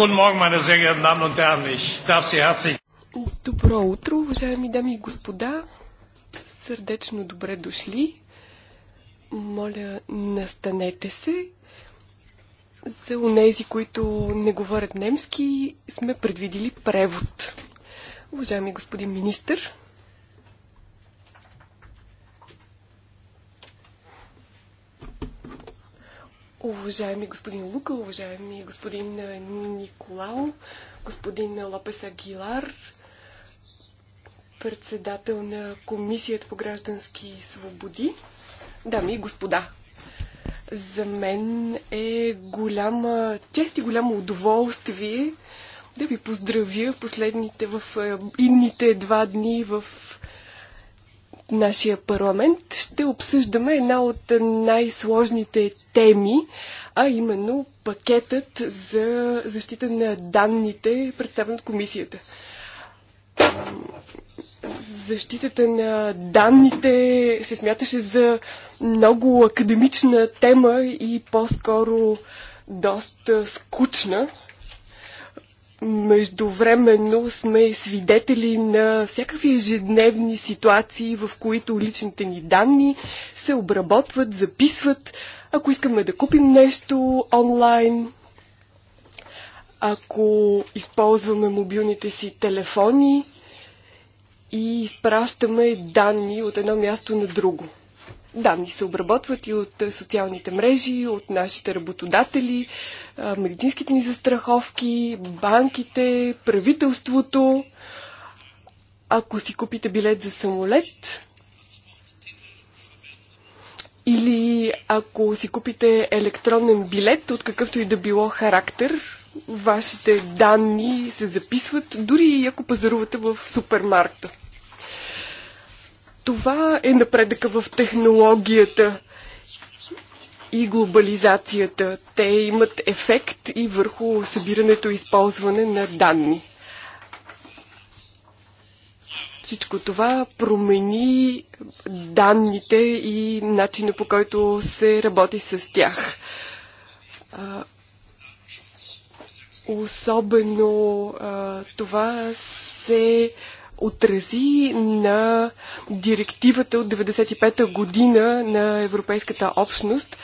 Guten Morgen, meine sehr geehrten Damen und Herren. Ich darf Sie herzlich. Добро утро, уважаеми дами и господа. Сърдечно добре дошли. Моля, настанете се. За унези, които не говорят немски, сме предвидили превод. Уважаеми господин министр, Уважаеми господин Лука, уважаеми господин е, Николао, господин е, Лопес Агилар, председател на Комисията по граждански свободи, дами и господа, за мен е голяма чест и голямо удоволствие да ви поздравя в последните, в е, идните два дни в нашия парламент ще обсъждаме една от най-сложните теми, а именно пакетът за защита на данните, представен от комисията. Защитата на данните се смяташе за много академична тема и по-скоро доста скучна. Междувременно сме свидетели на всякакви ежедневни ситуации, в които личните ни данни се обработват, записват. Ако искаме да купим нещо онлайн, ако използваме мобилните си телефони и изпращаме данни от едно място на друго. Данни се обработват и от е, социалните мрежи, от нашите работодатели, медицинските ни застраховки, банките, правителството. Ако си купите билет за самолет, или ако си купите електронен билет от какъвто и да било характер, вашите данни се записват, дори и ако пазарувате в супермаркта. Това е напредъка в технологията и глобализацията. Те имат ефект и върху събирането и използване на данни. Всичко това промени данните и начина по който се работи с тях. Особено това се отрази на директивата от 95-та година на Европейската общност.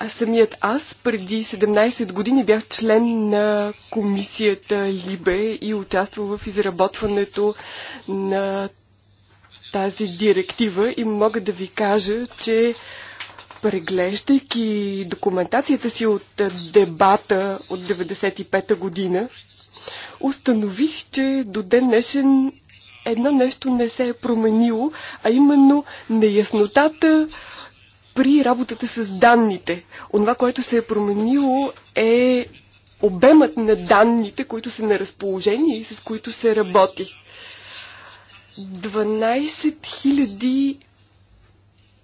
А самият аз преди 17 години бях член на комисията Либе и участвал в изработването на тази директива и мога да ви кажа, че преглеждайки документацията си от дебата от 95-та година, установих, че до ден днешен едно нещо не се е променило, а именно неяснотата при работата с данните. Онова, което се е променило е обемът на данните, които са на разположение и с които се работи. 12 000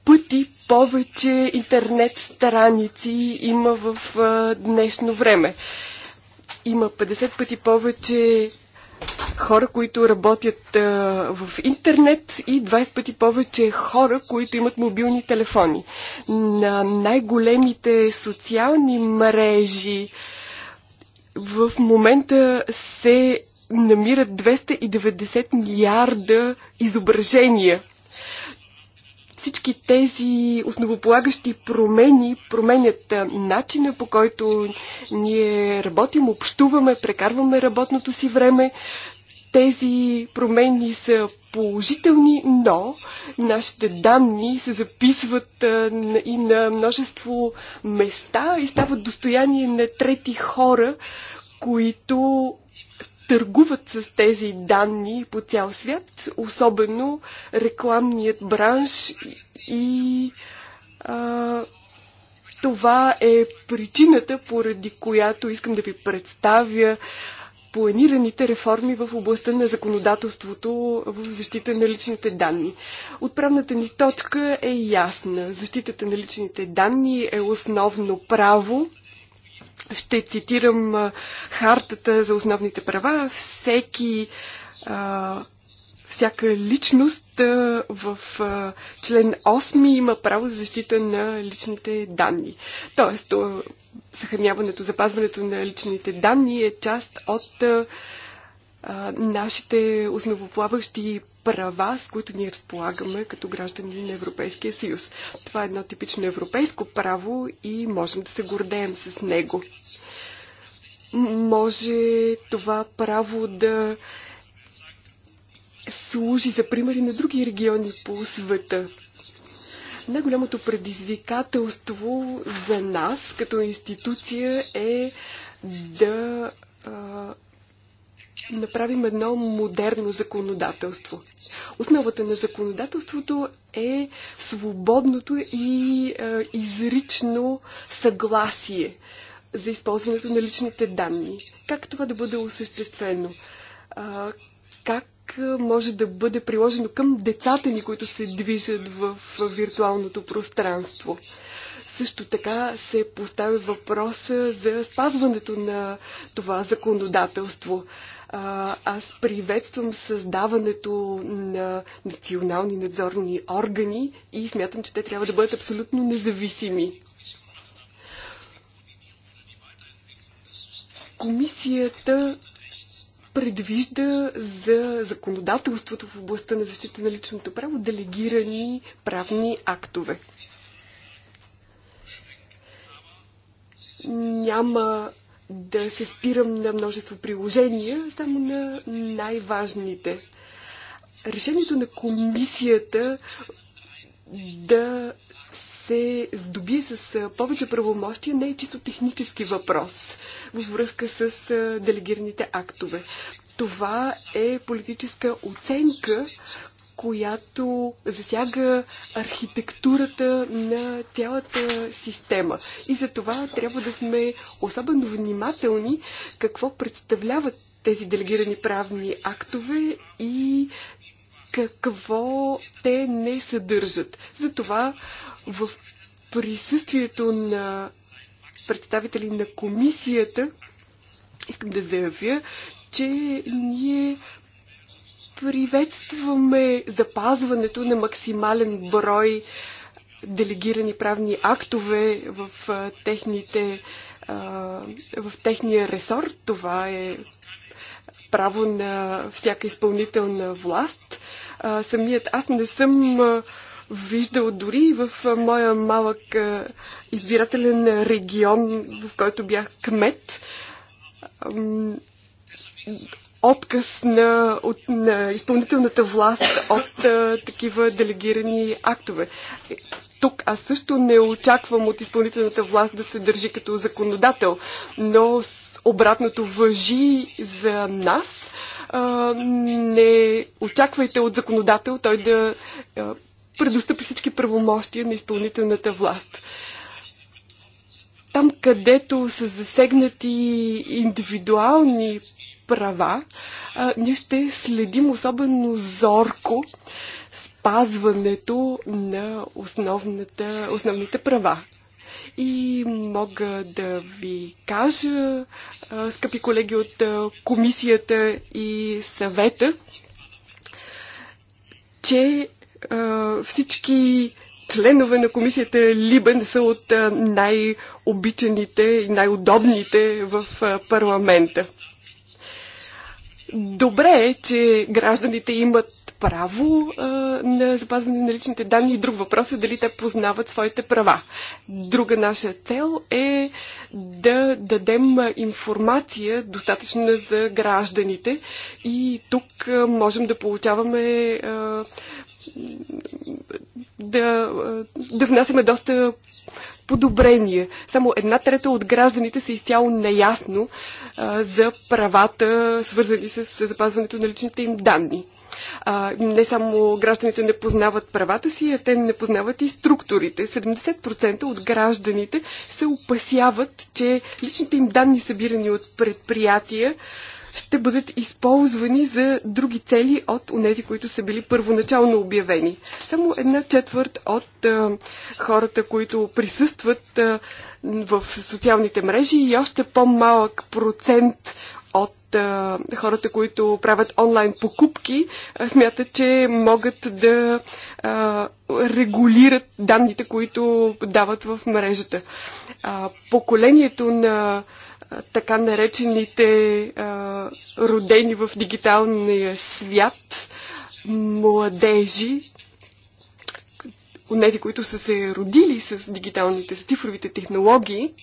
пъти повече интернет страници има в днешно време. Има 50 пъти повече хора, които работят в интернет и 20 пъти повече хора, които имат мобилни телефони. На най-големите социални мрежи в момента се намират 290 милиарда изображения всички тези основополагащи промени променят начина по който ние работим, общуваме, прекарваме работното си време. Тези промени са положителни, но нашите данни се записват и на множество места и стават достояние на трети хора, които търгуват с тези данни по цял свят, особено рекламният бранш и а, това е причината, поради която искам да ви представя планираните реформи в областта на законодателството в защита на личните данни. Отправната ни точка е ясна. Защитата на личните данни е основно право ще цитирам хартата за основните права. Всеки всяка личност в член 8 има право за защита на личните данни. Тоест, съхраняването, запазването на личните данни е част от нашите основоплаващи права, с които ние разполагаме като граждани на Европейския съюз. Това е едно типично европейско право и можем да се гордеем с него. Може това право да служи за примери на други региони по света. Най-голямото предизвикателство за нас като институция е да направим едно модерно законодателство. Основата на законодателството е свободното и е, изрично съгласие за използването на личните данни. Как това да бъде осъществено? Е, как може да бъде приложено към децата ни, които се движат в виртуалното пространство? Също така се поставя въпроса за спазването на това законодателство аз приветствам създаването на национални надзорни органи и смятам, че те трябва да бъдат абсолютно независими. Комисията предвижда за законодателството в областта на защита на личното право делегирани правни актове. Няма да се спирам на множество приложения, само на най-важните. Решението на комисията да се здоби с повече правомощия не е чисто технически въпрос във връзка с делегираните актове. Това е политическа оценка, която засяга архитектурата на цялата система. И за това трябва да сме особено внимателни какво представляват тези делегирани правни актове и какво те не съдържат. Затова в присъствието на представители на комисията искам да заявя, че ние Приветстваме запазването на максимален брой делегирани правни актове в техните в техния ресор. Това е право на всяка изпълнителна власт. Самият аз не съм виждал дори в моя малък избирателен регион, в който бях кмет, отказ на, от, на изпълнителната власт от а, такива делегирани актове. Тук аз също не очаквам от изпълнителната власт да се държи като законодател, но обратното въжи за нас. А, не очаквайте от законодател той да а, предостъпи всички правомощия на изпълнителната власт там, където са засегнати индивидуални права, ние ще следим особено зорко спазването на основните права. И мога да ви кажа, скъпи колеги от комисията и съвета, че всички членове на комисията Либе не са от най-обичаните и най-удобните в парламента. Добре е, че гражданите имат право а, на запазване на личните данни и друг въпрос е дали те познават своите права. Друга наша цел е да дадем информация достатъчна за гражданите и тук а, можем да получаваме а, да, да внасяме доста подобрения. Само една трета от гражданите са изцяло неясно а, за правата, свързани с запазването на личните им данни. А, не само гражданите не познават правата си, а те не познават и структурите. 70% от гражданите се опасяват, че личните им данни, събирани от предприятия, ще бъдат използвани за други цели от онези, които са били първоначално обявени. Само една четвърт от а, хората, които присъстват а, в социалните мрежи и още по-малък процент от а, хората, които правят онлайн покупки, а, смятат, че могат да а, регулират данните, които дават в мрежата. А, поколението на така наречените родени в дигиталния свят младежи, тези, които са се родили с дигиталните, с цифровите технологии,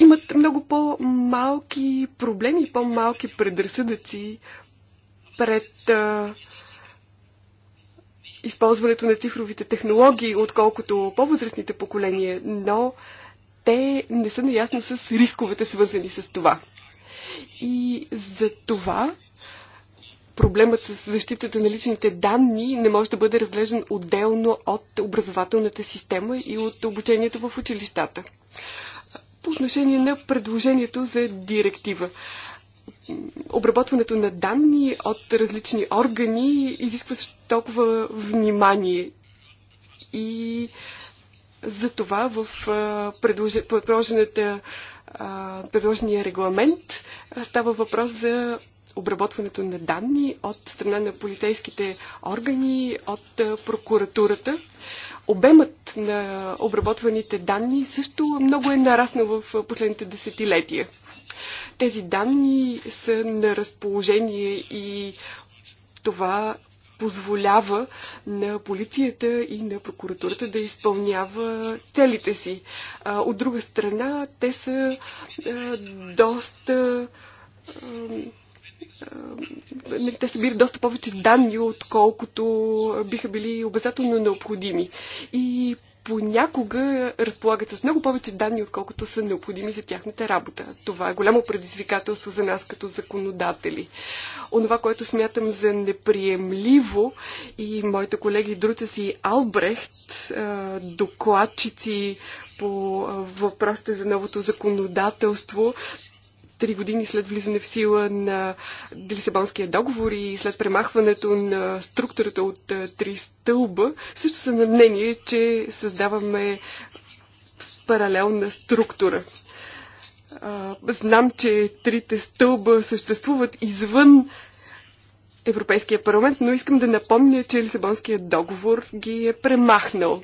имат много по-малки проблеми, по-малки предразсъдъци пред а, използването на цифровите технологии, отколкото по-възрастните поколения, но те не са наясно с рисковете, свързани с това. И за това проблемът с защитата на личните данни не може да бъде разглеждан отделно от образователната система и от обучението в училищата. По отношение на предложението за директива. Обработването на данни от различни органи изисква толкова внимание и затова в предложената, предложения регламент става въпрос за обработването на данни от страна на полицейските органи, от прокуратурата. Обемът на обработваните данни също много е нараснал в последните десетилетия. Тези данни са на разположение и това позволява на полицията и на прокуратурата да изпълнява целите си. От друга страна, те са доста те събират доста повече данни, отколкото биха били обязателно необходими. И понякога разполагат с много повече данни, отколкото са необходими за тяхната работа. Това е голямо предизвикателство за нас като законодатели. Онова, което смятам за неприемливо и моите колеги Друцес и Албрехт, докладчици по въпросите за новото законодателство, три години след влизане в сила на Лисабонския договор и след премахването на структурата от е, три стълба, също са на мнение, че създаваме паралелна структура. Знам, че трите стълба съществуват извън Европейския парламент, но искам да напомня, че Лисабонския договор ги е премахнал.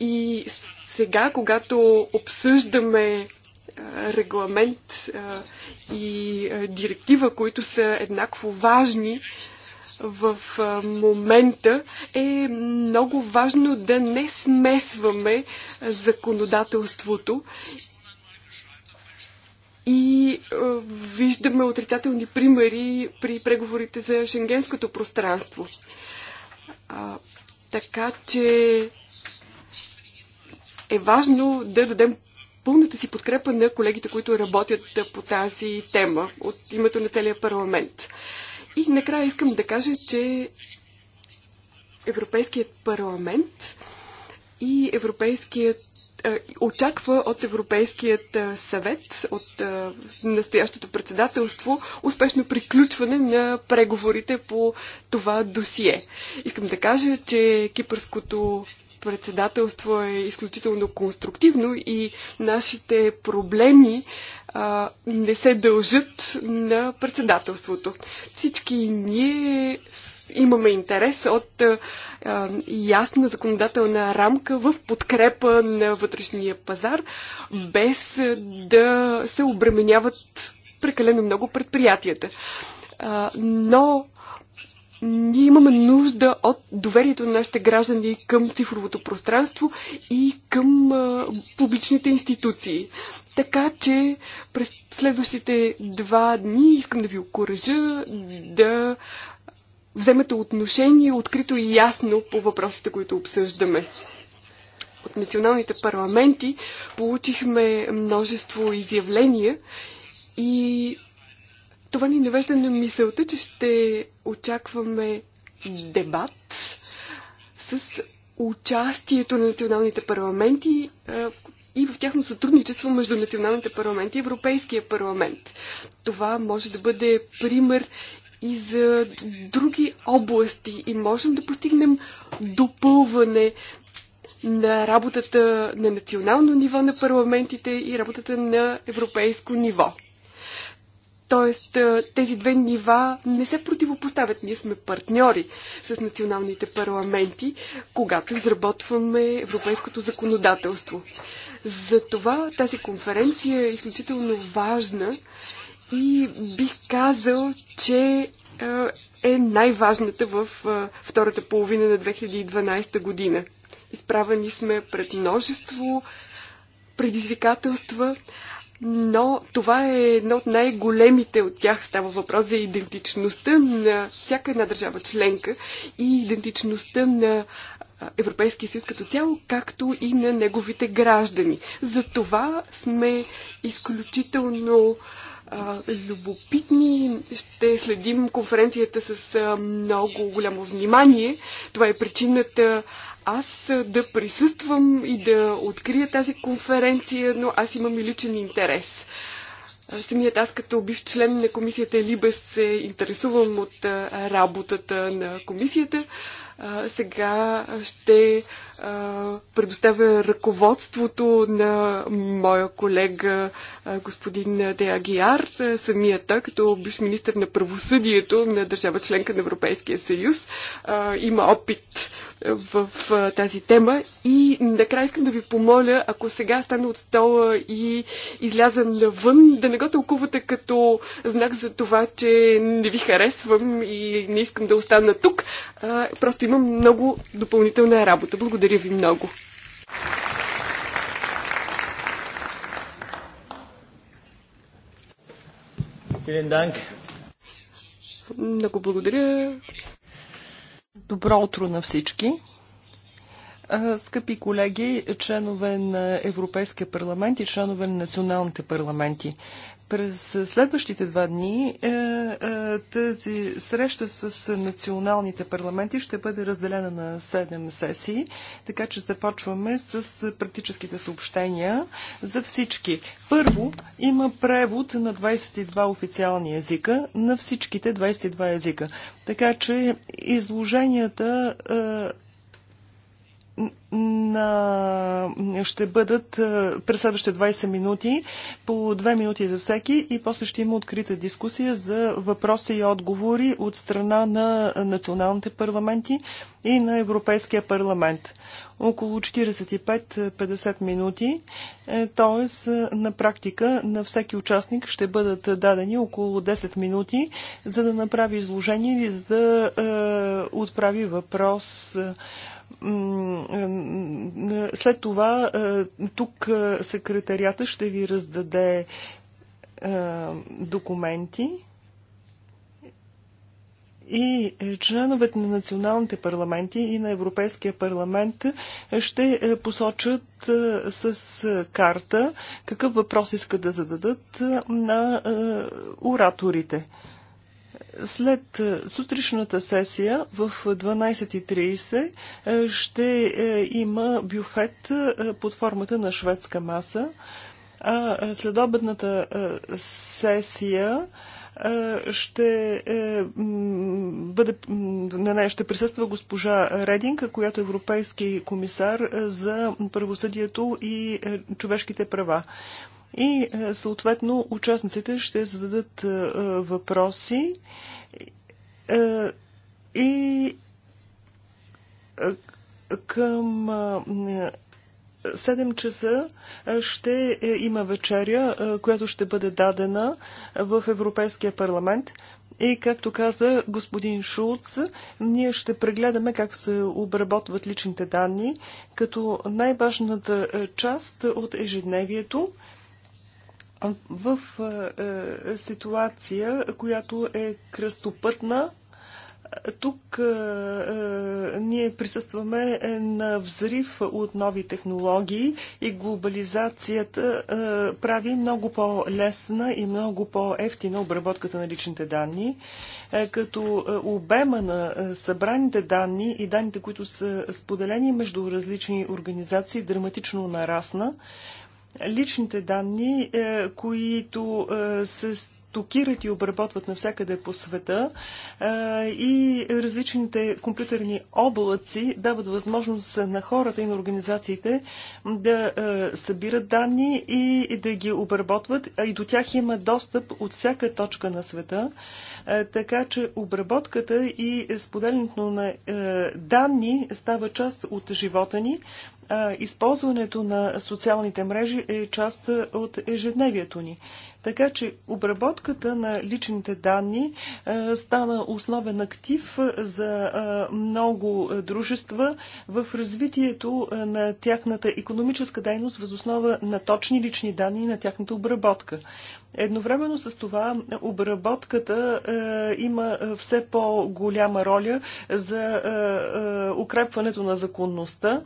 И сега, когато обсъждаме регламент и директива, които са еднакво важни в момента, е много важно да не смесваме законодателството и виждаме отрицателни примери при преговорите за шенгенското пространство. А, така че е важно да дадем пълната си подкрепа на колегите, които работят по тази тема от името на целия парламент. И накрая искам да кажа, че Европейският парламент и Европейският очаква от Европейският съвет, от настоящото председателство, успешно приключване на преговорите по това досие. Искам да кажа, че кипърското председателство е изключително конструктивно и нашите проблеми а, не се дължат на председателството. Всички ние имаме интерес от а, ясна законодателна рамка в подкрепа на вътрешния пазар, без да се обременяват прекалено много предприятията. А, но ние имаме нужда от доверието на нашите граждани към цифровото пространство и към а, публичните институции. Така че през следващите два дни искам да ви окоръжа да вземете отношение открито и ясно по въпросите, които обсъждаме. От националните парламенти получихме множество изявления и това ни навежда на мисълта, че ще очакваме дебат с участието на националните парламенти и в тяхно сътрудничество между националните парламенти и Европейския парламент. Това може да бъде пример и за други области и можем да постигнем допълване на работата на национално ниво на парламентите и работата на европейско ниво. Тоест, е, тези две нива не се противопоставят. Ние сме партньори с националните парламенти, когато изработваме европейското законодателство. Затова тази конференция е изключително важна и бих казал, че е, е най-важната в е, втората половина на 2012 година. Изправени сме пред множество предизвикателства но това е едно от най-големите от тях. Става въпрос за идентичността на всяка една държава членка и идентичността на Европейския съюз като цяло, както и на неговите граждани. За това сме изключително а, любопитни. Ще следим конференцията с а, много голямо внимание. Това е причината аз да присъствам и да открия тази конференция, но аз имам и личен интерес. Самият аз като бив член на комисията Либес се интересувам от работата на комисията. Сега ще предоставя ръководството на моя колега господин Деагиар, самия той като бивш министр на правосъдието на държава членка на Европейския съюз. Има опит в тази тема. И накрая искам да ви помоля, ако сега стана от стола и изляза навън, да не го тълкувате като знак за това, че не ви харесвам и не искам да остана тук. Просто имам много допълнителна работа. Благодаря ви много. Много благодаря. Добро утро на всички! Скъпи колеги, членове на Европейския парламент и членове на националните парламенти. През следващите два дни е, е, тази среща с националните парламенти ще бъде разделена на 7 сесии, така че започваме с практическите съобщения за всички. Първо, има превод на 22 официални езика, на всичките 22 езика. Така че изложенията е, на... ще бъдат е, през следващите 20 минути, по 2 минути за всеки и после ще има открита дискусия за въпроси и отговори от страна на националните парламенти и на Европейския парламент. Около 45-50 минути, т.е. Е, на практика на всеки участник ще бъдат дадени около 10 минути, за да направи изложение или за да е, отправи въпрос. Е, след това е, тук е, секретарията ще ви раздаде е, документи и членовете на националните парламенти и на Европейския парламент ще посочат с карта какъв въпрос искат да зададат на ораторите. След е, сутрешната сесия в 12.30 е, ще е, има бюфет под формата на шведска маса. А следобедната сесия ще бъде, на нея ще присъства госпожа Рединка, която е европейски комисар за правосъдието и човешките права и е, съответно участниците ще зададат е, е, въпроси и към 7 часа ще има вечеря, която ще бъде дадена в Европейския парламент. И както каза господин Шулц, ние ще прегледаме как се обработват личните данни като най-важната част от ежедневието в е, е, ситуация, която е кръстопътна е, тук е, е, ние присъстваме на взрив от нови технологии и глобализацията е, прави много по-лесна и много по-ефтина обработката на личните данни, е, като обема на събраните данни и данните, които са споделени между различни организации, драматично нарасна личните данни, е, които е, се стокират и обработват навсякъде по света е, и различните компютърни облаци дават възможност на хората и на организациите да събират данни и да ги обработват. И до тях има достъп от всяка точка на света. Така че обработката и споделянето на данни става част от живота ни използването на социалните мрежи е част от ежедневието ни. Така че обработката на личните данни стана основен актив за много дружества в развитието на тяхната економическа дейност възоснова на точни лични данни и на тяхната обработка. Едновременно с това обработката е, има е, все по-голяма роля за е, е, укрепването на законността,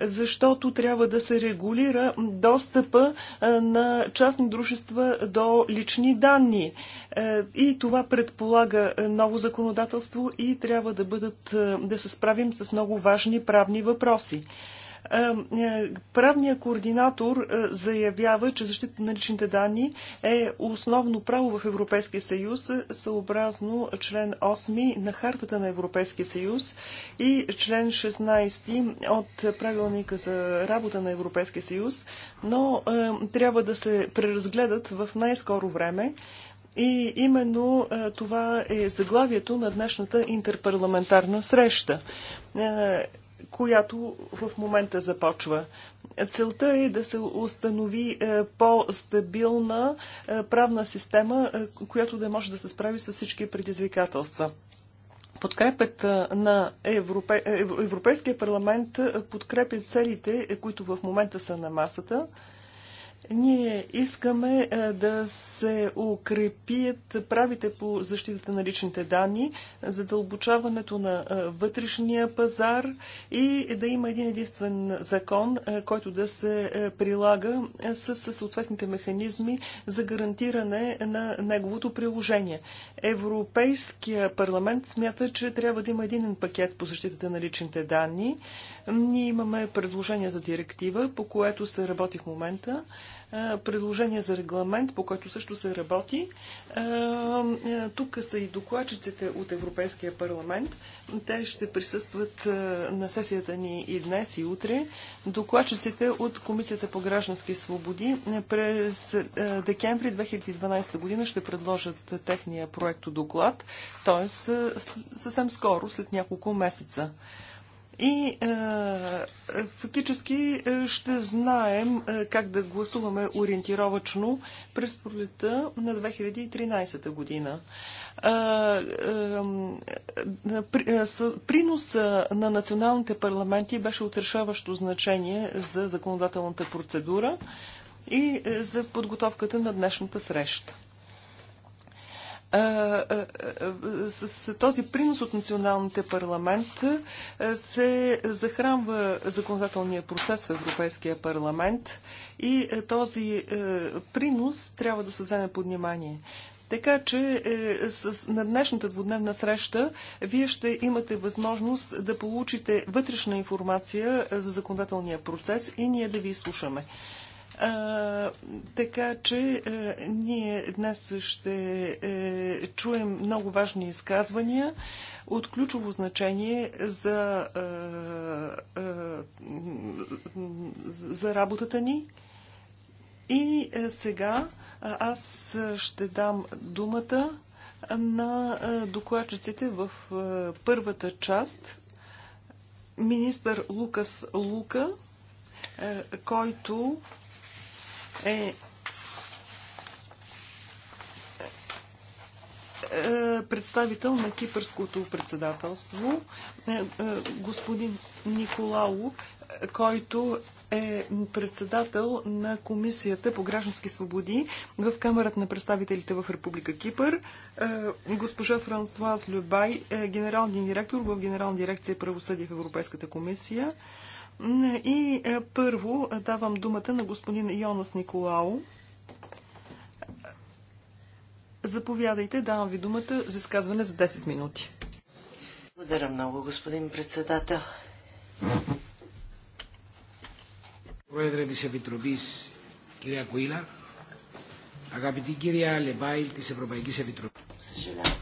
защото трябва да се регулира достъпа е, на частни дружества до лични данни. Е, и това предполага ново законодателство и трябва да, бъдат, е, да се справим с много важни правни въпроси. Е, е, правният координатор е, заявява, че защита на личните данни е основно право в Европейския съюз, съобразно член 8 на Хартата на Европейския съюз и член 16 от правилника за работа на Европейския съюз, но трябва да се преразгледат в най-скоро време. И именно това е заглавието на днешната интерпарламентарна среща която в момента започва. Целта е да се установи е, по-стабилна е, правна система, е, която да може да се справи с всички предизвикателства подкрепата на Европе... Европейския парламент подкрепят целите, които в момента са на масата. Ние искаме е, да се укрепят правите по защитата на личните данни, задълбочаването на е, вътрешния пазар и да има един единствен закон, е, който да се прилага с съответните механизми за гарантиране на неговото приложение. Европейския парламент смята, че трябва да има един пакет по защитата на личните данни. Ние имаме предложение за директива, по което се работи в момента предложение за регламент, по който също се работи. Тук са и докладчиците от Европейския парламент. Те ще присъстват на сесията ни и днес, и утре. Докладчиците от Комисията по граждански свободи през декември 2012 година ще предложат техния проект доклад, т.е. съвсем скоро, след няколко месеца и е, фактически е, ще знаем е, как да гласуваме ориентировачно през пролета на 2013 година. Е, е, е приноса на националните парламенти беше отрешаващо значение за законодателната процедура и е, за подготовката на днешната среща. С този принос от националните парламент се захранва законодателния процес в Европейския парламент и този принос трябва да се вземе под внимание. Така че е, с, на днешната двудневна среща вие ще имате възможност да получите вътрешна информация за законодателния процес и ние да ви слушаме. А, така че а, ние днес ще е, чуем много важни изказвания от ключово значение за, а, а, за работата ни. И е, а, сега аз ще дам думата на докладчиците в първата част. Министър Лукас Лука, е, който е, е представител на кипърското председателство, е, е, господин Николао, който е председател на Комисията по граждански свободи в Камерата на представителите в Република Кипър, госпожа Франсуаз Любай, генерален директор в Генерална дирекция правосъдие в Европейската комисия, и е, първо е, давам думата на господин Йонас Николао. Заповядайте, давам ви думата за изказване за 10 минути. Благодаря много, господин председател. Проедре της Επιτροπής, κυρία Κουίλα, αγαπητή κυρία Λεμπάιλ της Ευρωπαϊκής Επιτροπής. Съжалявам.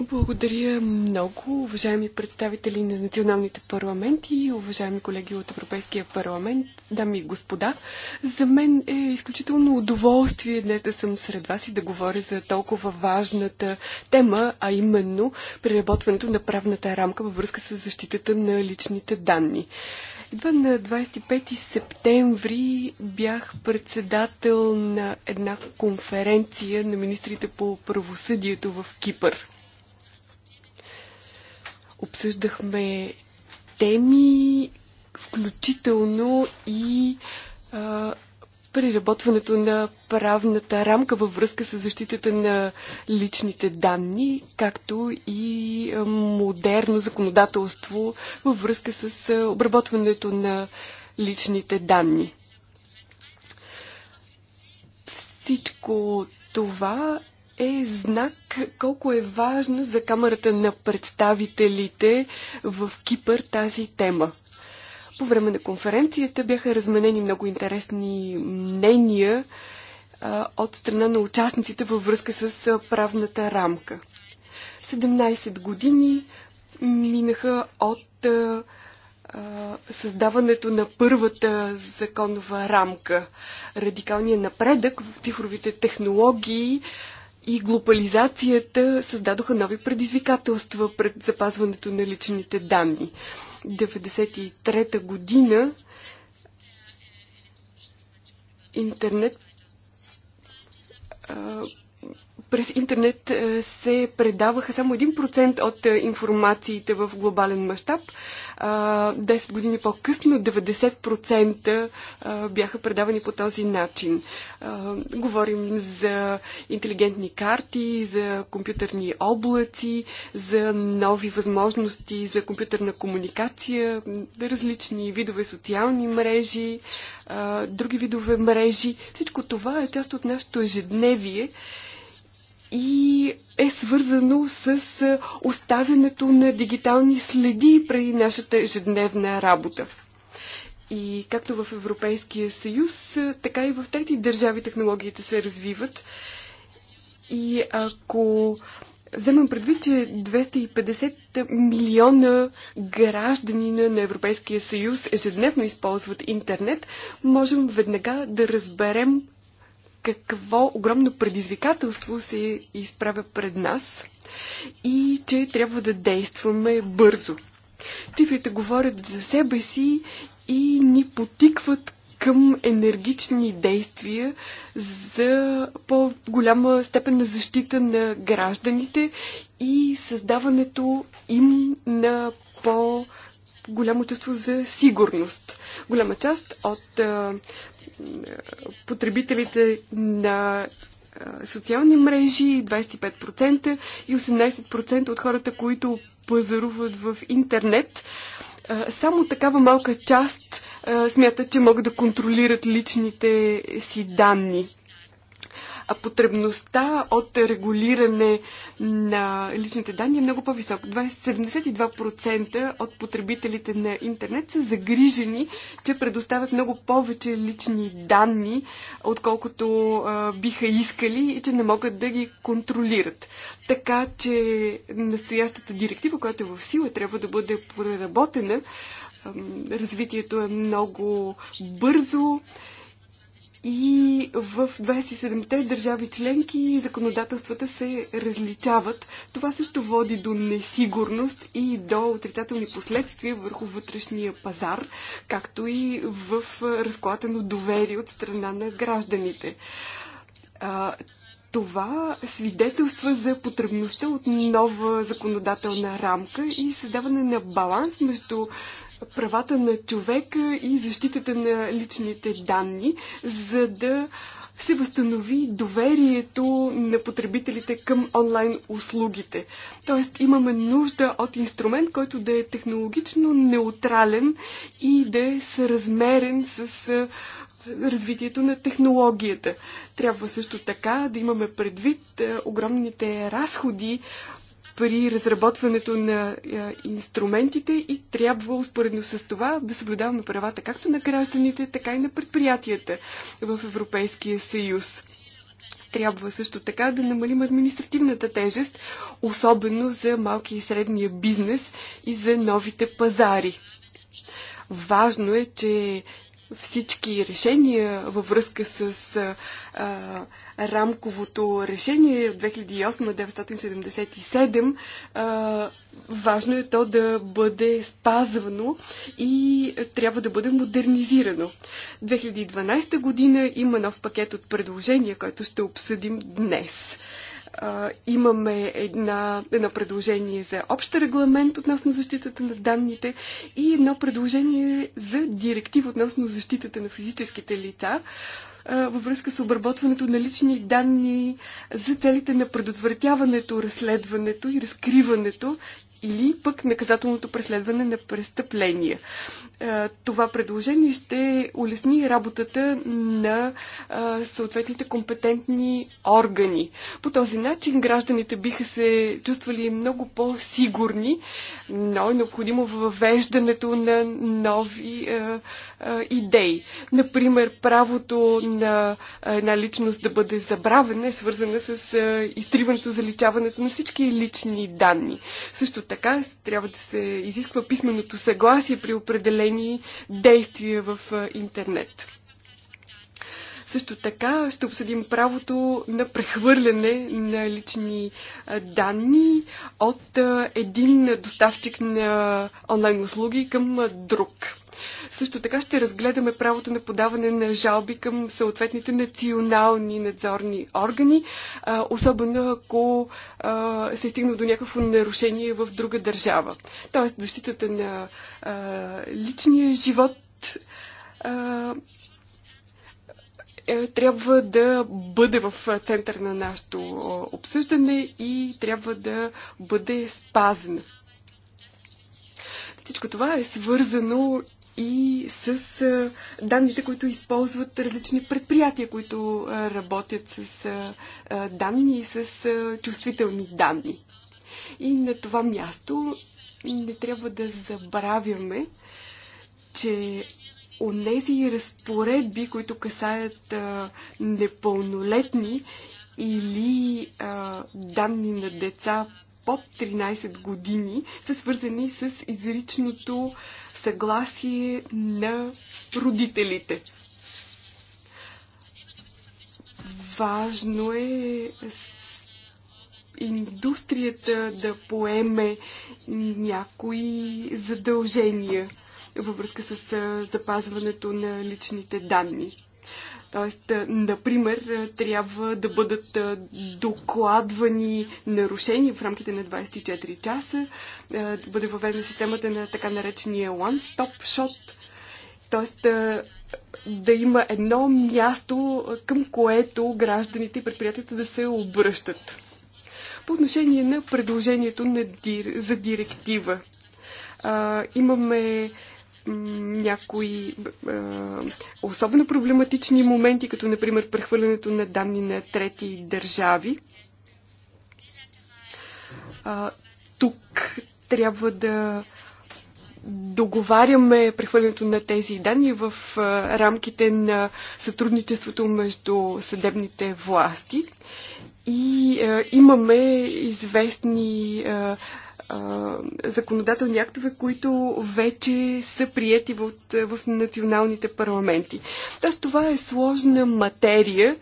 Благодаря много, уважаеми представители на националните парламенти, уважаеми колеги от Европейския парламент, дами и господа. За мен е изключително удоволствие днес да съм сред вас и да говоря за толкова важната тема, а именно преработването на правната рамка във връзка с защитата на личните данни. Едва на 25 септември бях председател на една конференция на министрите по правосъдието в Кипър. Обсъждахме теми, включително и а, преработването на правната рамка във връзка с защитата на личните данни, както и модерно законодателство във връзка с обработването на личните данни. Всичко това е знак колко е важно за Камерата на представителите в Кипър тази тема. По време на конференцията бяха разменени много интересни мнения а, от страна на участниците във връзка с а, правната рамка. 17 години минаха от а, създаването на първата законова рамка. Радикалният напредък в цифровите технологии и глобализацията създадоха нови предизвикателства пред запазването на личните данни. 1993 година интернет през интернет е, се предаваха само 1% от е, информациите в глобален мащаб. 10 години по-късно 90% е, бяха предавани по този начин. Говорим за интелигентни карти, за компютърни облаци, за нови възможности за компютърна комуникация, различни видове социални мрежи, други видове мрежи. Всичко това е част от нашето ежедневие и е свързано с е, оставянето на дигитални следи при нашата ежедневна работа. И както в Европейския съюз, е, така и в трети държави технологиите се развиват. И ако вземам предвид, че 250 милиона гражданина на Европейския съюз ежедневно използват интернет, можем веднага да разберем какво огромно предизвикателство се изправя пред нас и че трябва да действаме бързо. Цифрите говорят за себе си и ни потикват към енергични действия за по-голяма степен на защита на гражданите и създаването им на по- голямо чувство за сигурност. Голяма част от потребителите на социални мрежи, 25% и 18% от хората, които пазаруват в интернет, само такава малка част смятат, че могат да контролират личните си данни а потребността от регулиране на личните данни е много по-висок. 72% от потребителите на интернет са загрижени, че предоставят много повече лични данни, отколкото а, биха искали и че не могат да ги контролират. Така че настоящата директива, която е в сила, трябва да бъде преработена. Развитието е много бързо и в 27-те държави членки законодателствата се различават. Това също води до несигурност и до отрицателни последствия върху вътрешния пазар, както и в разклатено доверие от страна на гражданите. Това свидетелства за потребността от нова законодателна рамка и създаване на баланс между правата на човека и защитата на личните данни, за да се възстанови доверието на потребителите към онлайн услугите. Тоест имаме нужда от инструмент, който да е технологично неутрален и да е съразмерен с развитието на технологията. Трябва също така да имаме предвид огромните разходи, при разработването на инструментите и трябва успоредно с това да съблюдаваме правата както на гражданите, така и на предприятията в Европейския съюз. Трябва също така да намалим административната тежест, особено за малки и средния бизнес и за новите пазари. Важно е, че всички решения във връзка с а, рамковото решение от 2008-977, важно е то да бъде спазвано и трябва да бъде модернизирано. 2012 година има нов пакет от предложения, който ще обсъдим днес а, имаме една, едно предложение за общ регламент относно защитата на данните и едно предложение за директива относно защитата на физическите лица във връзка с обработването на лични данни за целите на предотвратяването, разследването и разкриването или пък наказателното преследване на престъпления. Е, това предложение ще улесни работата на е, съответните компетентни органи. По този начин гражданите биха се чувствали много по-сигурни, но е необходимо въвеждането на нови е, идеи. Например, правото на една личност да бъде забравена е свързана с изтриването, заличаването на всички лични данни. Също така трябва да се изисква писменото съгласие при определени действия в интернет. Също така ще обсъдим правото на прехвърляне на лични данни от един доставчик на онлайн услуги към друг. Също така ще разгледаме правото на подаване на жалби към съответните национални надзорни органи, особено ако се е стигна до някакво нарушение в друга държава. Тоест защитата на личния живот е, трябва да бъде в център на нашето обсъждане и трябва да бъде спазена. Всичко това е свързано и с данните, които използват различни предприятия, които работят с данни и с чувствителни данни. И на това място не трябва да забравяме, че онези разпоредби, които касаят а, непълнолетни или а, данни на деца под 13 години, са свързани с изричното съгласие на родителите. Важно е индустрията да поеме някои задължения във връзка с запазването на личните данни. Тоест, например, трябва да бъдат докладвани нарушения в рамките на 24 часа, да бъде въведена системата на така наречения one-stop shot, Тоест да има едно място, към което гражданите и предприятията да се обръщат. По отношение на предложението на дир... за директива, а, имаме някои а, особено проблематични моменти, като например прехвърлянето на данни на трети държави. А, тук трябва да договаряме прехвърлянето на тези данни в а, рамките на сътрудничеството между съдебните власти и а, имаме известни а, а, законодателни актове, които вече са прияти в, в националните парламенти. Тоест това е сложна материя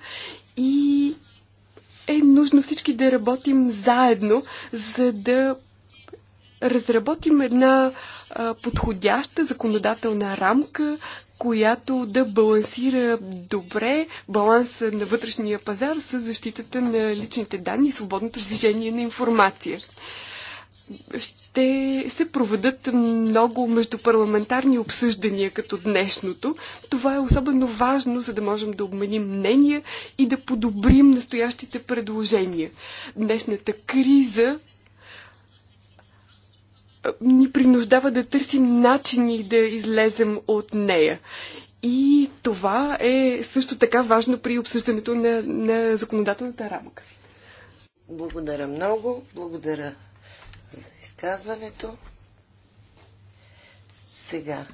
и е нужно всички да работим заедно, за да разработим една а, подходяща законодателна рамка, която да балансира добре баланса на вътрешния пазар с защитата на личните данни и свободното движение на информация ще се проведат много междупарламентарни обсъждания като днешното. Това е особено важно, за да можем да обменим мнения и да подобрим настоящите предложения. Днешната криза ни принуждава да търсим начини да излезем от нея. И това е също така важно при обсъждането на, на законодателната рамка. Благодаря много. Благодаря изказването. Сега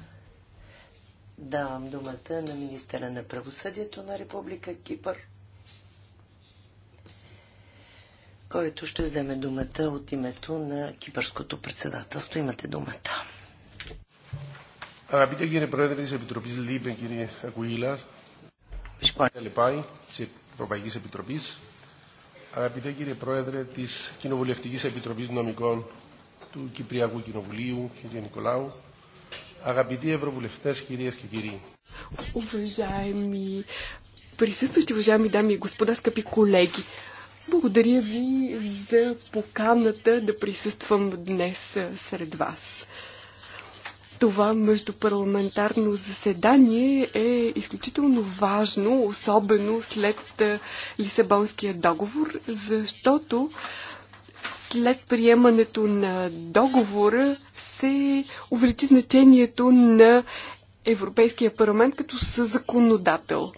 давам думата на министъра на правосъдието на Република Кипър, който ще вземе думата от името на Кипърското председателство. Имате думата. Αγαπητέ κύριε Πρόεδρε της Επιτροπής ΛΥΜΠΕ, κύριε Ακουίλα, Λεπάη, της Ευρωπαϊκής Επιτροπής, αγαπητέ κύριε Πρόεδρε της Κοινοβουλευτικής Επιτροπής Νομικών του Κυπριακού Κοινοβουλίου, κύριε Νικολάου, αγαπητοί ευρωβουλευτέ, κυρίε και κύριοι. Уважаеми присъстващи, уважаеми дами и господа, скъпи колеги, благодаря ви за поканата да присъствам днес сред вас. Това междупарламентарно заседание е изключително важно, особено след Лисабонския договор, защото след приемането на договора се увеличи значението на Европейския парламент като съзаконодател.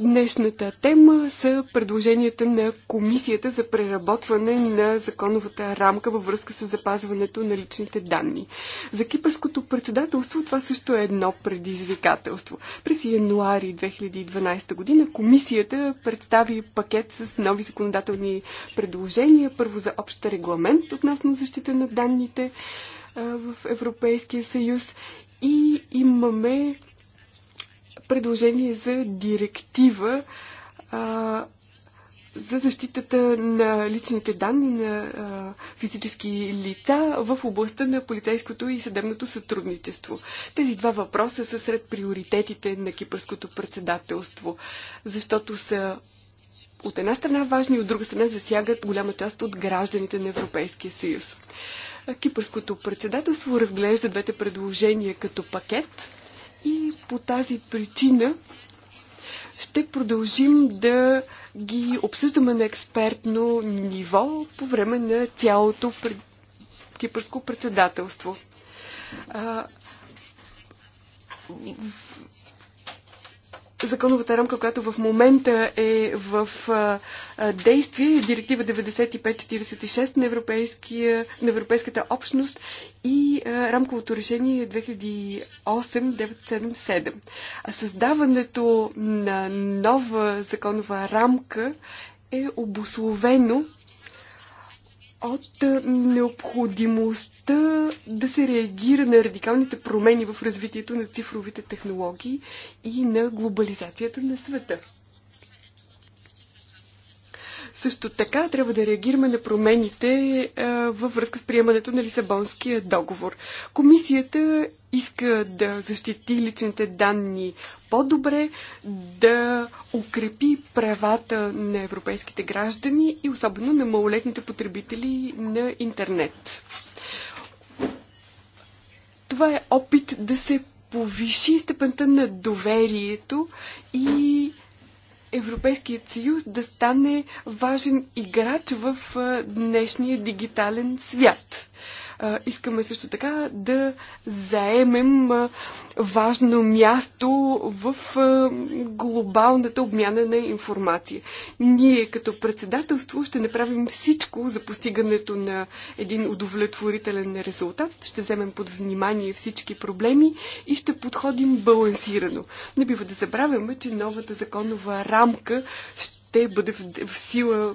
Днешната тема са предложенията на Комисията за преработване на законовата рамка във връзка с запазването на личните данни. За кипърското председателство това също е едно предизвикателство. През януари 2012 година Комисията представи пакет с нови законодателни предложения. Първо за общ регламент относно защита на данните в Европейския съюз и имаме предложение за директива а, за защитата на личните данни на а, физически лица в областта на полицейското и съдебното сътрудничество. Тези два въпроса са сред приоритетите на кипърското председателство, защото са от една страна важни, от друга страна засягат голяма част от гражданите на Европейския съюз. Кипърското председателство разглежда двете предложения като пакет и по тази причина ще продължим да ги обсъждаме на експертно ниво по време на цялото пред... кипърско председателство законовата рамка, която в момента е в а, действие, директива 9546 на, на Европейската общност и а, рамковото решение 2008-977. Създаването на нова законова рамка е обословено от необходимостта да се реагира на радикалните промени в развитието на цифровите технологии и на глобализацията на света. Също така трябва да реагираме на промените във връзка с приемането на Лисабонския договор. Комисията иска да защити личните данни по-добре, да укрепи правата на европейските граждани и особено на малолетните потребители на интернет. Това е опит да се повиши степента на доверието и Европейският съюз да стане важен играч в днешния дигитален свят. Искаме също така да заемем важно място в глобалната обмяна на информация. Ние като председателство ще направим всичко за постигането на един удовлетворителен резултат. Ще вземем под внимание всички проблеми и ще подходим балансирано. Не бива да забравяме, че новата законова рамка ще бъде в сила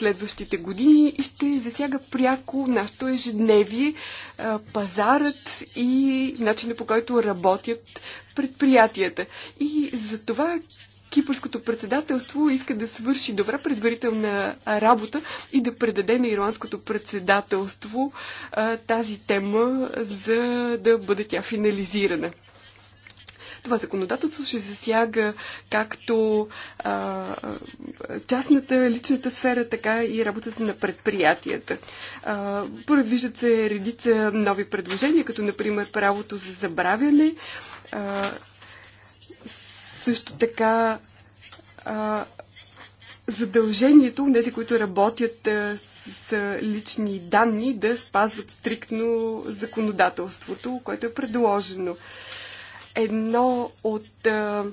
следващите години и ще засяга пряко нашето ежедневие, пазарът и начина по който работят предприятията. И за това Кипърското председателство иска да свърши добра предварителна работа и да предаде на Ирландското председателство тази тема, за да бъде тя финализирана. Това законодателство ще засяга както а, частната, личната сфера, така и работата на предприятията. А, виждат се редица нови предложения, като например правото за забравяне, а, също така а, задължението, тези, които работят а, с, с лични данни, да спазват стриктно законодателството, което е предложено. А, едно от а,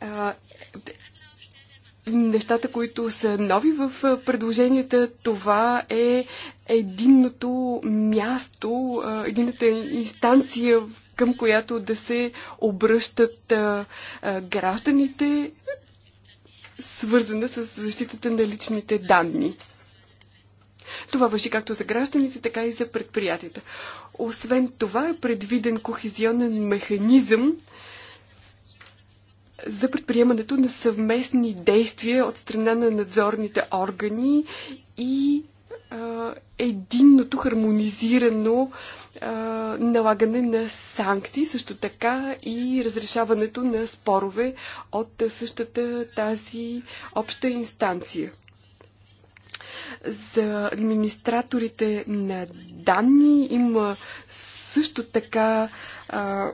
а, нещата, които са нови в предложенията, това е единното място, едината инстанция, към която да се обръщат гражданите, свързана с защитата на личните данни. Това въжи както за гражданите, така и за предприятията. Освен това е предвиден кохезионен механизъм за предприемането на съвместни действия от страна на надзорните органи и а, единното хармонизирано а, налагане на санкции, също така и разрешаването на спорове от същата тази обща инстанция. За администраторите на данни има също така а,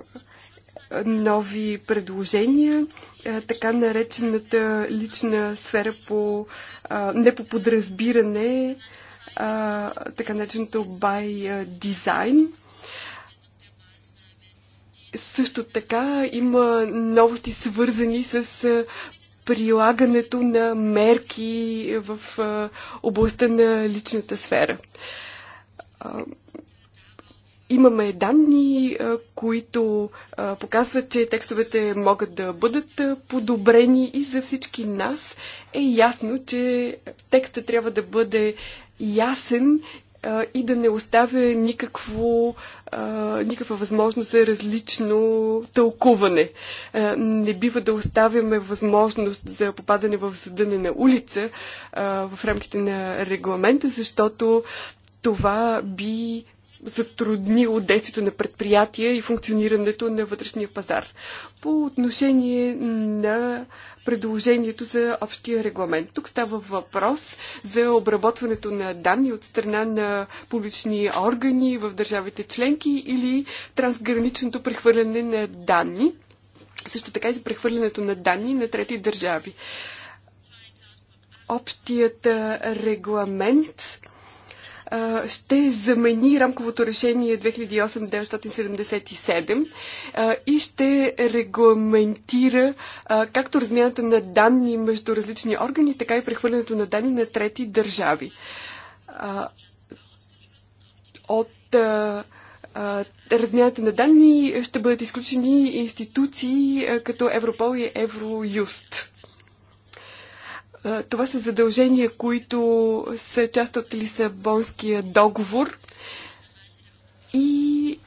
нови предложения, а, така наречената лична сфера по а, не по подразбиране, а, така нареченото by design. Също така има новости свързани с прилагането на мерки в областта на личната сфера. Имаме данни, които показват, че текстовете могат да бъдат подобрени и за всички нас е ясно, че текста трябва да бъде ясен и да не оставя никакво, никаква възможност за различно тълкуване. не бива да оставяме възможност за попадане в съдане на улица в рамките на регламента, защото това би затрудни от действието на предприятия и функционирането на вътрешния пазар. По отношение на предложението за общия регламент. Тук става въпрос за обработването на данни от страна на публични органи в държавите членки или трансграничното прехвърляне на данни, също така и за прехвърлянето на данни на трети държави. Общият регламент ще замени рамковото решение 2008-977 и ще регламентира както размяната на данни между различни органи, така и прехвърлянето на данни на трети държави. От размяната на данни ще бъдат изключени институции като Европол и Евроюст. Това са задължения, които са част от Лисабонския договор и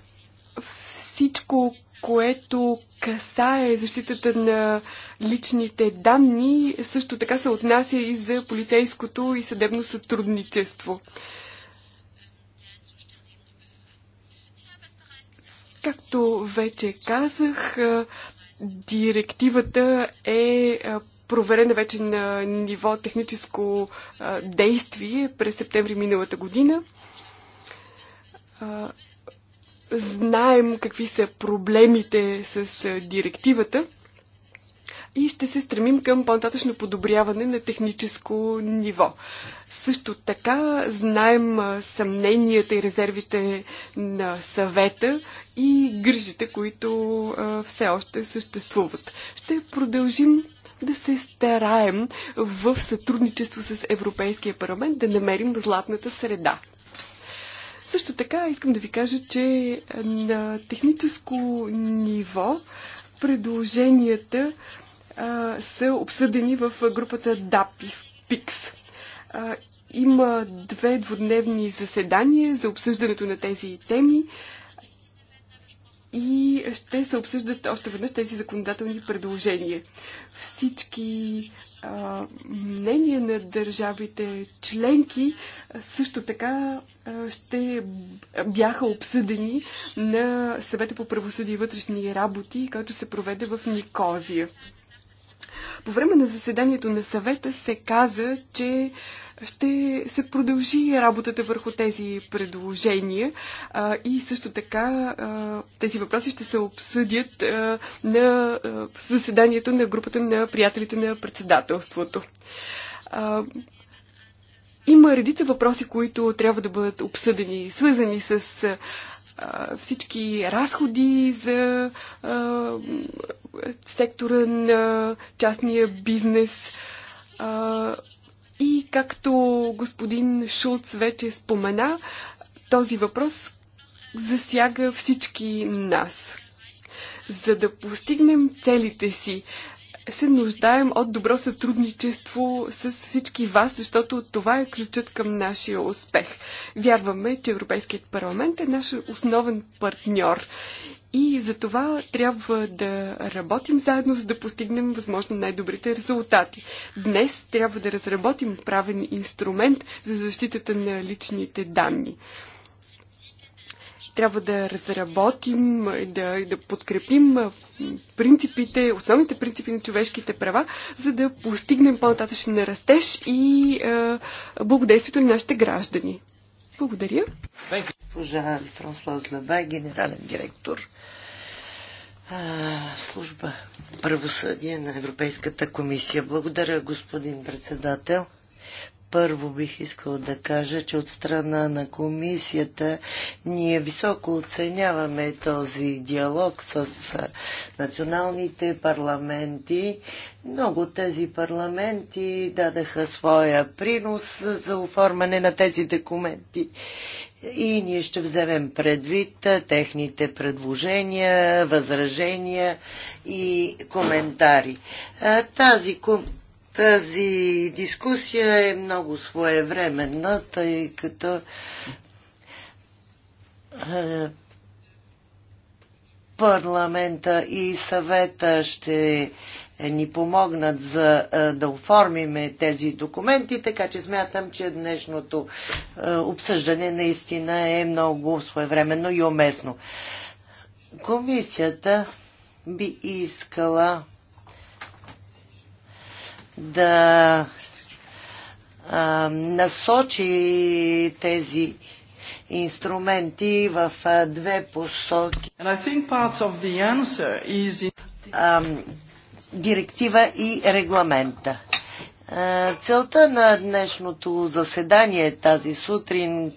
всичко, което касае защитата на личните данни, също така се отнася и за полицейското и съдебно сътрудничество. Както вече казах, директивата е проверена вече на ниво техническо действие през септември миналата година. Знаем какви са проблемите с директивата и ще се стремим към по-нататъчно подобряване на техническо ниво. Също така знаем съмненията и резервите на съвета и грижите, които все още съществуват. Ще продължим да се стараем в сътрудничество с Европейския парламент да намерим златната среда. Също така искам да ви кажа, че на техническо ниво предложенията а, са обсъдени в групата DAPIX. Има две двудневни заседания за обсъждането на тези теми и ще се обсъждат още веднъж тези законодателни предложения. Всички а, мнения на държавите членки също така а, ще бяха обсъдени на съвета по правосъдие и вътрешни работи, който се проведе в Никозия. По време на заседанието на съвета се каза, че ще се продължи работата върху тези предложения а, и също така а, тези въпроси ще се обсъдят а, на а, заседанието на групата на приятелите на председателството. А, има редица въпроси, които трябва да бъдат обсъдени, свързани с а, всички разходи за а, сектора на частния бизнес. А, и както господин Шулц вече спомена, този въпрос засяга всички нас. За да постигнем целите си, се нуждаем от добро сътрудничество с всички вас, защото това е ключът към нашия успех. Вярваме, че Европейският парламент е наш основен партньор и за това трябва да работим заедно, за да постигнем възможно най-добрите резултати. Днес трябва да разработим правен инструмент за защитата на личните данни. Трябва да разработим, да, да подкрепим принципите, основните принципи на човешките права, за да постигнем по-нататъчен растеж и е, благодействието на нашите граждани. Благодаря госпожа Франсуаз Лебай, генерален директор служба правосъдие на Европейската комисия. Благодаря, господин председател. Първо бих искал да кажа, че от страна на комисията ние високо оценяваме този диалог с националните парламенти. Много тези парламенти дадаха своя принос за оформяне на тези документи и ние ще вземем предвид техните предложения, възражения и коментари. Тази, тази дискусия е много своевременна, тъй като парламента и съвета ще ни помогнат за е, да оформиме тези документи, така че смятам, че днешното е, обсъждане наистина е много своевременно и уместно. Комисията би искала да а, насочи тези инструменти в а, две посоки. And I think part of the answer is in... а, директива и регламента. Целта на днешното заседание тази сутрин,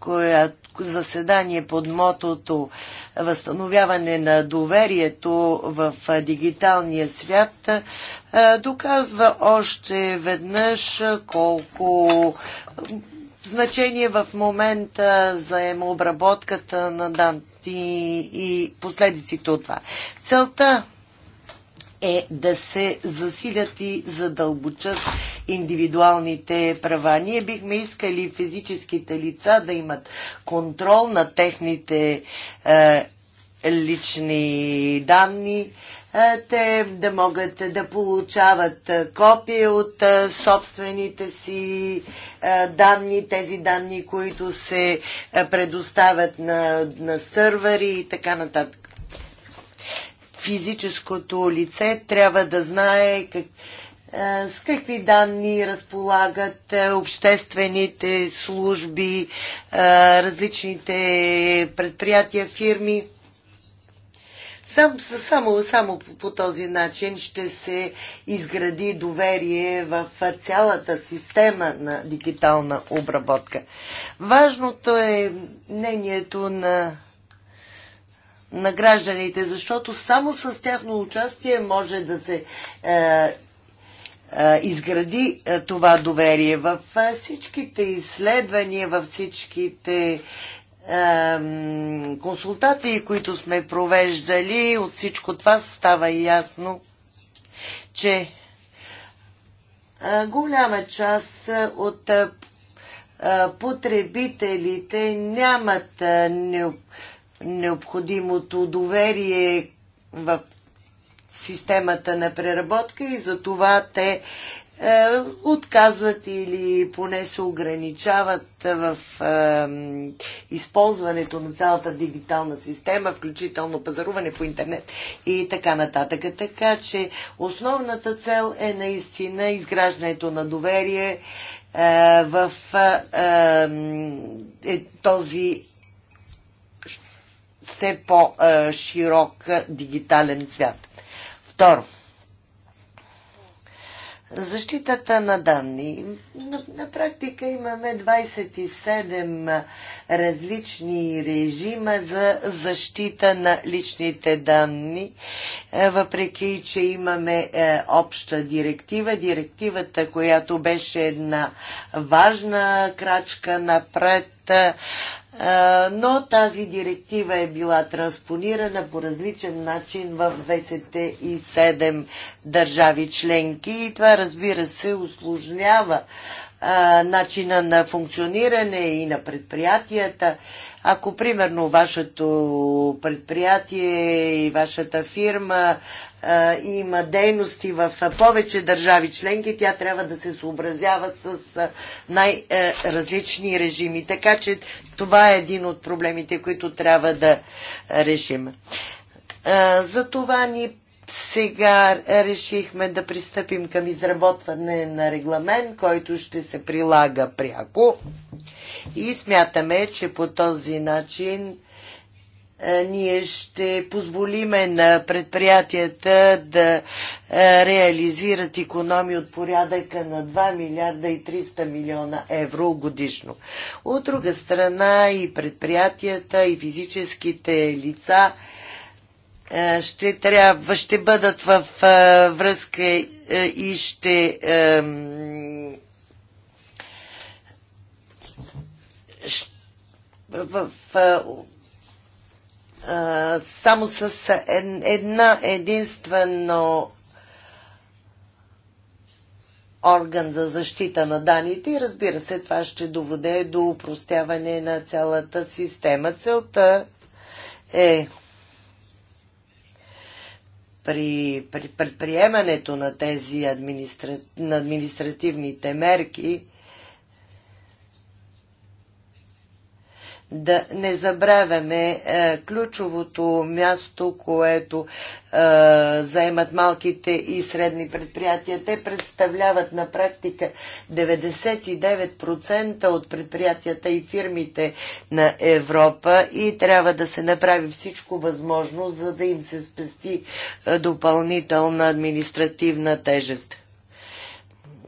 която заседание под мотото Възстановяване на доверието в дигиталния свят доказва още веднъж колко значение в момента заема обработката на данни и последиците от това. Целта е да се засилят и задълбочат индивидуалните права. Ние бихме искали физическите лица да имат контрол на техните е, лични данни, е, те да могат да получават е, копия от е, собствените си данни, тези данни, които се предоставят на, на сървъри и така нататък физическото лице трябва да знае как, с какви данни разполагат обществените служби, различните предприятия, фирми. Сам, само, само по, по този начин ще се изгради доверие в цялата система на дигитална обработка. Важното е мнението на на гражданите, защото само с тяхно участие може да се е, е, изгради е, това доверие. В е, всичките изследвания, във всичките е, консултации, които сме провеждали, от всичко това става ясно, че е, голяма част от потребителите нямат необходимото доверие в системата на преработка и за това те е, отказват или поне се ограничават в е, използването на цялата дигитална система, включително пазаруване по интернет и така нататък. Така че основната цел е наистина изграждането на доверие е, в е, е, е този все по-широк дигитален свят. Второ, защитата на данни. На, практика имаме 27 различни режима за защита на личните данни, въпреки че имаме обща директива. Директивата, която беше една важна крачка напред но тази директива е била транспонирана по различен начин в 27 държави членки и това разбира се усложнява начина на функциониране и на предприятията ако, примерно, вашето предприятие и вашата фирма а, има дейности в повече държави членки, тя трябва да се съобразява с най-различни режими. Така че това е един от проблемите, които трябва да решим. За това ни сега решихме да пристъпим към изработване на регламент, който ще се прилага пряко и смятаме, че по този начин е, ние ще позволиме на предприятията да е, реализират економи от порядъка на 2 милиарда и 300 милиона евро годишно. От друга страна и предприятията и физическите лица е, ще трябва, ще бъдат в е, връзка е, и ще в, а, само с една единствено орган за защита на данните и разбира се, това ще доведе до упростяване на цялата система. Целта е при, при предприемането на тези администра... на административните мерки да не забравяме е, ключовото място, което е, заемат малките и средни предприятия. Те представляват на практика 99% от предприятията и фирмите на Европа и трябва да се направи всичко възможно, за да им се спести е, допълнителна административна тежест.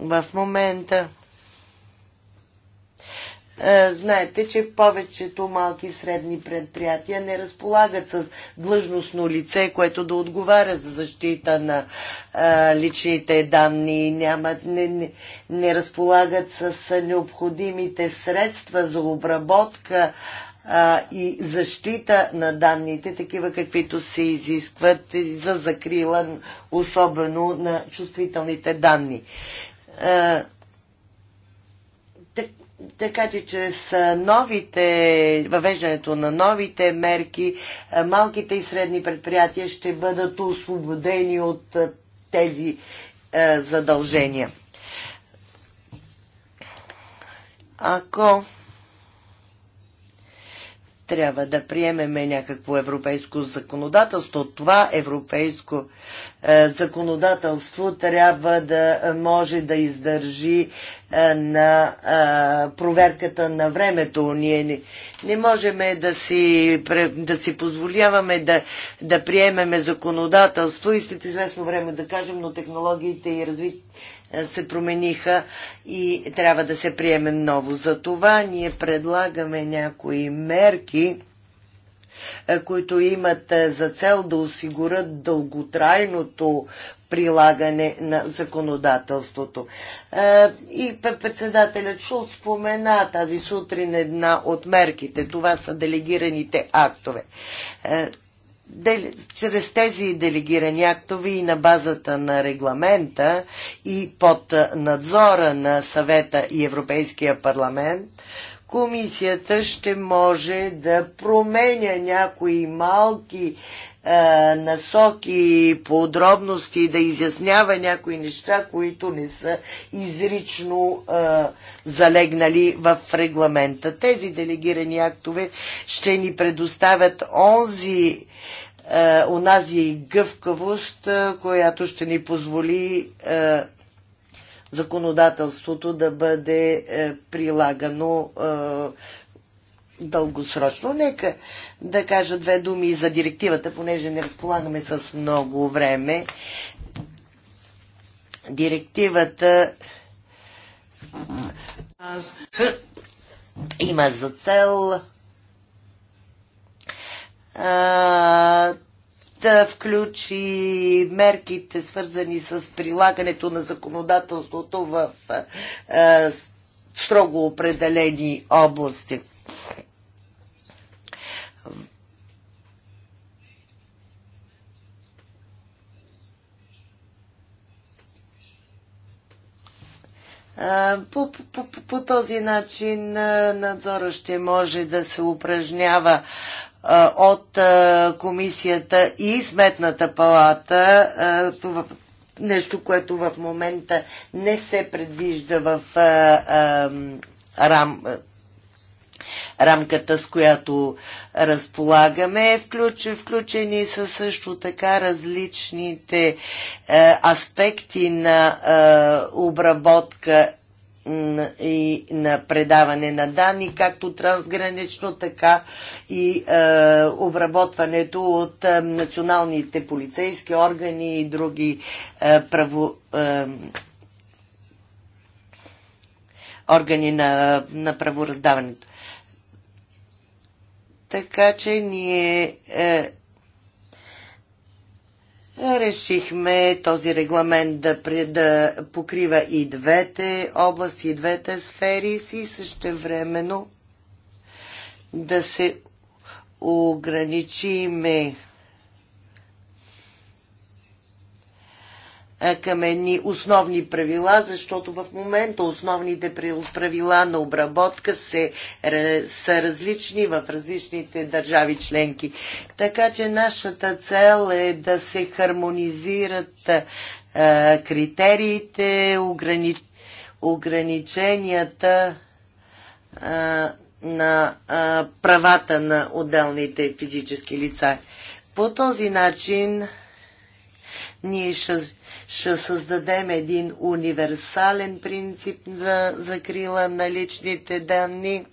В момента е, знаете, че повечето малки и средни предприятия не разполагат с длъжностно лице, което да отговаря за защита на е, личните данни, нямат, не, не, не разполагат с необходимите средства за обработка е, и защита на данните, такива каквито се изискват за закрила, особено на чувствителните данни така че чрез новите, въвеждането на новите мерки, малките и средни предприятия ще бъдат освободени от тези задължения. Ако трябва да приемеме някакво европейско законодателство. Това европейско е, законодателство трябва да може да издържи е, на е, проверката на времето. Ние не, не можем да си, да си позволяваме да, да приемеме законодателство и след известно време да кажем, но технологиите и развитието се промениха и трябва да се приемем ново. За това ние предлагаме някои мерки, е, които имат е, за цел да осигурят дълготрайното прилагане на законодателството. Е, и председателят Шул спомена тази сутрин една от мерките. Това са делегираните актове чрез тези делегирани актови и на базата на регламента и под надзора на съвета и Европейския парламент, комисията ще може да променя някои малки е, насоки, подробности, да изяснява някои неща, които не са изрично а, е, залегнали в регламента. Тези делегирани актове ще ни предоставят онзи а, е, онази гъвкавост, а, която ще ни позволи а, законодателството да бъде прилагано дългосрочно. Нека да кажа две думи за директивата, понеже не разполагаме с много време. Директивата има за цел а, да включи мерките, свързани с прилагането на законодателството в а, строго определени области. По, по, по, по този начин надзора ще може да се упражнява от комисията и сметната палата. Това, нещо, което в момента не се предвижда в рам, рамката, с която разполагаме. Включ, включени са също така различните е, аспекти на е, обработка и на предаване на данни, както трансгранично, така и е, обработването от е, националните полицейски органи и други е, право, е, органи на, на правораздаването. Така че ние е, решихме този регламент да, да покрива и двете области, и двете сфери и същевременно да се ограничиме към едни основни правила, защото в момента основните правила на обработка се, са различни в различните държави членки. Така че нашата цел е да се хармонизират критериите, ограни, ограниченията а, на а, правата на отделните физически лица. По този начин ние ще ще създадем един универсален принцип за закрила на личните данни,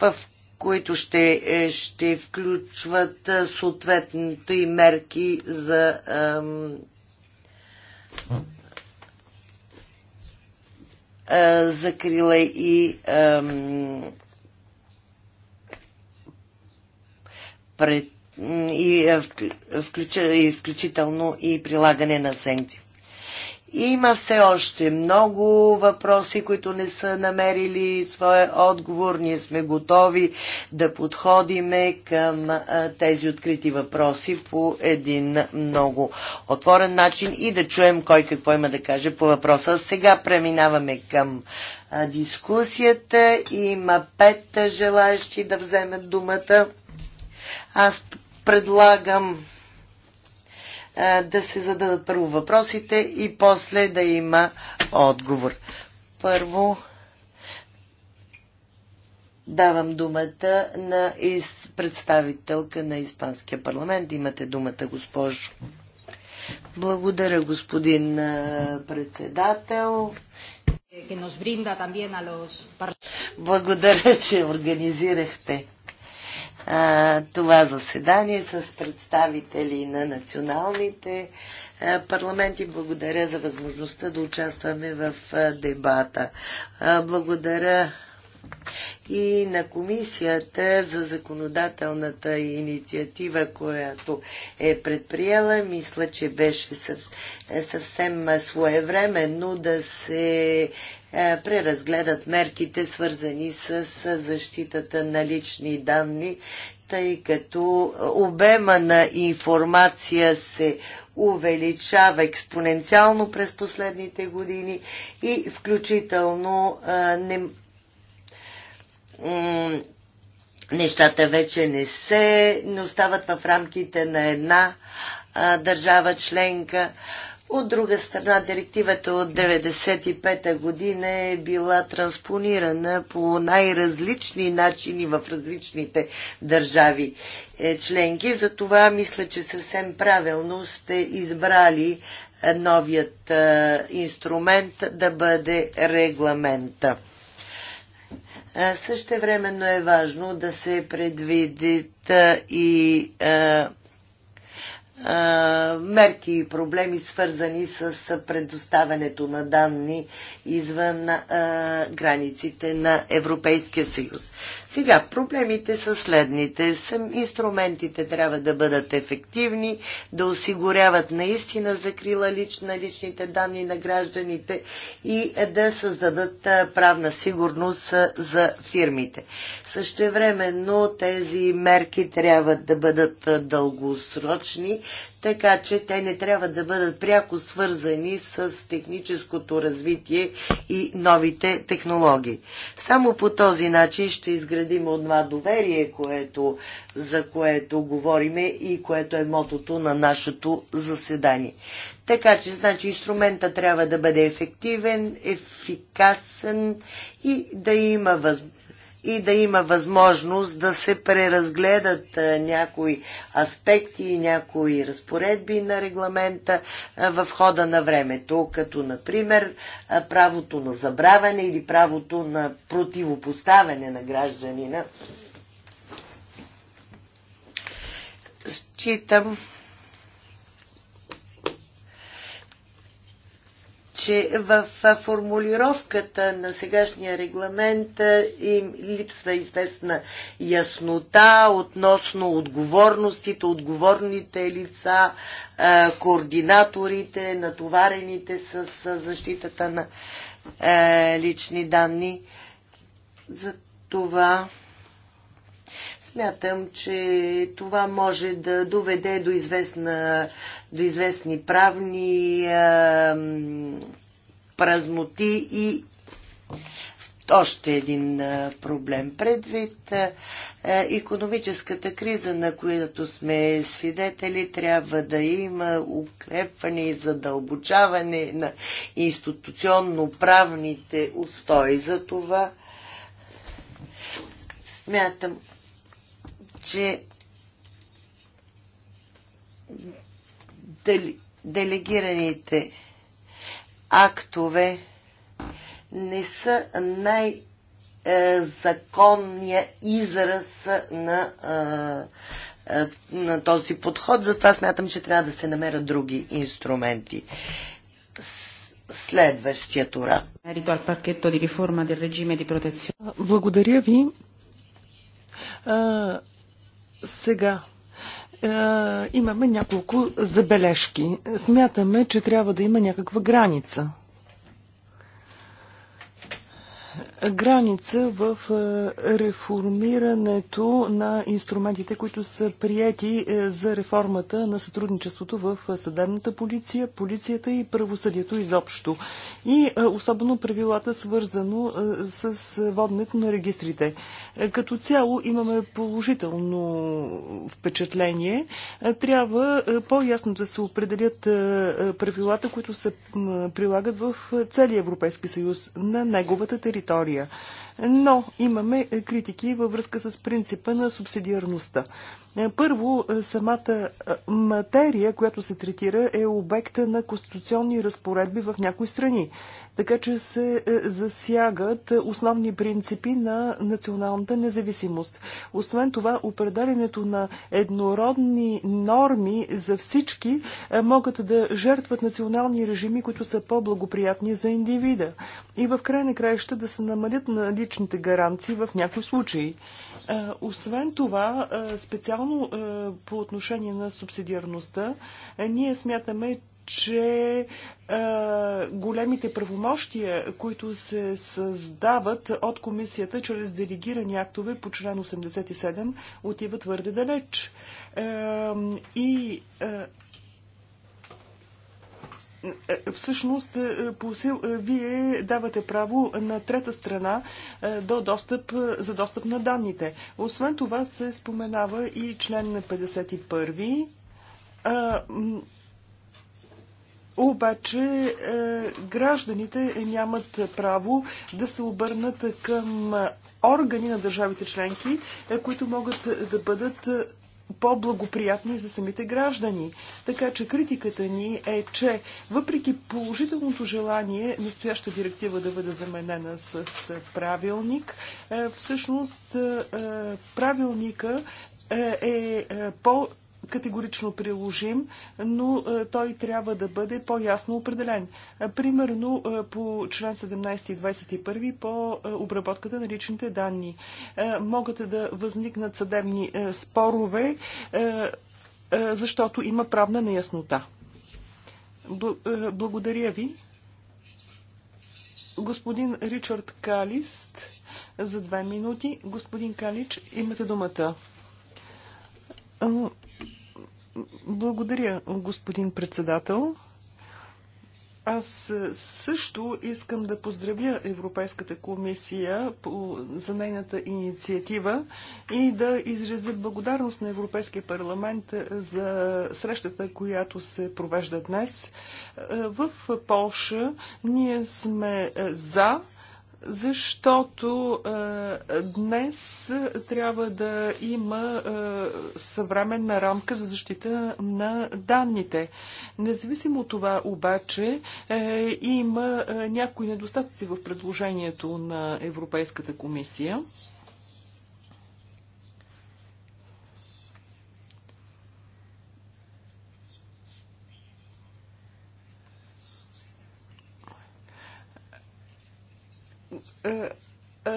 в които ще, е, ще включват е, съответните мерки за ам, а, е, закрила и ам, пред е, и, включително и прилагане на санкции. Има все още много въпроси, които не са намерили своя отговор. Ние сме готови да подходиме към е, тези открити въпроси по един много отворен начин и да чуем кой какво има да каже по въпроса. Сега преминаваме към е, дискусията. Има пет желаящи да вземат думата. Аз предлагам е, да се зададат първо въпросите и после да има отговор. Първо давам думата на из представителка на Испанския парламент. Имате думата, госпожо. Благодаря, господин е, председател. Е, Благодаря, че организирахте а, това заседание с представители на националните а, парламенти. Благодаря за възможността да участваме в а, дебата. А, благодаря и на комисията за законодателната инициатива, която е предприела. Мисля, че беше е, съвсем своевременно да се е, преразгледат мерките, свързани с защитата на лични данни, тъй като обема на информация се увеличава експоненциално през последните години и включително е, не нещата вече не се, не остават в рамките на една а, държава членка. От друга страна, директивата от 1995-та година е била транспонирана по най-различни начини в различните държави е, членки. Затова мисля, че съвсем правилно сте избрали е, новият е, инструмент да бъде регламента. Също времено е важно да се предвидят и а, мерки и проблеми, свързани с предоставянето на данни извън а, границите на Европейския съюз. Сега, проблемите са следните. Съм, инструментите трябва да бъдат ефективни, да осигуряват наистина закрила лична личните данни на гражданите и да създадат правна сигурност за фирмите. Същевременно тези мерки трябва да бъдат дългосрочни, така че те не трябва да бъдат пряко свързани с техническото развитие и новите технологии. Само по този начин ще изградим онова доверие, което, за което говориме и което е мотото на нашето заседание. Така че, значи, инструмента трябва да бъде ефективен, ефикасен и да има възможност и да има възможност да се преразгледат някои аспекти и някои разпоредби на регламента в хода на времето, като например правото на забравяне или правото на противопоставяне на гражданина. Считам, че в формулировката на сегашния регламент им липсва известна яснота относно отговорностите, отговорните лица, координаторите, натоварените с защитата на лични данни. За това Смятам, че това може да доведе до, известна, до известни правни а, празноти и още един проблем. Предвид економическата криза, на която сме свидетели, трябва да има укрепване и задълбочаване на институционно-правните устои. За това смятам, че делегираните актове не са най- законния израз на, на този подход. Затова смятам, че трябва да се намерят други инструменти. Следващият урад. Благодаря ви. Сега е, имаме няколко забележки. Смятаме, че трябва да има някаква граница граница в е, реформирането на инструментите, които са прияти е, за реформата на сътрудничеството в е, съдебната полиция, полицията и правосъдието изобщо. И особено правилата свързано с воднето на регистрите. Като цяло имаме положително впечатление. Трябва по-ясно да се определят правилата, които се прилагат в целия Европейски съюз на неговата територия територия. Но имаме критики във връзка с принципа на субсидиарността. Е, първо, е, самата е, материя, която се третира, е обекта на конституционни разпоредби в някои страни. Така че се засягат основни принципи на националната независимост. Освен това, определенето на еднородни норми за всички могат да жертват национални режими, които са по-благоприятни за индивида. И в край на краища да се намалят наличните гаранции в някои случаи. Е, освен това, е, специално е, по отношение на субсидиарността, ние смятаме, че големите правомощия, които се създават от комисията чрез делегирани актове по член 87, отиват твърде далеч. и е, е, всъщност, е, вие давате право на трета страна до достъп, за достъп на данните. Освен това се споменава и член на 51. обаче гражданите нямат право да се обърнат към органи на държавите членки, които могат да бъдат по-благоприятни за самите граждани. Така че критиката ни е, че въпреки положителното желание настояща директива да бъде заменена с е, правилник, е, всъщност е, правилника е по категорично приложим, но е, той трябва да бъде по-ясно определен. Е, примерно е, по член 17 и 21 по обработката на личните данни. Могат да възникнат съдебни спорове, защото има правна неяснота. Благодаря ви. Господин Ричард Калист за две минути. Господин Калич, имате думата. Благодаря, господин председател. Аз е, също искам да поздравя Европейската комисия за нейната инициатива и да изразя благодарност на Европейския парламент е, за срещата, която се провежда днес. Е, в Полша ние сме за защото е, днес трябва да има е, съвременна рамка за защита на данните. Независимо от това обаче е, има е, някои недостатъци в предложението на Европейската комисия. Е, е,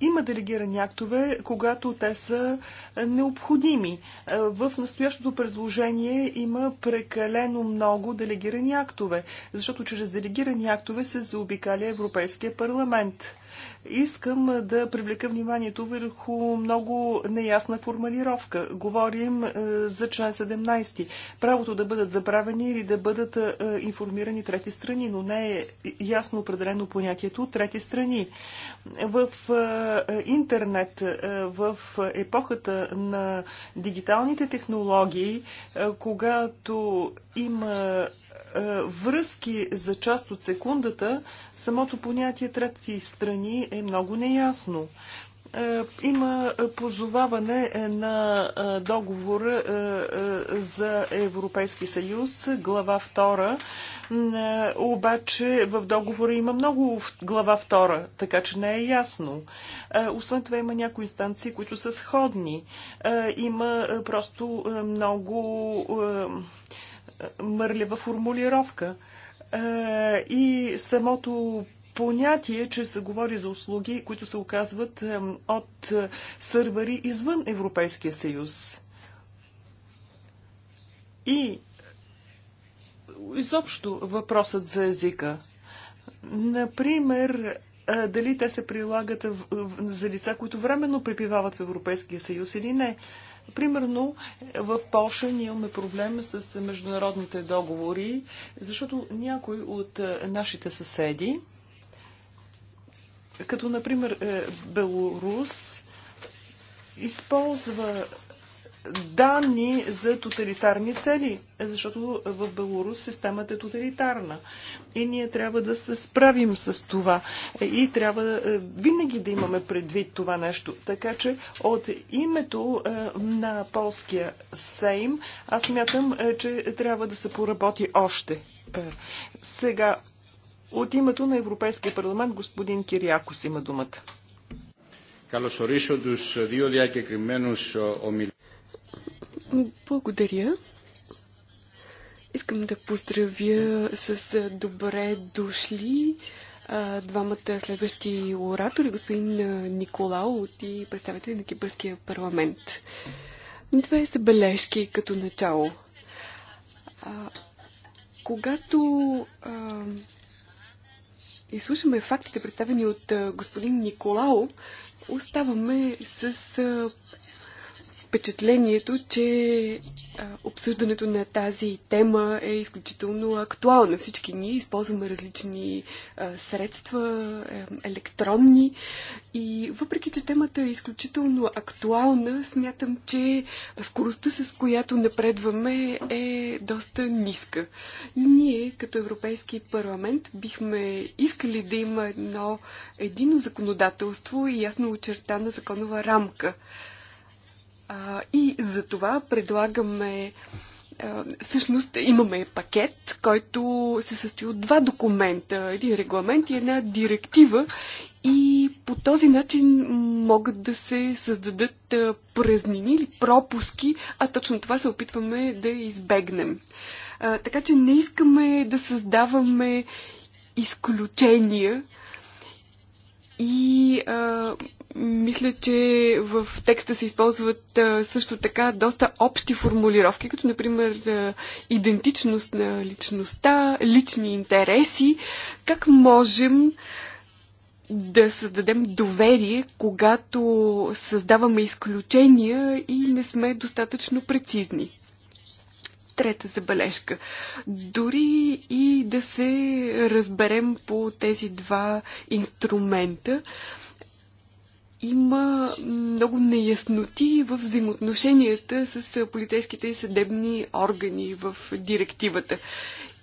има делегирани актове, когато те са необходими. Е, в настоящото предложение има прекалено много делегирани актове, защото чрез делегирани актове се заобикаля Европейския парламент. Искам да привлека вниманието върху много неясна формулировка. Говорим е, за член 17. Правото да бъдат забравени или да бъдат е, информирани трети страни, но не е ясно определено понятието трети страни. В е, интернет, в епохата на дигиталните технологии, когато има е, връзки за част от секундата, самото понятие трети страни е много неясно. Е, има позоваване на е, договор за Европейски съюз, глава 2, обаче в договора има много глава 2, така че не е ясно. Освен това има някои инстанции, които са сходни. Има просто много мърлева формулировка. И самото понятие, че се говори за услуги, които се оказват от е, сървъри извън Европейския съюз. И изобщо въпросът за езика. Например, е, дали те се прилагат за лица, които временно припивават в Европейския съюз или не. Примерно в Польша ние имаме проблем с международните договори, защото някои от е, нашите съседи, като например е, Белорус, използва данни за тоталитарни цели, защото в Беларус системата е тоталитарна. И ние трябва да се справим с това. И трябва е, винаги да имаме предвид това нещо. Така че от името е, на полския Сейм, аз мятам, е, че трябва да се поработи още. Сега, от името на Европейския парламент, господин Кириакос има думата. Καλωσορίσω τους δύο διακεκριμένους ομιλητές. Благодаря. Искам да поздравя с добре дошли двамата следващи оратори, господин Николаут и представители на Кипърския парламент. Две забележки като начало. А, когато а, изслушаме фактите, представени от а, господин Николао, оставаме с а, впечатлението, че обсъждането на тази тема е изключително актуална. Всички ние използваме различни средства, е, електронни и въпреки, че темата е изключително актуална, смятам, че скоростта, с която напредваме, е доста ниска. Ние, като Европейски парламент, бихме искали да има едно едино законодателство и ясно очертана законова рамка а, и за това предлагаме всъщност имаме пакет, който се състои от два документа. Един регламент и една директива. И по този начин могат да се създадат празнини или пропуски, а точно това се опитваме да избегнем. А, така че не искаме да създаваме изключения и а, мисля, че в текста се използват също така доста общи формулировки, като например идентичност на личността, лични интереси. Как можем да създадем доверие, когато създаваме изключения и не сме достатъчно прецизни? трета забележка. Дори и да се разберем по тези два инструмента, има много неясноти в взаимоотношенията с полицейските и съдебни органи в директивата.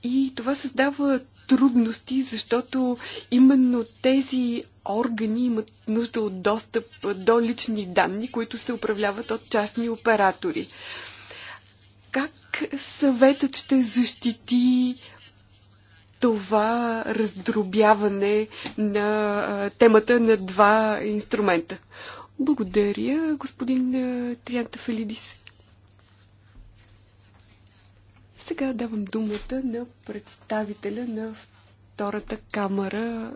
И това създава трудности, защото именно тези органи имат нужда от достъп до лични данни, които се управляват от частни оператори. Как съветът ще защити това раздробяване на темата на два инструмента. Благодаря, господин Трианта Фелидис. Сега давам думата на представителя на втората камера,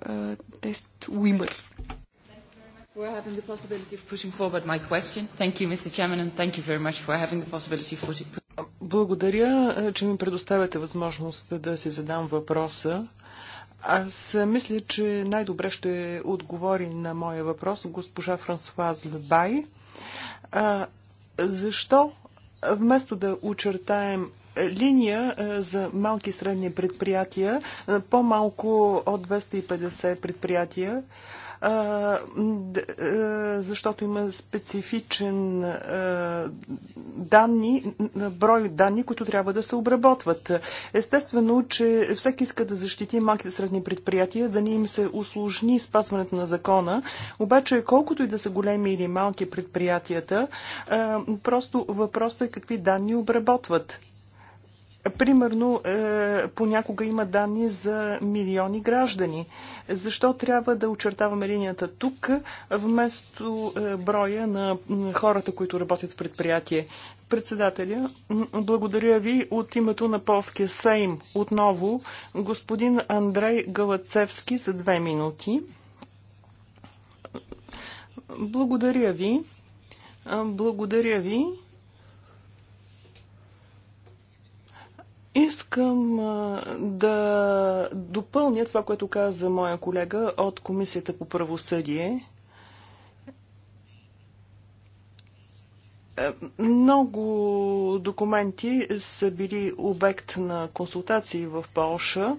тест Уимър for having the possibility of pushing forward my question. Thank you, Mr. Chairman, and thank you very much for having the possibility for... Благодаря, е, че ми предоставяте възможност да си задам въпроса. Аз мисля, че най-добре ще отговори на моя въпрос госпожа Франсуаз Лебай. защо вместо да очертаем линия е, за малки и средни предприятия, е, по-малко от 250 предприятия, защото има специфичен данни, брой данни, които трябва да се обработват. Естествено, че всеки иска да защити малките средни предприятия, да не им се усложни спазването на закона, обаче колкото и да са големи или малки предприятията, просто въпросът е какви данни обработват. Примерно, е, понякога има данни за милиони граждани. Защо трябва да очертаваме линията тук, вместо е, броя на хората, които работят в предприятие? Председателя, благодаря ви от името на полския Сейм. Отново, господин Андрей Галацевски за две минути. Благодаря ви. Благодаря ви. Искам да допълня това, което каза моя колега от Комисията по правосъдие. Е, много документи са били обект на консултации в Полша.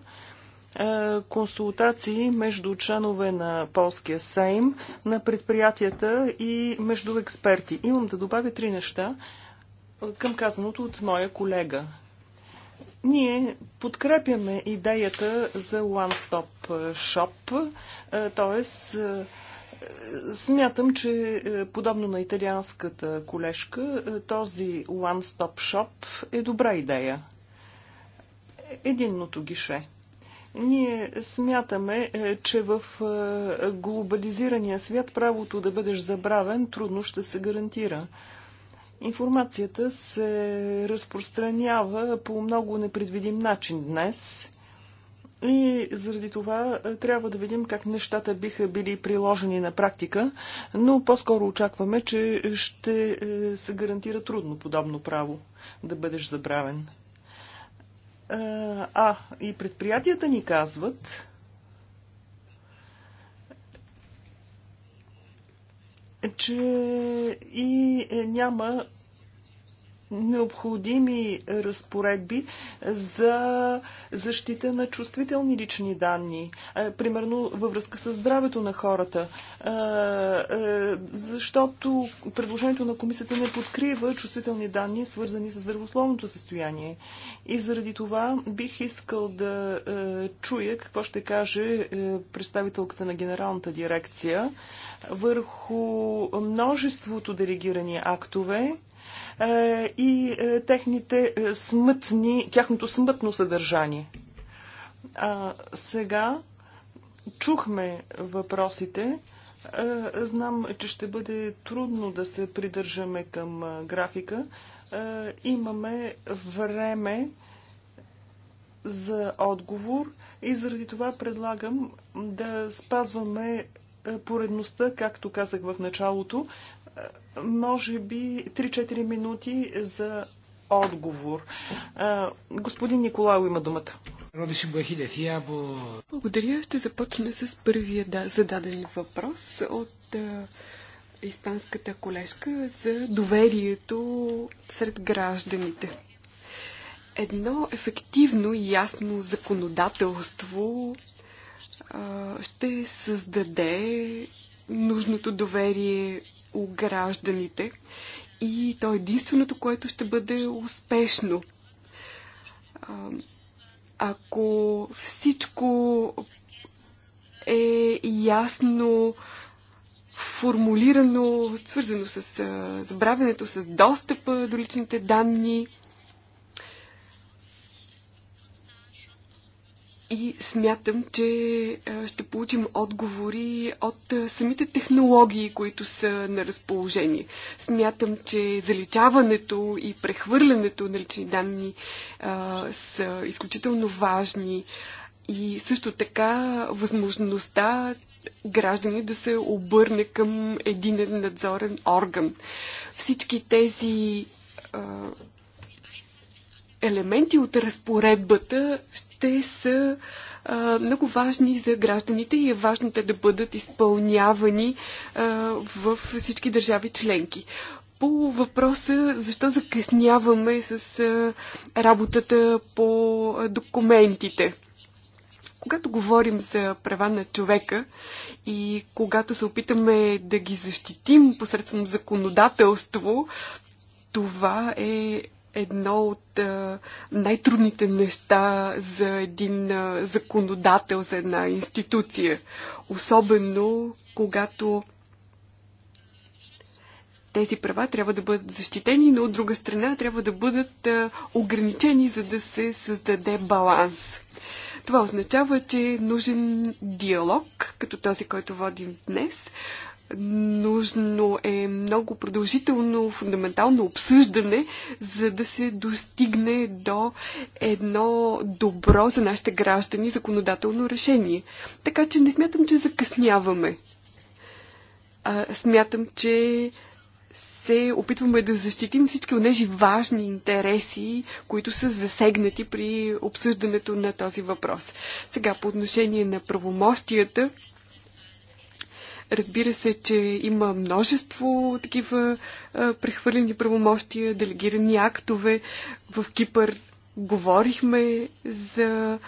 Е, консултации между членове на Полския Сейм, на предприятията и между експерти. Имам да добавя три неща е, към казаното от моя колега. Ние подкрепяме идеята за One-Stop Shop, т.е. Е, смятам, че е, подобно на италианската колежка, е, този One-Stop Shop е добра идея. Единното гише. Ние смятаме, че в глобализирания свят правото да бъдеш забравен трудно ще се гарантира. Информацията се разпространява по много непредвидим начин днес. И заради това е, трябва да видим как нещата биха били приложени на практика, но по-скоро очакваме, че ще е, се гарантира трудно подобно право да бъдеш забравен. Е, а, и предприятията ни казват, че и е, няма необходими разпоредби за защита на чувствителни лични данни, примерно във връзка с здравето на хората, защото предложението на комисията не подкрива чувствителни данни, свързани с здравословното състояние. И заради това бих искал да чуя какво ще каже представителката на генералната дирекция върху множеството делегирани актове, е, и е, техните е, смътни, тяхното смътно съдържание. А, сега чухме въпросите. Знам, че ще бъде трудно да се придържаме към графика. Имаме време за отговор и заради това предлагам да спазваме поредността, както казах в началото, може би 3-4 минути за отговор. Господин Николао има думата. Благодаря. Ще започна с първия да, зададен въпрос от а, испанската колежка за доверието сред гражданите. Едно ефективно и ясно законодателство а, ще създаде нужното доверие гражданите и то е единственото, което ще бъде успешно. Ако всичко е ясно формулирано, свързано с забравянето, с достъпа до личните данни, И смятам, че ще получим отговори от самите технологии, които са на разположение. Смятам, че заличаването и прехвърлянето на лични данни а, са изключително важни. И също така възможността граждани да се обърне към един надзорен орган. Всички тези а, елементи от разпоредбата ще те са а, много важни за гражданите и е важно те да бъдат изпълнявани а, в всички държави членки. По въпроса защо закъсняваме с а, работата по а, документите. Когато говорим за права на човека и когато се опитаме да ги защитим посредством законодателство, това е едно от най-трудните неща за един законодател, за една институция. Особено когато тези права трябва да бъдат защитени, но от друга страна трябва да бъдат ограничени, за да се създаде баланс. Това означава, че е нужен диалог, като този, който водим днес, нужно е много продължително, фундаментално обсъждане, за да се достигне до едно добро за нашите граждани законодателно решение. Така че не смятам, че закъсняваме. А, смятам, че се опитваме да защитим всички от тези важни интереси, които са засегнати при обсъждането на този въпрос. Сега по отношение на правомощията, Разбира се, че има множество такива а, прехвърлени правомощия, делегирани актове. В Кипър говорихме за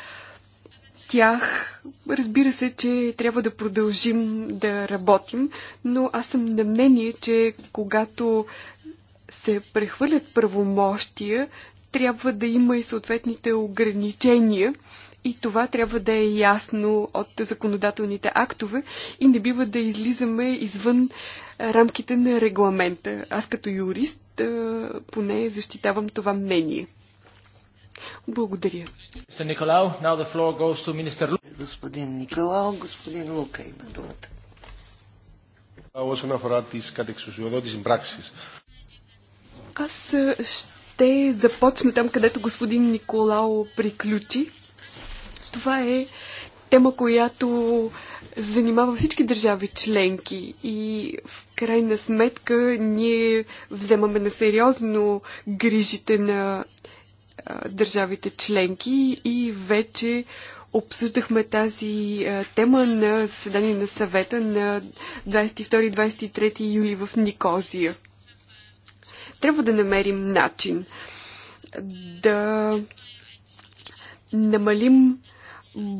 тях. Разбира се, че трябва да продължим да работим, но аз съм на мнение, че когато се прехвърлят правомощия, трябва да има и съответните ограничения и това трябва да е ясно от законодателните актове и не бива да излизаме извън рамките на регламента. Аз като юрист поне защитавам това мнение. Благодаря. Господин Николао, господин Лука има думата. Όσον αφορά τις Аз ще започна там, където господин Николао приключи. Това е тема, която занимава всички държави членки и в крайна сметка ние вземаме на сериозно грижите на а, държавите членки и вече обсъждахме тази а, тема на заседание на съвета на 22-23 юли в Никозия. Трябва да намерим начин да намалим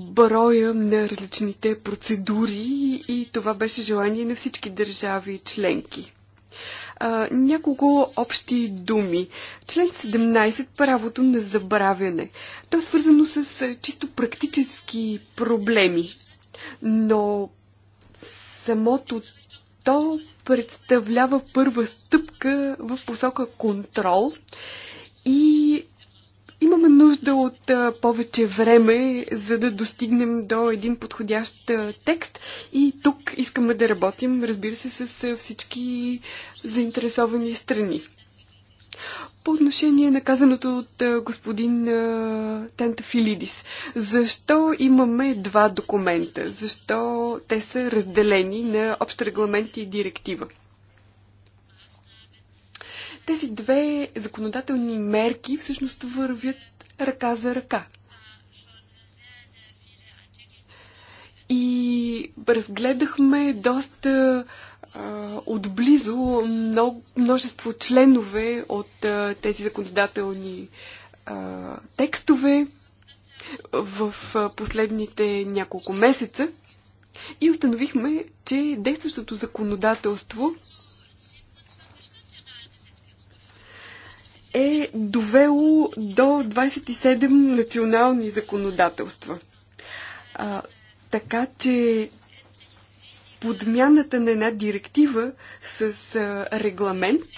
броя на различните процедури и това беше желание на всички държави членки. А, няколко общи думи. Член 17 правото на забравяне. То е свързано с чисто практически проблеми, но самото то представлява първа стъпка в посока контрол и Имаме нужда от повече време, за да достигнем до един подходящ текст и тук искаме да работим, разбира се, с всички заинтересовани страни. По отношение на казаното от господин Тента Филидис, защо имаме два документа? Защо те са разделени на общ регламент и директива? Тези две законодателни мерки всъщност вървят ръка за ръка. И разгледахме доста а, отблизо много, множество членове от а, тези законодателни а, текстове в а, последните няколко месеца и установихме, че действащото законодателство е довело до 27 национални законодателства. А, така че подмяната на една директива с а, регламент,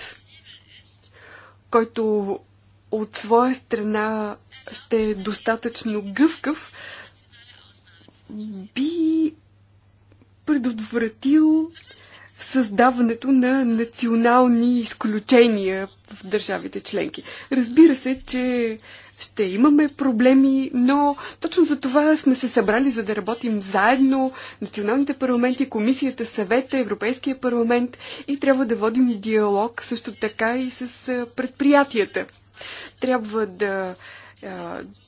който от своя страна ще е достатъчно гъвкав, би предотвратил създаването на национални изключения в държавите членки. Разбира се, че ще имаме проблеми, но точно за това сме се събрали, за да работим заедно националните парламенти, комисията, съвета, Европейския парламент и трябва да водим диалог също така и с предприятията. Трябва да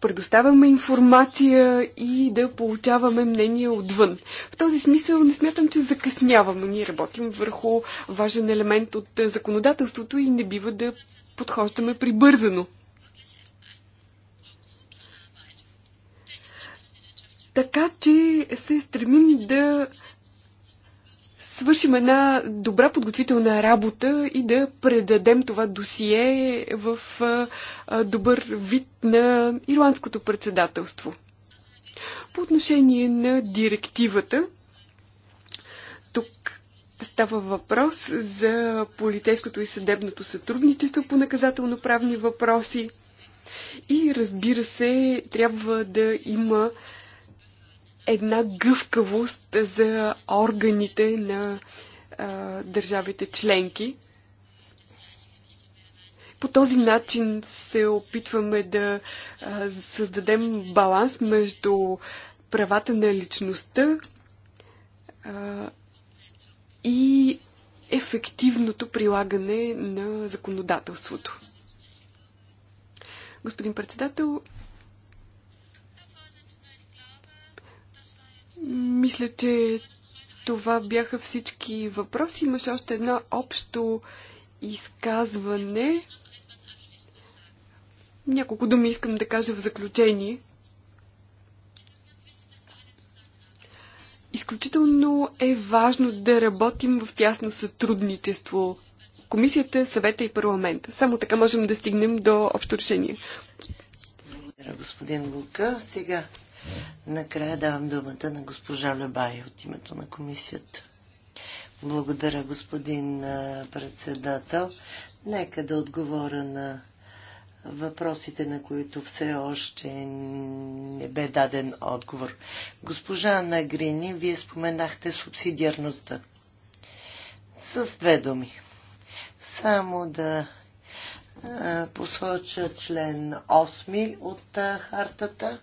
предоставяме информация и да получаваме мнение отвън. В този смисъл не смятам, че закъсняваме. Ние работим върху важен елемент от законодателството и не бива да подхождаме прибързано. Така че се стремим да свършим една добра подготвителна работа и да предадем това досие в добър вид на ирландското председателство. По отношение на директивата, тук става въпрос за полицейското и съдебното сътрудничество по наказателно-правни въпроси. И разбира се, трябва да има една гъвкавост за органите на а, държавите членки. По този начин се опитваме да а, създадем баланс между правата на личността а, и ефективното прилагане на законодателството. Господин председател, Мисля, че това бяха всички въпроси. Имаше още едно общо изказване. Няколко думи искам да кажа в заключение. Изключително е важно да работим в тясно сътрудничество. Комисията, съвета и парламента. Само така можем да стигнем до общо решение. Благодаря, господин Лука. Сега Накрая давам думата на госпожа Лебай от името на комисията. Благодаря, господин председател. Нека да отговоря на въпросите, на които все още не бе даден отговор. Госпожа Нагрини, вие споменахте субсидиарността. С две думи. Само да посоча член 8 от хартата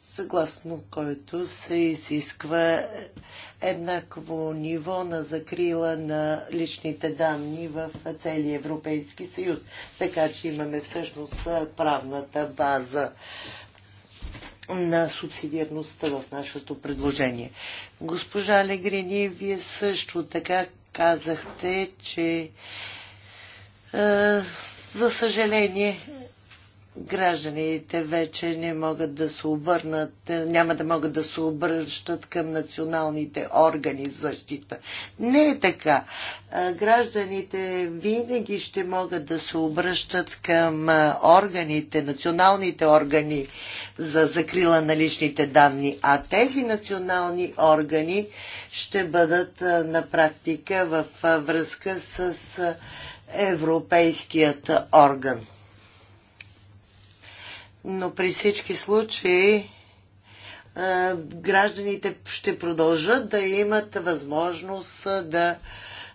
съгласно който се изисква еднакво ниво на закрила на личните данни в целия Европейски съюз. Така че имаме всъщност правната база на субсидиарността в нашето предложение. Госпожа Легрини, вие също така казахте, че е, за съжаление гражданите вече не могат да се обърнат, няма да могат да се обръщат към националните органи за защита. Не е така. Гражданите винаги ще могат да се обръщат към органите, националните органи за закрила на личните данни, а тези национални органи ще бъдат на практика в връзка с Европейският орган но при всички случаи е, гражданите ще продължат да имат възможност е, да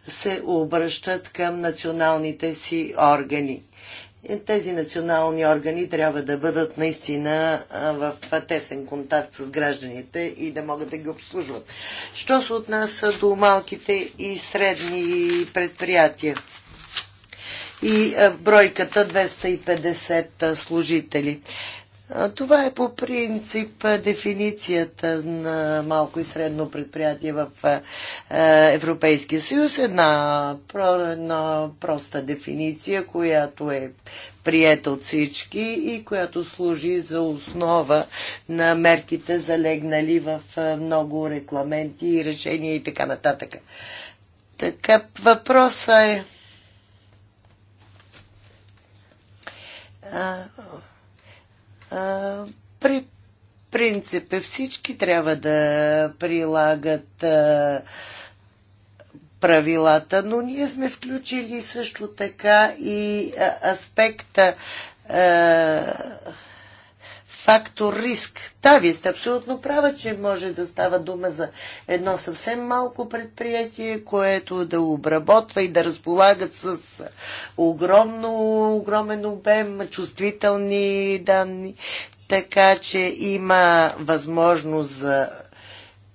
се обръщат към националните си органи. Е, тези национални органи трябва да бъдат наистина в тесен контакт с гражданите и да могат да ги обслужват. Що се отнася до малките и средни предприятия? и е, бройката 250 е, служители. Това е по принцип е, дефиницията на малко и средно предприятие в Европейския съюз. Една, една проста дефиниция, която е приета от всички и която служи за основа на мерките, залегнали в много регламенти и решения и така нататък. Така, въпросът е при принцип всички трябва да прилагат а, правилата, но ние сме включили също така и а, аспекта а, фактор риск. Да, вие сте абсолютно права, че може да става дума за едно съвсем малко предприятие, което да обработва и да разполагат с огромно, огромен обем, чувствителни данни, така че има възможност за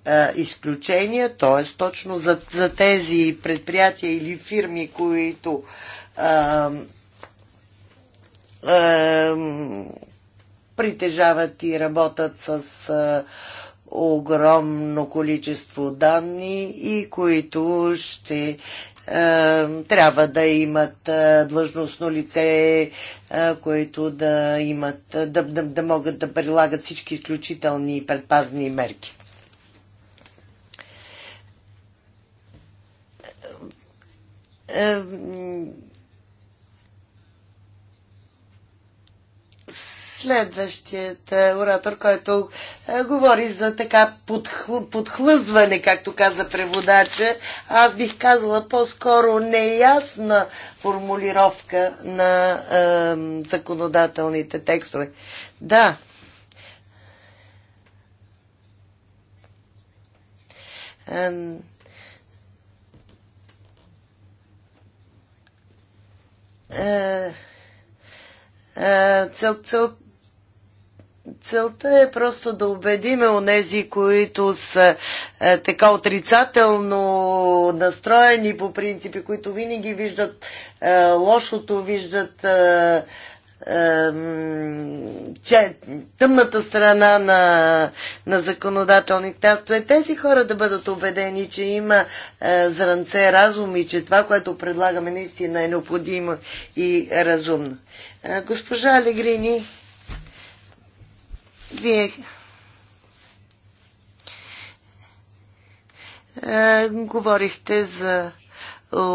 а, изключения, т.е. точно за, за тези предприятия или фирми, които а, а, притежават и работят с огромно количество данни и които ще трябва да имат длъжностно лице, които да имат, да, да, да могат да прилагат всички изключителни предпазни мерки. Е, Следващият е, оратор, който е, говори за така подхл... подхлъзване, както каза преводача, аз бих казала по-скоро неясна формулировка на законодателните текстове. Да, е, цел, цел, Целта е просто да убедиме онези, които са е, така отрицателно настроени по принципи, които винаги виждат е, лошото, виждат е, е, че, тъмната страна на, на законодателните тестове. Тези хора да бъдат убедени, че има е, зранце разум и че това, което предлагаме наистина е необходимо и разумно. Е, госпожа Алегрини, вие говорихте за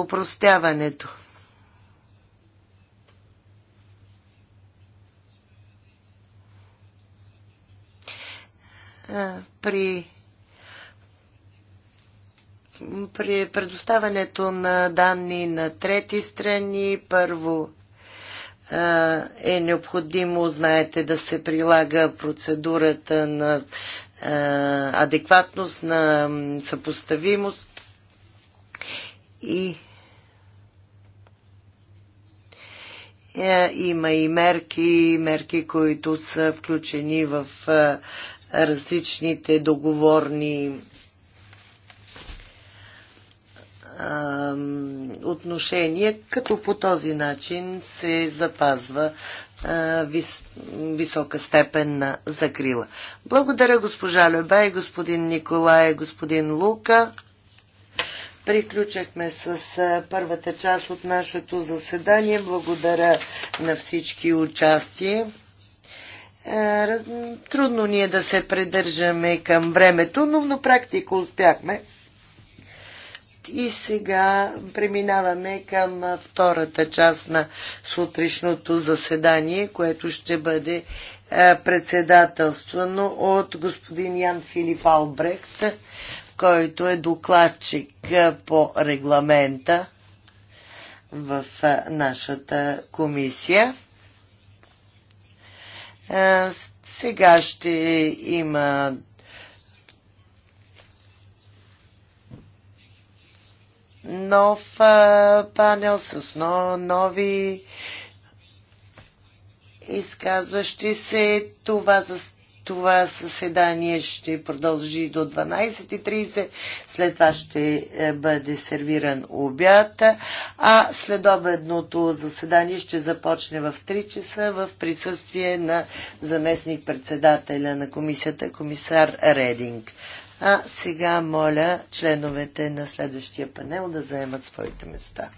упростяването. при, при предоставянето на данни на трети страни, първо е необходимо, знаете, да се прилага процедурата на адекватност, на съпоставимост и е, има и мерки, мерки, които са включени в различните договорни отношение, като по този начин се запазва вис, висока степен на закрила. Благодаря госпожа Лебе, господин Николай, господин Лука. Приключахме с първата част от нашето заседание. Благодаря на всички участие. Трудно ни е да се придържаме към времето, но на практика успяхме. И сега преминаваме към втората част на сутрешното заседание, което ще бъде е, председателствано от господин Ян Филип Албрехт, който е докладчик е, по регламента в е, нашата комисия. Сега ще има нов а, панел с но, нови изказващи се. Това, за, това съседание ще продължи до 12.30. След това ще е, бъде сервиран обяд, а следобедното заседание ще започне в 3 часа в присъствие на заместник-председателя на комисията, комисар Рединг. А сега моля членовете на следващия панел да заемат своите места.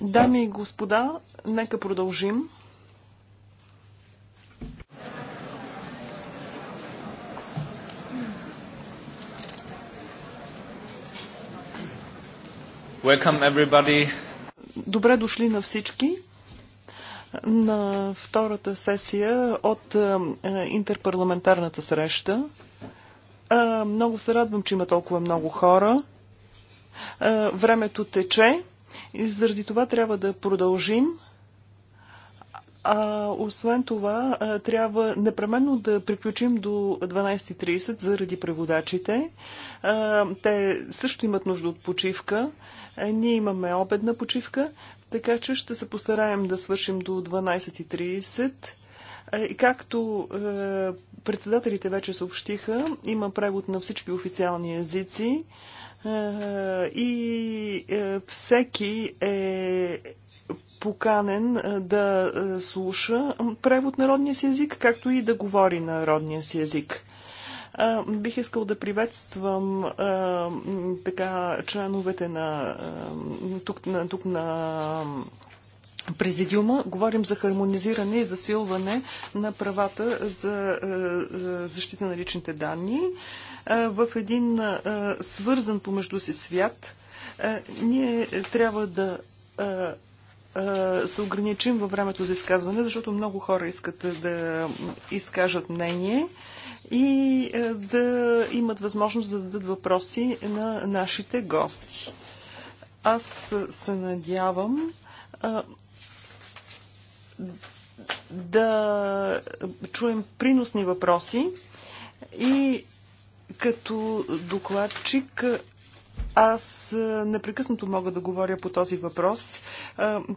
Дами и господа, нека продължим. Добре дошли на всички на втората сесия от е, интерпарламентарната среща. Много се радвам, че има толкова много хора. Времето тече и заради това трябва да продължим. А, освен това, трябва непременно да приключим до 12.30 заради преводачите. те също имат нужда от почивка. ние имаме обедна почивка, така че ще се постараем да свършим до 12.30. Както е, председателите вече съобщиха, има превод на всички официални езици е, и е, всеки е поканен да слуша превод на родния си език, както и да говори на родния си език. Бих искал да приветствам така членовете на тук на, тук на президиума говорим за хармонизиране и засилване на правата за е, е, защита на личните данни е, в един свързан помежду си свят. Ние трябва да се ограничим във времето за изказване, защото много хора искат да изкажат мнение и да имат възможност да зададат въпроси на нашите гости. Аз се надявам да чуем приносни въпроси и като докладчик аз непрекъснато мога да говоря по този въпрос,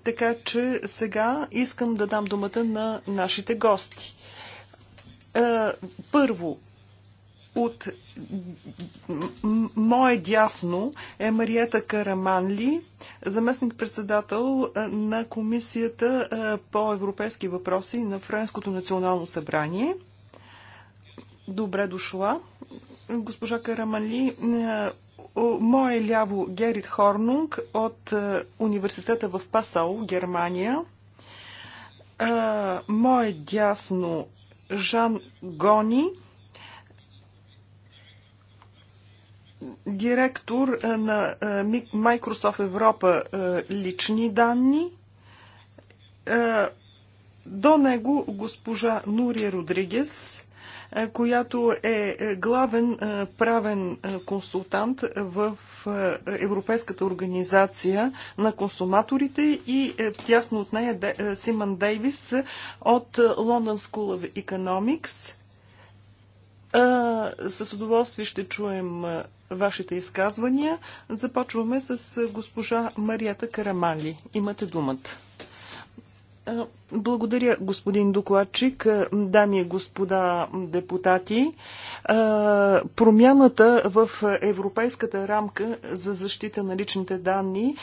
така че сега искам да дам думата на нашите гости. Първо, от мое дясно е Мариета Караманли, заместник-председател на Комисията по европейски въпроси на Френското национално събрание. Добре дошла. Госпожа Караманли, мое ляво Герит Хорнунг от университета в Пасау, Германия. Мое дясно Жан Гони – директор е, на е, Microsoft Европа е, лични данни. До него госпожа Нурия Родригес, която е главен правен консултант в Европейската организация на консуматорите и тясно от нея Симан Дейвис от London School of Economics с удоволствие ще чуем вашите изказвания. Започваме с госпожа Марията Карамали. Имате думата. Е, благодаря, господин докладчик, е, дами и господа депутати. Е, промяната в европейската рамка за защита на личните данни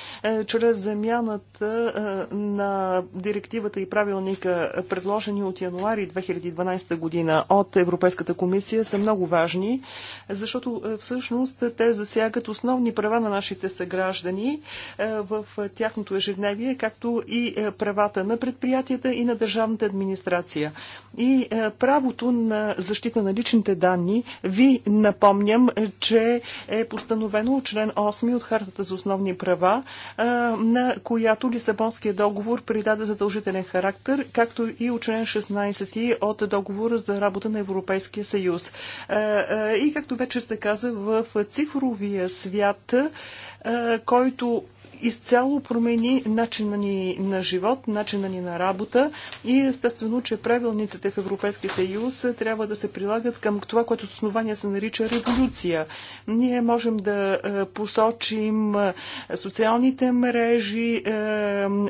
чрез замяната на директивата и правилника, предложени от януари 2012 година от Европейската комисия, са много важни, защото всъщност те засягат основни права на нашите съграждани в тяхното ежедневие, както и правата на предприятията и на държавната администрация. И е, правото на защита на личните данни ви напомням, е, че е постановено член 8 от Хартата за основни права, е, на която Лисабонския договор придаде задължителен характер, както и от член 16 от договора за работа на Европейския съюз. И както вече се каза, в цифровия свят, който изцяло промени начина ни на живот, начина ни на работа и естествено, че правилниците в Европейския съюз трябва да се прилагат към това, което с основание се нарича революция. Ние можем да е, посочим е, социалните мрежи, е,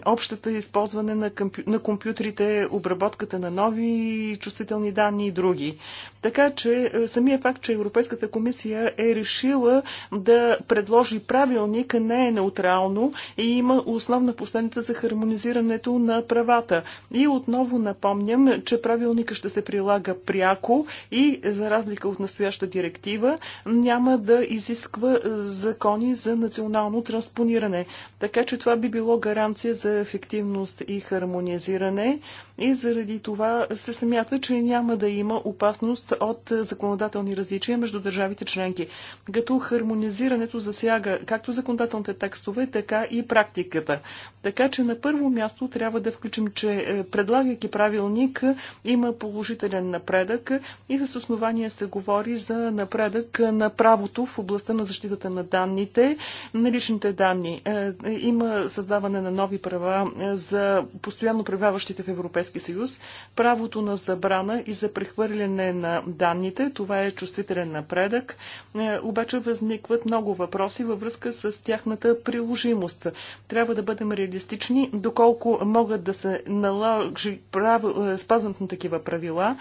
общата използване на, на компютрите, обработката на нови чувствителни данни и други. Така че е, самия факт, че Европейската комисия е решила да предложи правилник не е неутрално и има основна последница за хармонизирането на правата. И отново напомням, че правилника ще се прилага пряко и за разлика от настояща директива няма да изисква закони за национално транспониране. Така че това би било гаранция за ефективност и хармонизиране и заради това се смята, че няма да има опасност от законодателни различия между държавите членки, като хармонизирането засяга както законодателните текстове, така и практиката. Така че на първо място трябва да включим, че е, предлагайки правилник има положителен напредък и с основание се говори за напредък на правото в областта на защитата на данните, на личните данни. Е, е, има създаване на нови права за постоянно пребиваващите в Европейски съюз, правото на забрана и за прехвърляне на данните. Това е чувствителен напредък. Е, обаче възникват много въпроси във връзка с тяхната приложимост. Трябва да бъдем реалистични, доколко могат да се наложи прав... Е, спазването на такива правила.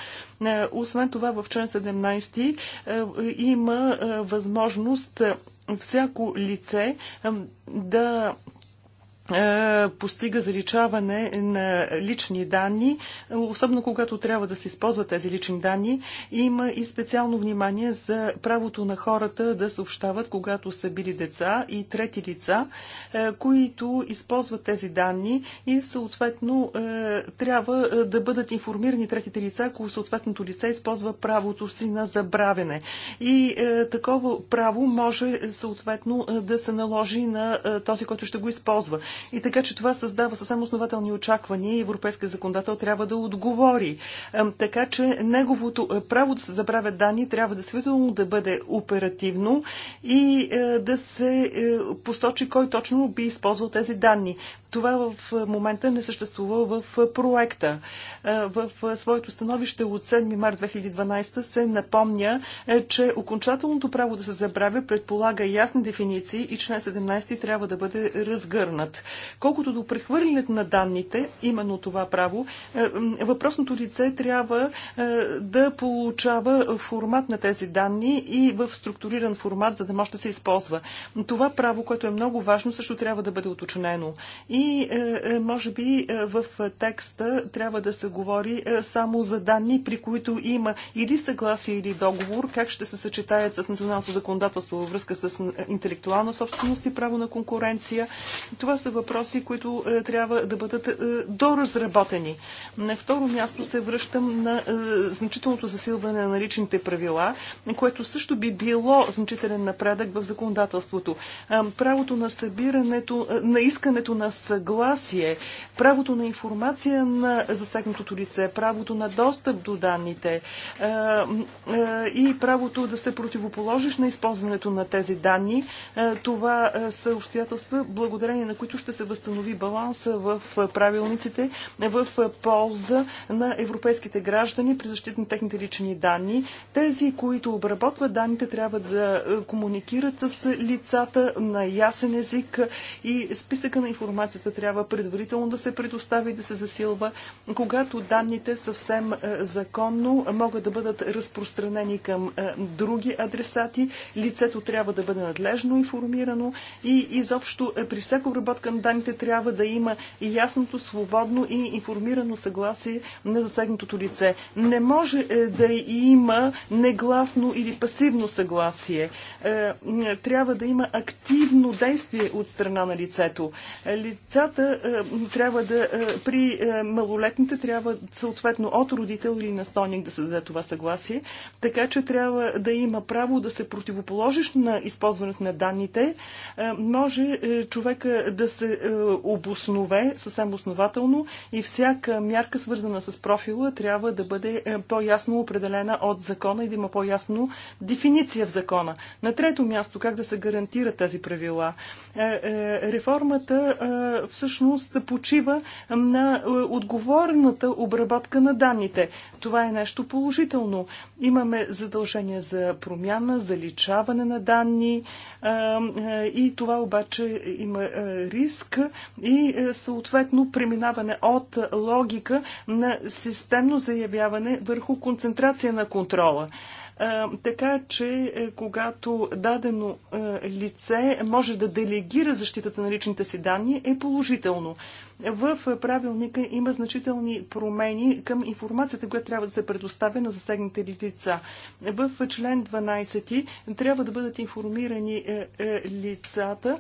Е, освен това, в член 17 има възможност всяко лице да е, постига заличаване на лични данни, особено когато трябва да се използват тези лични данни. Има и специално внимание за правото на хората да съобщават, когато са били деца и трети лица, е, които използват тези данни и съответно е, трябва да бъдат информирани третите лица, ако съответното лице използва правото си на забравене. И такова право може съответно да се наложи на този, който ще го използва. И така, че това създава съвсем основателни очаквания и европейския законодател трябва да отговори. Така, че неговото е, право да се забравят данни трябва действително да бъде оперативно и е, да се е, посочи кой точно би използвал тези данни. Това в момента не съществува в проекта. Е, в своето становище от 7 март 2012 се напомня, е, че окончателното право да се забравя предполага ясни дефиниции и член 17 трябва да бъде разгърнат. Колкото до прехвърлянето на данните, именно това право, е, въпросното лице трябва да получава формат на тези данни и в структуриран формат, за да може да се използва. Това право, което е много важно, също трябва да бъде уточнено. И и е, е, може би е, в текста трябва да се говори само за данни, при които има или съгласие, или договор, как ще се съчетаят с националното законодателство във връзка с интелектуална собственост и право на конкуренция. Това са въпроси, които трябва да бъдат доразработени. На второ място се връщам на значителното засилване на наличните правила, което също би било значителен напредък в законодателството. Правото на събирането, на искането на съгласие, правото на информация на засегнатото лице, правото на достъп до данните е, е, и правото да се противоположиш на използването на тези данни. Е, това са обстоятелства, благодарение на които ще се възстанови баланса в правилниците в полза на европейските граждани при защита на техните лични данни. Тези, които обработват данните, трябва да комуникират с лицата на ясен език и списъка на информация Информацията трябва предварително да се предостави, да се засилва. Когато данните съвсем е, законно могат да бъдат разпространени към е, други адресати, лицето трябва да бъде надлежно информирано и изобщо е, при всяка обработка на данните трябва да има и ясното, свободно и информирано съгласие на засегнатото лице. Не може да има негласно или пасивно съгласие. Трябва да има активно действие от страна на лицето децата е, трябва да, е, при е, малолетните трябва съответно от родител или настойник да се даде това съгласие, така че трябва да има право да се противоположиш на използването на данните. Може човека да се обоснове съвсем основателно и всяка мярка свързана с профила трябва да бъде по-ясно определена от закона и да има по-ясно дефиниция в закона. На трето място, как да се гарантират тези правила? Реформата всъщност почива на е, отговорната обработка на данните. Това е нещо положително. Имаме задължения за промяна, заличаване на данни е, е, и това обаче има риск и съответно преминаване от логика на системно заявяване върху концентрация на контрола така че е, когато дадено е, лице може да делегира защитата на личните си данни е положително. В правилника има значителни промени към информацията, която трябва да се предоставя на засегните лица. В член 12 трябва да бъдат информирани е, лицата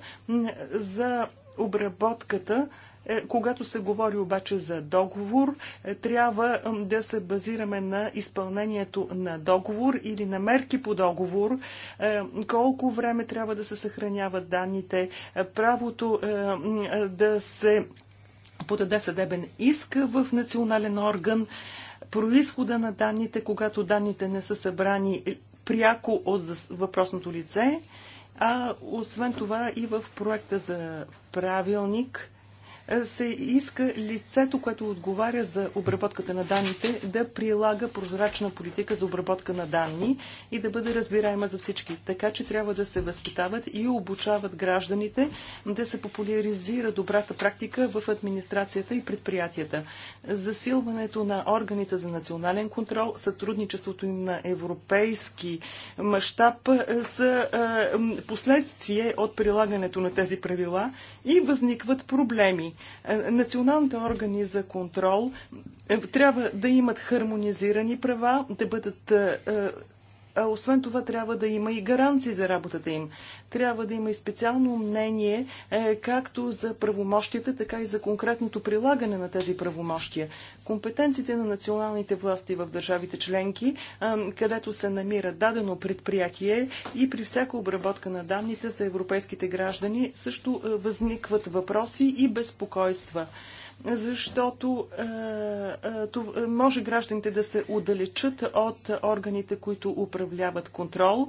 за обработката е, когато се говори обаче за договор, е, трябва да се базираме на изпълнението на договор или на мерки по договор, е, колко време трябва да се съхраняват данните, правото да се подаде съдебен иск в национален орган, происхода на данните, когато данните не са събрани пряко от въпросното лице, а освен това и в проекта за правилник се иска лицето, което отговаря за обработката на данните, да прилага прозрачна политика за обработка на данни и да бъде разбираема за всички. Така че трябва да се възпитават и обучават гражданите да се популяризира добрата практика в администрацията и предприятията. Засилването на органите за национален контрол, сътрудничеството им на европейски мащаб е, са е, последствие от прилагането на тези правила и възникват проблеми. Е, националните органи за контрол е, трябва да имат хармонизирани права, да бъдат е, а освен това трябва да има и гаранции за работата им. Трябва да има и специално мнение, е, както за правомощията, така и за конкретното прилагане на тези правомощия. Компетенциите на националните власти в държавите членки, е, където се намира дадено предприятие и при всяка обработка на данните за европейските граждани също е, възникват въпроси и безпокойства защото е, е, е, може гражданите да се отдалечат от органите, които управляват контрол,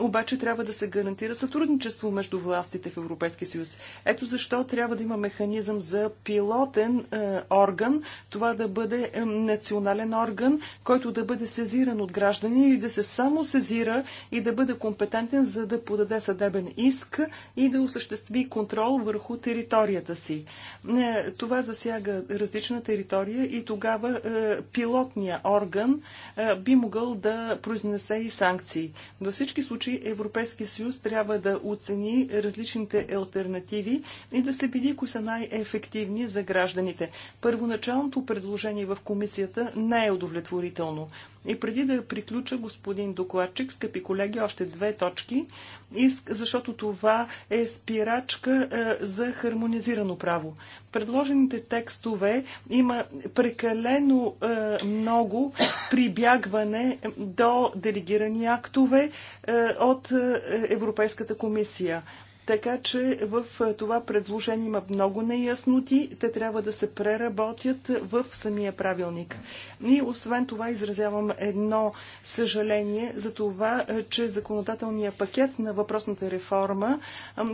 обаче трябва да се гарантира сътрудничество между властите в Европейския съюз. Ето защо трябва да има механизъм за пилотен орган, това да бъде национален орган, който да бъде сезиран от граждани или да се само сезира и да бъде компетентен, за да подаде съдебен иск и да осъществи контрол върху територията си. Това за засяга различна територия и тогава е, пилотния орган е, би могъл да произнесе и санкции. Във всички случаи Европейския съюз трябва да оцени различните альтернативи и да се види кои са най-ефективни за гражданите. Първоначалното предложение в комисията не е удовлетворително. И преди да приключа, господин докладчик, скъпи колеги, още две точки, защото това е спирачка е, за хармонизирано право. Предложените текстове има прекалено е, много прибягване до делегирани актове е, от Европейската комисия. Така че в това предложение има много неясноти. Те трябва да се преработят в самия правилник. И освен това изразявам едно съжаление за това, че законодателният пакет на въпросната реформа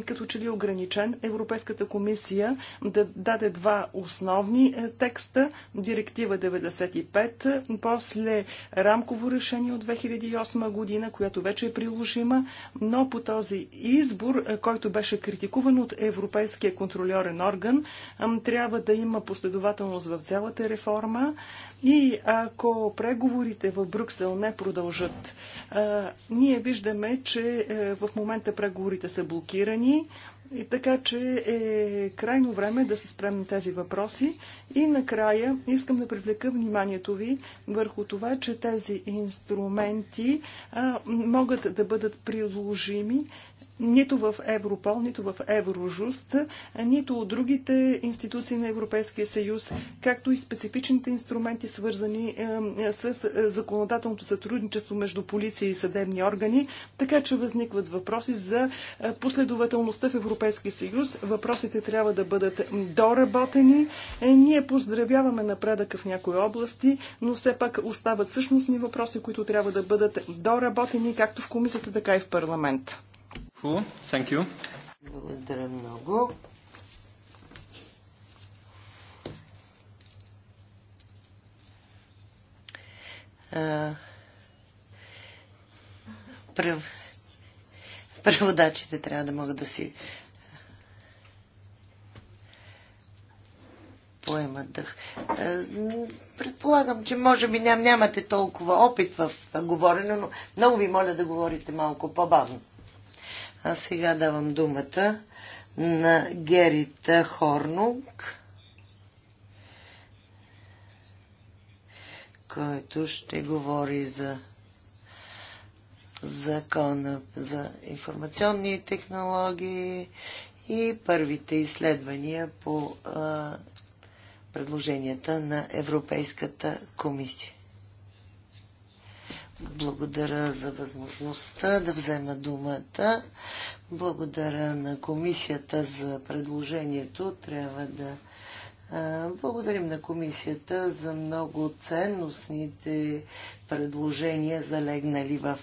като че ли е ограничен. Европейската комисия да даде два основни текста. Директива 95, после рамково решение от 2008 година, която вече е приложима, но по този избор, който който беше критикуван от Европейския контролерен орган. Трябва да има последователност в цялата реформа и ако преговорите в Брюксел не продължат, ние виждаме, че е, в момента преговорите са блокирани. И така, че е крайно време да се спрем на тези въпроси. И накрая искам да привлека вниманието ви върху това, че тези инструменти а, могат да бъдат приложими нито в Европол, нито в Еврожуст, нито от другите институции на Европейския съюз, както и специфичните инструменти, свързани е, е, с е, законодателното сътрудничество между полиция и съдебни органи, така че възникват въпроси за последователността в Европейския съюз. Въпросите трябва да бъдат доработени. Ние поздравяваме напредъка в някои области, но все пак остават същностни въпроси, които трябва да бъдат доработени както в комисията, така и в парламент. Thank you. Благодаря много. Преводачите трябва да могат да си поемат дъх. Предполагам, че може би ням, нямате толкова опит в говорене, но много ви моля да говорите малко по-бавно. А сега давам думата на Герит Хорнунг, който ще говори за закона за информационни технологии и първите изследвания по а, предложенията на Европейската комисия. Благодаря за възможността да взема думата. Благодаря на комисията за предложението. Трябва да благодарим на комисията за много ценностните предложения, залегнали в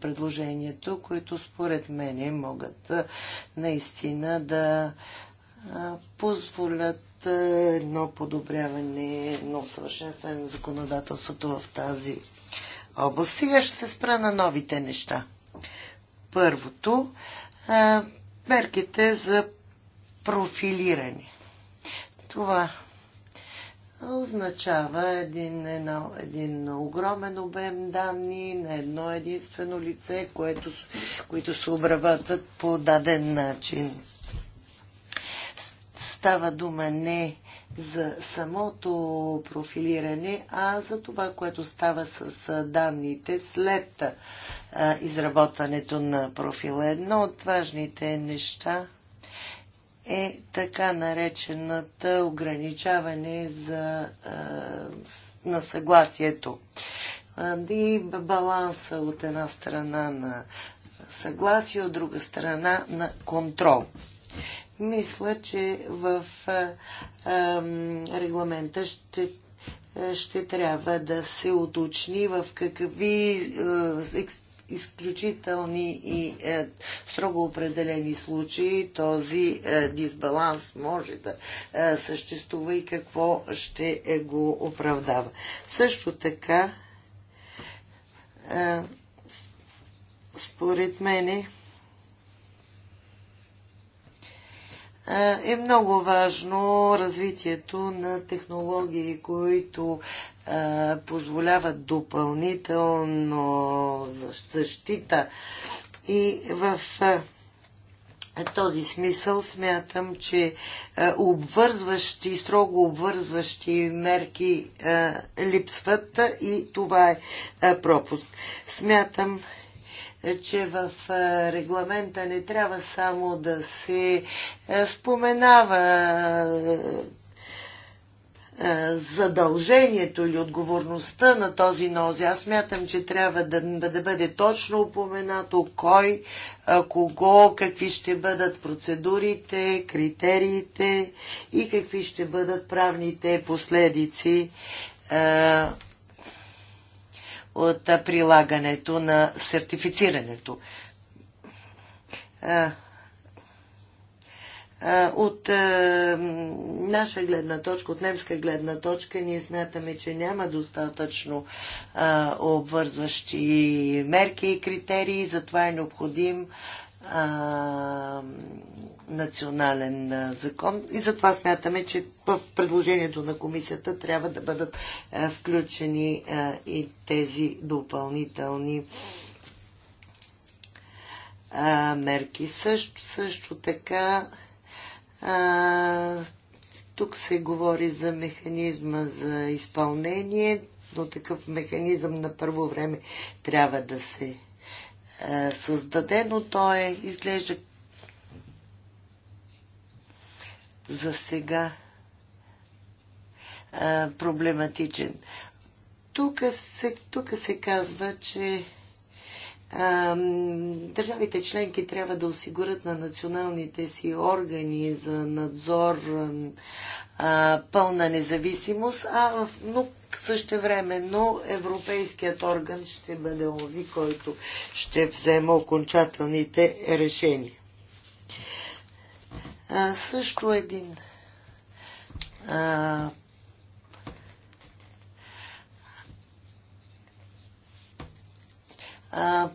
предложението, които според мене могат наистина да позволят едно подобряване, едно съвършенстване на законодателството в тази област. Сега ще се спра на новите неща. Първото, мерките за профилиране. Това означава един, една, един огромен обем данни на едно единствено лице, което, които се обработват по даден начин. Става дума не за самото профилиране, а за това, което става с данните след изработването на профила. Едно от важните неща е така наречената ограничаване за, на съгласието. И баланса от една страна на съгласие, от друга страна на контрол. Мисля, че в регламента ще ще трябва да се уточни в какви изключителни и а, е, строго определени случаи този а, е, дисбаланс може да а, е, съществува и какво ще е, го оправдава. Също така, а, според мене, Е, е много важно развитието на технологии, които е, позволяват допълнително защита. И в е, този смисъл смятам, че обвързващи, строго обвързващи мерки липсват и това е пропуск. Смятам, че в регламента не трябва само да се споменава задължението или отговорността на този нози. Аз мятам, че трябва да, да бъде точно упоменато кой, кого, какви ще бъдат процедурите, критериите и какви ще бъдат правните последици от прилагането на сертифицирането. От наша гледна точка, от немска гледна точка, ние смятаме, че няма достатъчно обвързващи мерки и критерии, затова е необходим а, национален а, закон. И затова смятаме, че в предложението на комисията трябва да бъдат а, включени а, и тези допълнителни а, мерки. Също, също така а, тук се говори за механизма за изпълнение, но такъв механизъм на първо време трябва да се е, създаде, но то е, изглежда за сега е, проблематичен. Тук се, тук се казва, че а, е, държавите членки трябва да осигурят на националните си органи за надзор а, пълна независимост, а, но но Европейският орган ще бъде онзи, който ще взема окончателните решения. А, също един а, а,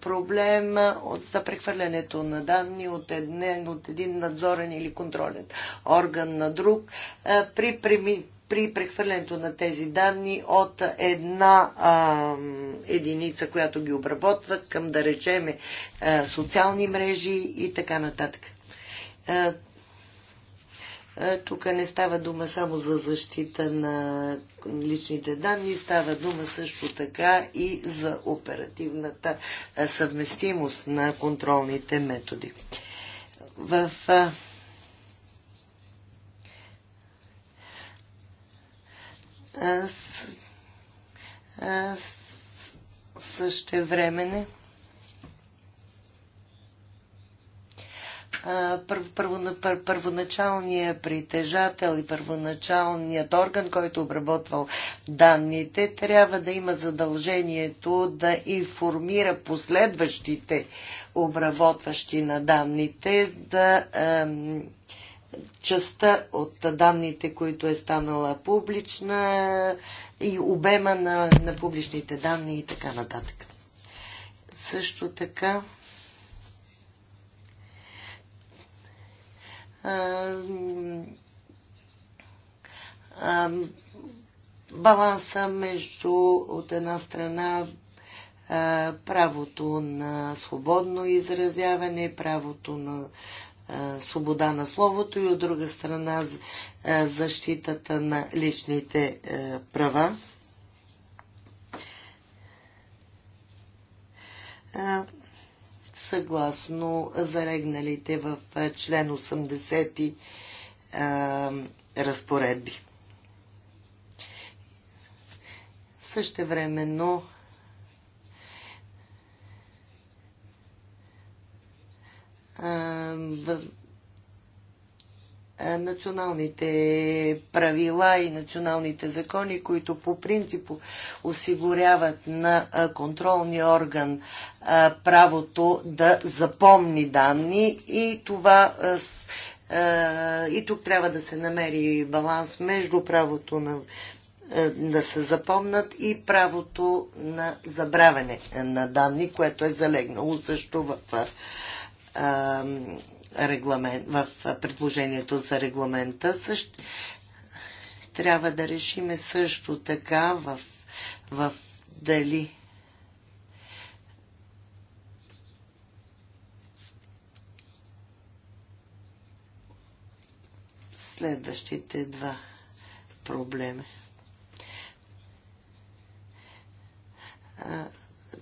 проблем от, за прехвърлянето на данни от, едне, от един надзорен или контролен орган на друг при, при при прехвърлянето на тези данни от една а, единица, която ги обработва, към да речеме а, социални мрежи и така нататък. А, тук не става дума само за защита на личните данни, става дума също така и за оперативната съвместимост на контролните методи. В същевремене първоначалният притежател и първоначалният орган, който обработвал данните, трябва да има задължението да информира последващите обработващи на данните да частта от данните, които е станала публична и обема на, на публичните данни и така нататък. Също така а, а, баланса между от една страна правото на свободно изразяване, правото на свобода на словото и от друга страна защитата на личните права. Съгласно зарегналите в член 80 разпоредби. Също времено в националните правила и националните закони, които по принцип осигуряват на контролния орган правото да запомни данни и това и тук трябва да се намери баланс между правото на да се запомнат и правото на забравяне на данни, което е залегнало също в регламент, в предложението за регламента. Също, трябва да решиме също така в, в дали следващите два проблеми.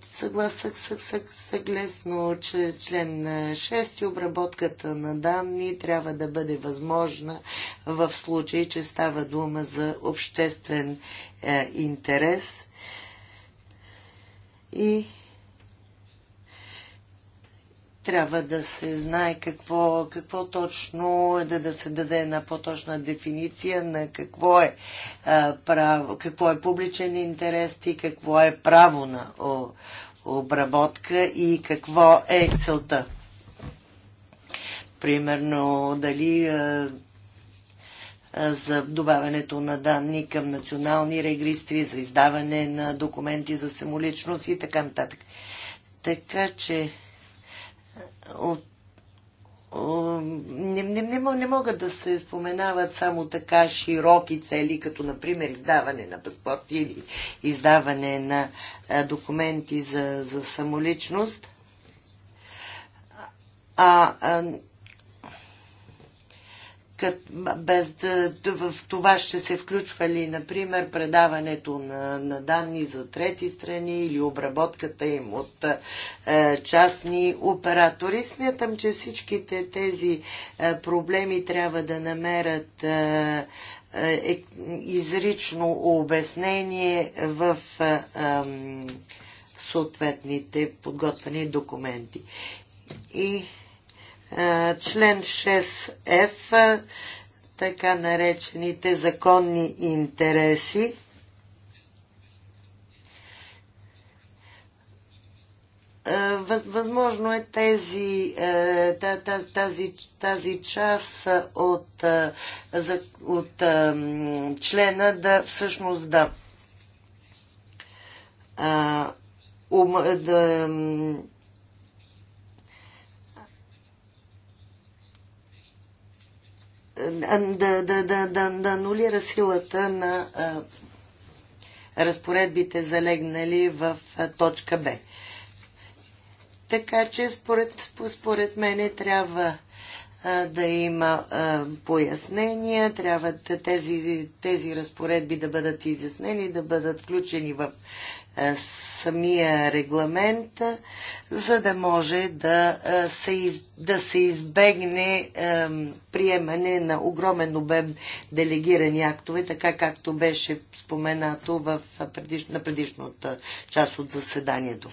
Съгласък съгласно член 6 обработката на данни трябва да бъде възможна в случай, че става дума за обществен е, интерес и трябва да се знае какво, какво точно, е да, да се даде една по-точна дефиниция на какво е, а, право, какво е публичен интерес и какво е право на о, обработка и какво е целта. Примерно, дали а, за добавянето на данни към национални регистри, за издаване на документи за самоличност и така нататък. Така че от не, не, не, не могат да се споменават само така широки цели, като например издаване на паспорти или издаване на документи за, за самоличност. А, а кът, без да, в това ще се включва ли, например, предаването на, на данни за трети страни или обработката им от е, частни оператори. Смятам, че всичките тези е, проблеми трябва да намерят е, е, изрично обяснение в. Е, е, съответните подготвени документи. И член 6F, така наречените законни интереси. Възможно е тези, тази, тази част от, от члена да всъщност да, да да, да, да, да, да анулира силата на а, разпоредбите залегнали в а, точка Б. Така че според, според мене трябва а, да има а, пояснения, трябва тези, тези разпоредби да бъдат изяснени, да бъдат включени в самия регламент, за да може да се, из, да се избегне приемане на огромен обем делегирани актове, така както беше споменато в предиш, на предишната част от заседанието.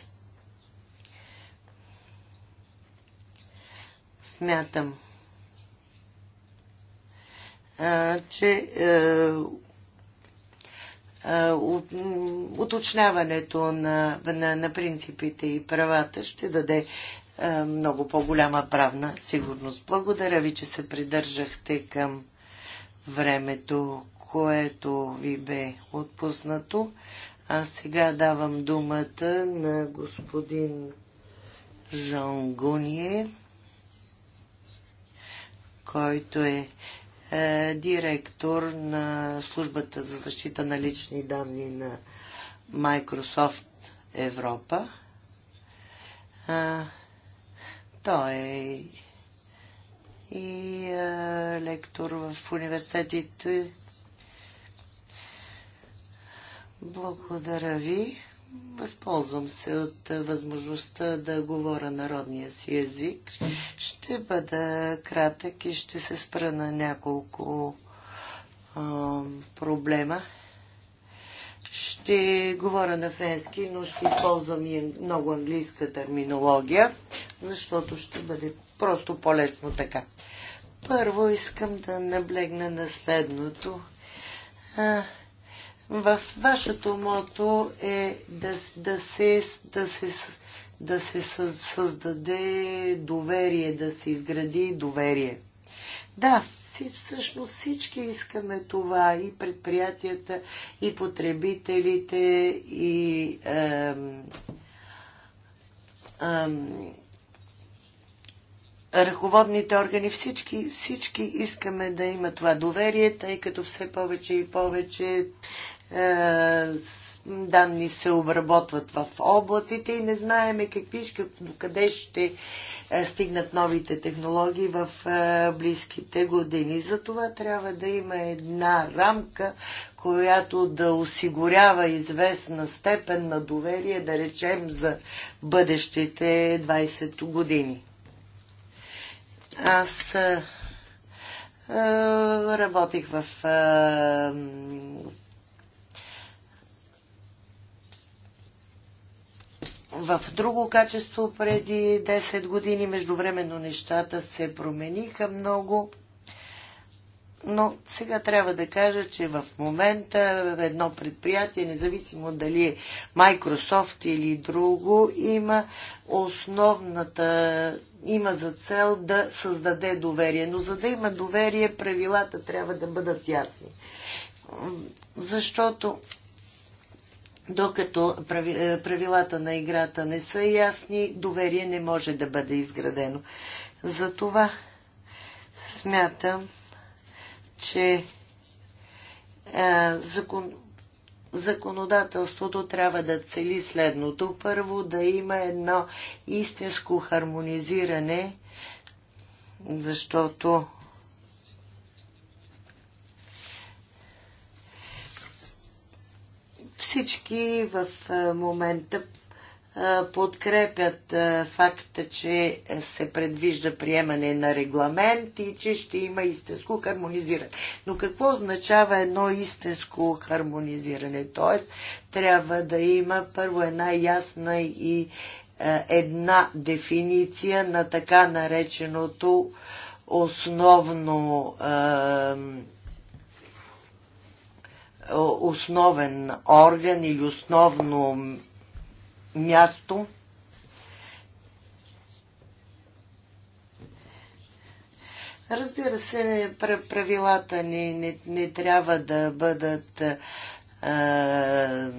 Смятам, че уточняването на, на, на принципите и правата ще даде много по-голяма правна сигурност. Благодаря ви, че се придържахте към времето, което ви бе отпуснато. А сега давам думата на господин Жан Гуние, който е е, директор на службата за защита на лични данни на Microsoft Европа. той е и лектор в университетите. Благодаря ви. Възползвам се от възможността да говоря народния си език. Ще бъда кратък и ще се спра на няколко а, проблема. Ще говоря на френски, но ще използвам и много английска терминология, защото ще бъде просто по-лесно така. Първо искам да наблегна на следното. А, в вашето мото е да, да, се, да, се, да се създаде доверие, да се изгради доверие. Да, всъщност всички искаме това и предприятията, и потребителите, и ем, ем, ръководните органи, всички, всички искаме да има това доверие, тъй като все повече и повече е, данни се обработват в облаците и не знаеме какви, ще къде ще е, стигнат новите технологии в е, близките години. Затова трябва да има една рамка, която да осигурява известна степен на доверие, да речем, за бъдещите 20 години. Аз а, а, работих в а, в друго качество преди 10 години. Междувременно нещата се промениха много. Но сега трябва да кажа, че в момента едно предприятие, независимо дали е Microsoft или друго, има основната има за цел да създаде доверие. Но за да има доверие, правилата трябва да бъдат ясни. Защото докато е, правилата на играта не са ясни, доверие не може да бъде изградено. Затова смятам, че е, закон, законодателството трябва да цели следното. Първо да има едно истинско хармонизиране, защото всички в е, момента подкрепят факта, че се предвижда приемане на регламент и че ще има истинско хармонизиране. Но какво означава едно истинско хармонизиране? Тоест, трябва да има първо една ясна и една дефиниция на така нареченото основно основен орган или основно място. Разбира се, правилата не, не, не трябва да бъдат а,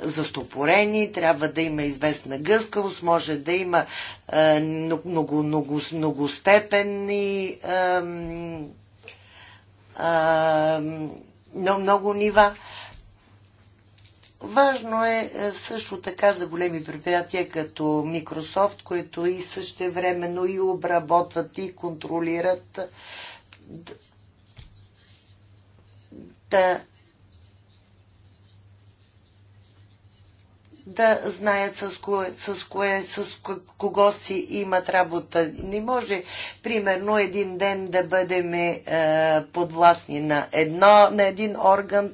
застопорени, трябва да има известна гъвкавост, може да има а, много, много, многостепенни а, а, много нива. А, Важно е, е също така за големи предприятия като Microsoft, които и също времено и обработват и контролират да, да знаят с кое, с кое, с кого си имат работа. Не може, примерно, един ден да бъдем е, подвластни на едно, на един орган,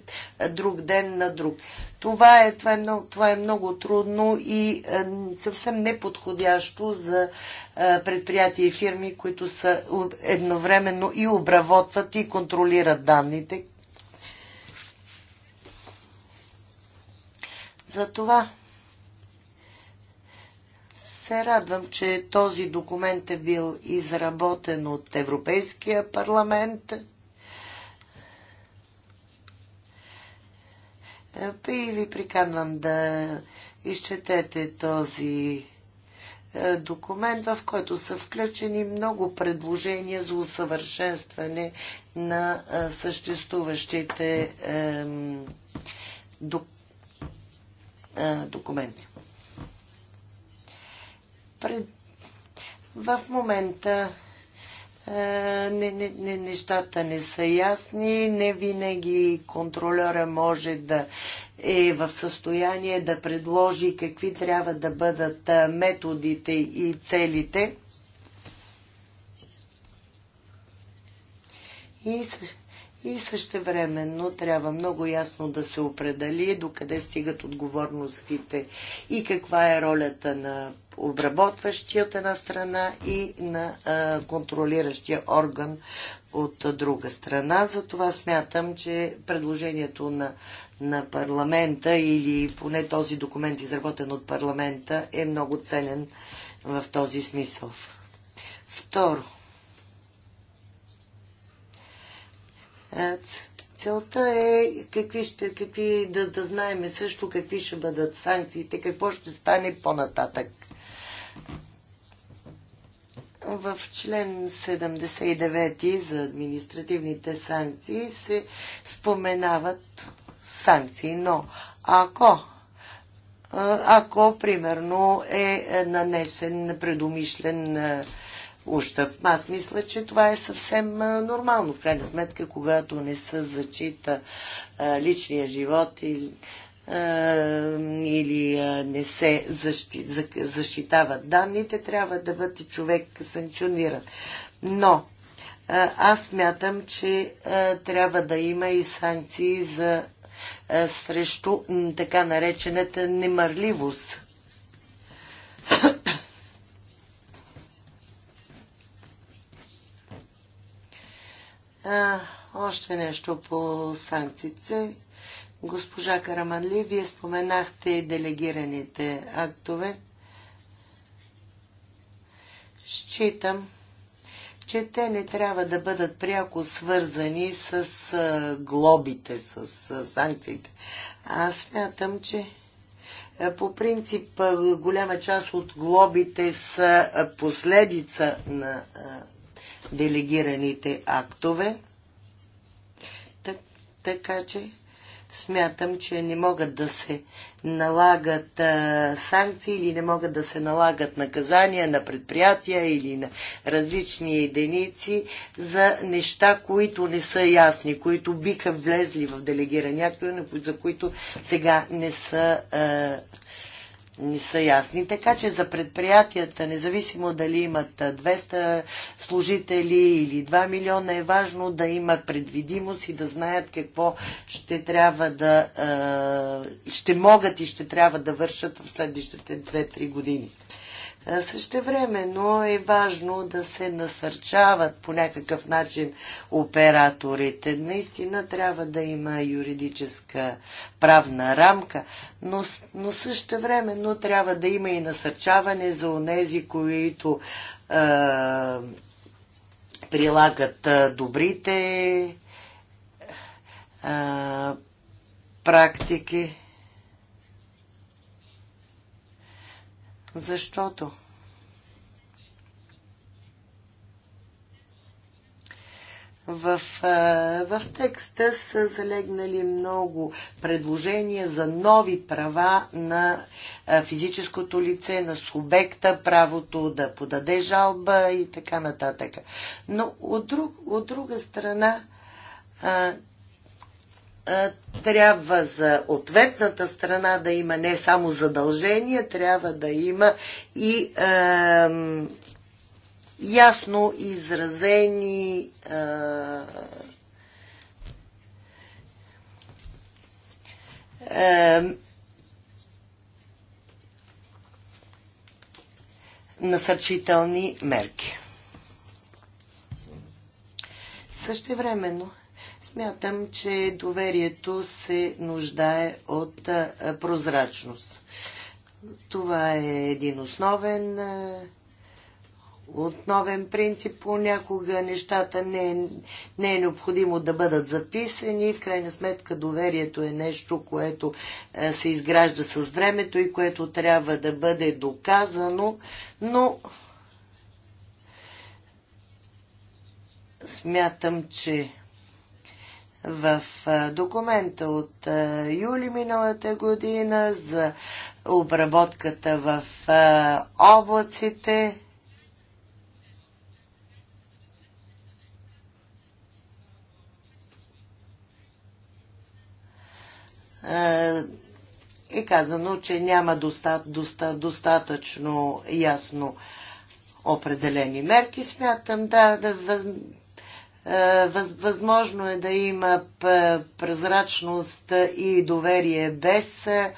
друг ден на друг. Това е, това е, много, това е много трудно и е, съвсем неподходящо за е, предприятия и фирми, които са едновременно и обработват и контролират данните. Затова се радвам, че този документ е бил изработен от Европейския парламент – Е, и ви приканвам да изчетете този е, документ, в който са включени много предложения за усъвършенстване на е, съществуващите документи. В момента е, не, не, не, нещата не са ясни, не винаги контролера може да е в състояние да предложи какви трябва да бъдат е, методите и целите. И и същевременно трябва много ясно да се определи до къде стигат отговорностите и каква е ролята на обработващия от една страна и на а, контролиращия орган от друга страна. Затова смятам, че предложението на, на парламента или поне този документ, изработен от парламента, е много ценен в този смисъл. Второ, Е, целта е какви ще, какви, да, да знаеме също какви ще бъдат санкциите, какво ще стане по-нататък. В член 79 за административните санкции се споменават санкции, но ако е, ако, примерно, е нанесен предумишлен е, ущъп. Аз мисля, че това е съвсем нормално. В крайна сметка, когато не се зачита личния живот или, или не се защи, защитават данните, трябва да бъде човек санкциониран. Но аз мятам, че трябва да има и санкции за срещу така наречената немърливост А, още нещо по санкциите. Госпожа Караманли, вие споменахте делегираните актове. Считам, че те не трябва да бъдат пряко свързани с глобите, с санкциите. Аз смятам, че по принцип голяма част от глобите са последица на делегираните актове. така че смятам, че не могат да се налагат а, санкции или не могат да се налагат наказания на предприятия или на различни единици за неща, които не са ясни, които биха влезли в делегирани актове, за които сега не са а, не са ясни. Така че за предприятията, независимо дали имат 200 служители или 2 милиона, е важно да имат предвидимост и да знаят какво ще трябва да ще могат и ще трябва да вършат в следващите 2-3 години но е важно да се насърчават по някакъв начин операторите. Наистина трябва да има юридическа правна рамка, но, но но трябва да има и насърчаване за онези, които е, прилагат добрите е, практики. защото в, в текста са залегнали много предложения за нови права на физическото лице, на субекта, правото да подаде жалба и така нататък. Но от, друг, от друга страна, трябва за ответната страна да има не само задължения, трябва да има и е, ясно изразени е, е, насърчителни мерки. Същевременно, Смятам, че доверието се нуждае от прозрачност. Това е един основен основен принцип. Понякога нещата не е, не е необходимо да бъдат записани. В крайна сметка доверието е нещо, което се изгражда с времето и което трябва да бъде доказано, но смятам, че в документа от юли миналата година за обработката в облаците. И е казано, че няма доста, доста, достатъчно ясно определени мерки. Смятам да, да е, възможно е да има прозрачност и доверие без е,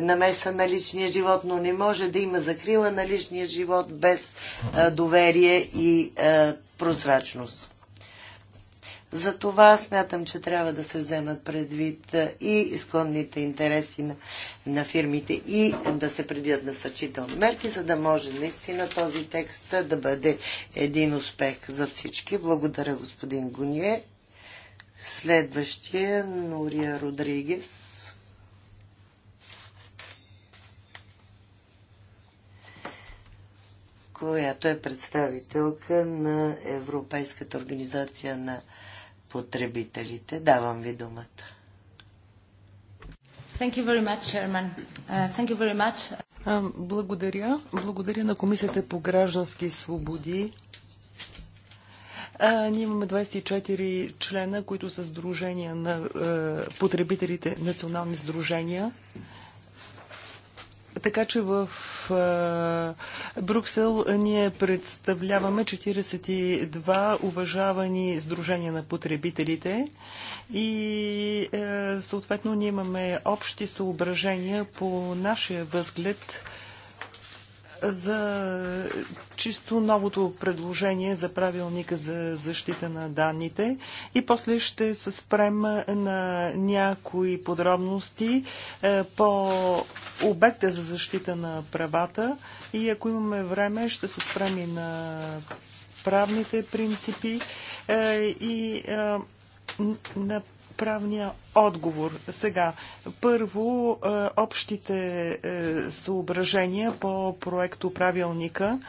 намеса на личния живот, но не може да има закрила на личния живот без е, доверие и прозрачност. За това смятам, че трябва да се вземат предвид е, и изконните интереси на, на фирмите и да се предвидят насърчителни мерки, за да може наистина този текст да бъде един успех за всички. Благодаря, господин Гуние. Следващия Нория Родригес. която е представителка на Европейската организация на потребителите. Давам ви думата. Thank you very much, Chairman. Uh, thank you very much. Благодаря. Благодаря на Комисията по граждански свободи. А, ние имаме 24 члена, които са сдружения на е, потребителите, национални сдружения. Така че в Бруксел ние представляваме 42 уважавани сдружения на потребителите и е, съответно ние имаме общи съображения по нашия възглед за чисто новото предложение за правилника за защита на данните и после ще се спрем на някои подробности е, по обекта за защита на правата и ако имаме време, ще се спрем и на правните принципи е, и е, на правния отговор. Сега, първо, е, общите съображения по проекто правилника.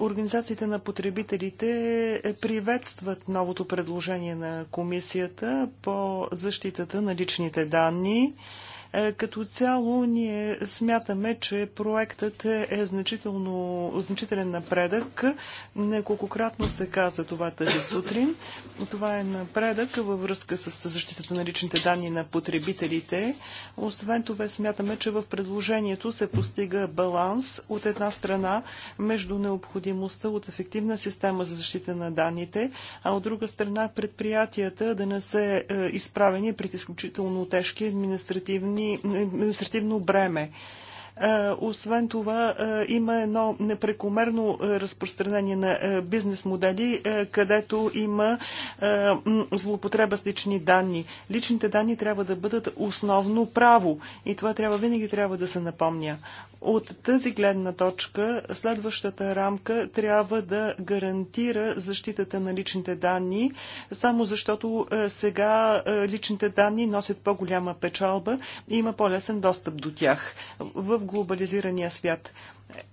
Организациите на потребителите приветстват новото предложение на комисията по защитата на личните данни. Е, като цяло ние смятаме, че проектът е значително, значителен напредък. Неколкократно се каза това тази сутрин. Това е напредък във връзка с защитата на личните данни на потребителите. Освен това смятаме, че в предложението се постига баланс от една страна между необходимостта от ефективна система за защита на данните, а от друга страна предприятията да не се е, изправени пред изключително тежки административни административно бреме. Освен това, има едно непрекомерно разпространение на бизнес модели, където има злоупотреба с лични данни. Личните данни трябва да бъдат основно право и това трябва винаги трябва да се напомня. От тази гледна точка, следващата рамка трябва да гарантира защитата на личните данни, само защото е, сега е, личните данни носят по-голяма печалба и има по-лесен достъп до тях в глобализирания свят.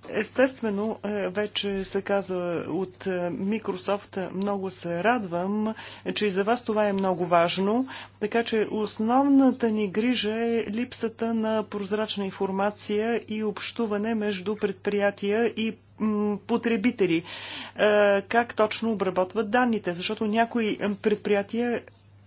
Естествено, е, вече се каза от е, Microsoft, е, много се радвам, че и за вас това е много важно. Така че основната ни грижа е липсата на прозрачна информация и общуване между предприятия и потребители. Как точно обработват данните? Защото някои предприятия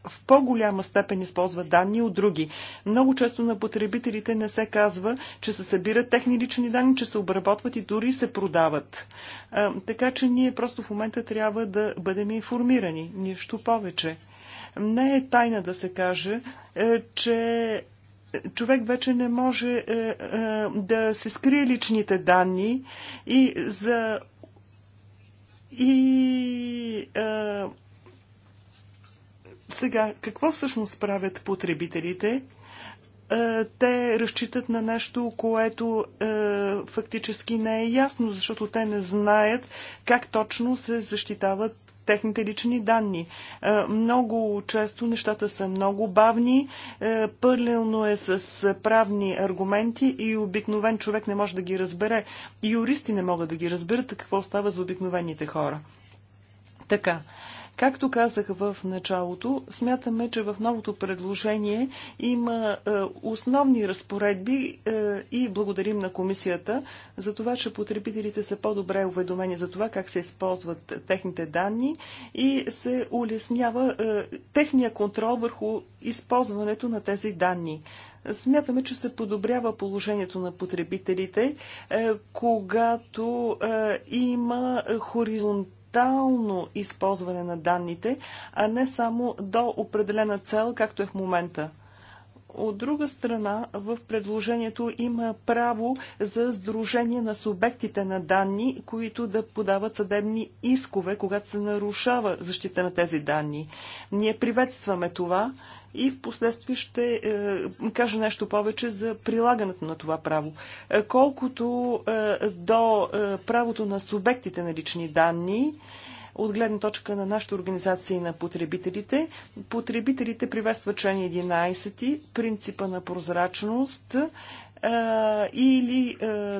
в по-голяма степен използват данни от други. Много често на потребителите не се казва, че се събират техни лични данни, че се обработват и дори се продават. А, така че ние просто в момента трябва да бъдем информирани. Нищо повече. Не е тайна да се каже, е, че човек вече не може е, е, да се скрие личните данни и за и е, сега, какво всъщност правят потребителите? Е, те разчитат на нещо, което е, фактически не е ясно, защото те не знаят как точно се защитават техните лични данни. Е, много често нещата са много бавни, е, пълно е с правни аргументи и обикновен човек не може да ги разбере. И юристи не могат да ги разберат какво става за обикновените хора. Така. Е, Както казах в началото, смятаме, че в новото предложение има е, основни разпоредби е, и благодарим на комисията за това, че потребителите са по-добре уведомени за това как се използват техните данни и се улеснява е, техния контрол върху използването на тези данни. Смятаме, че се подобрява положението на потребителите, когато има хоризонт тотално използване на данните, а не само до определена цел, както е в момента. От друга страна, в предложението има право за сдружение на субектите на данни, които да подават съдебни искове, когато се нарушава защита на тези данни. Ние приветстваме това, и в последствие ще е, кажа нещо повече за прилагането на това право. Е, колкото е, до е, правото на субектите на лични данни, от гледна точка на нашата организация и на потребителите. Потребителите приветстват член 11, принципа на прозрачност, или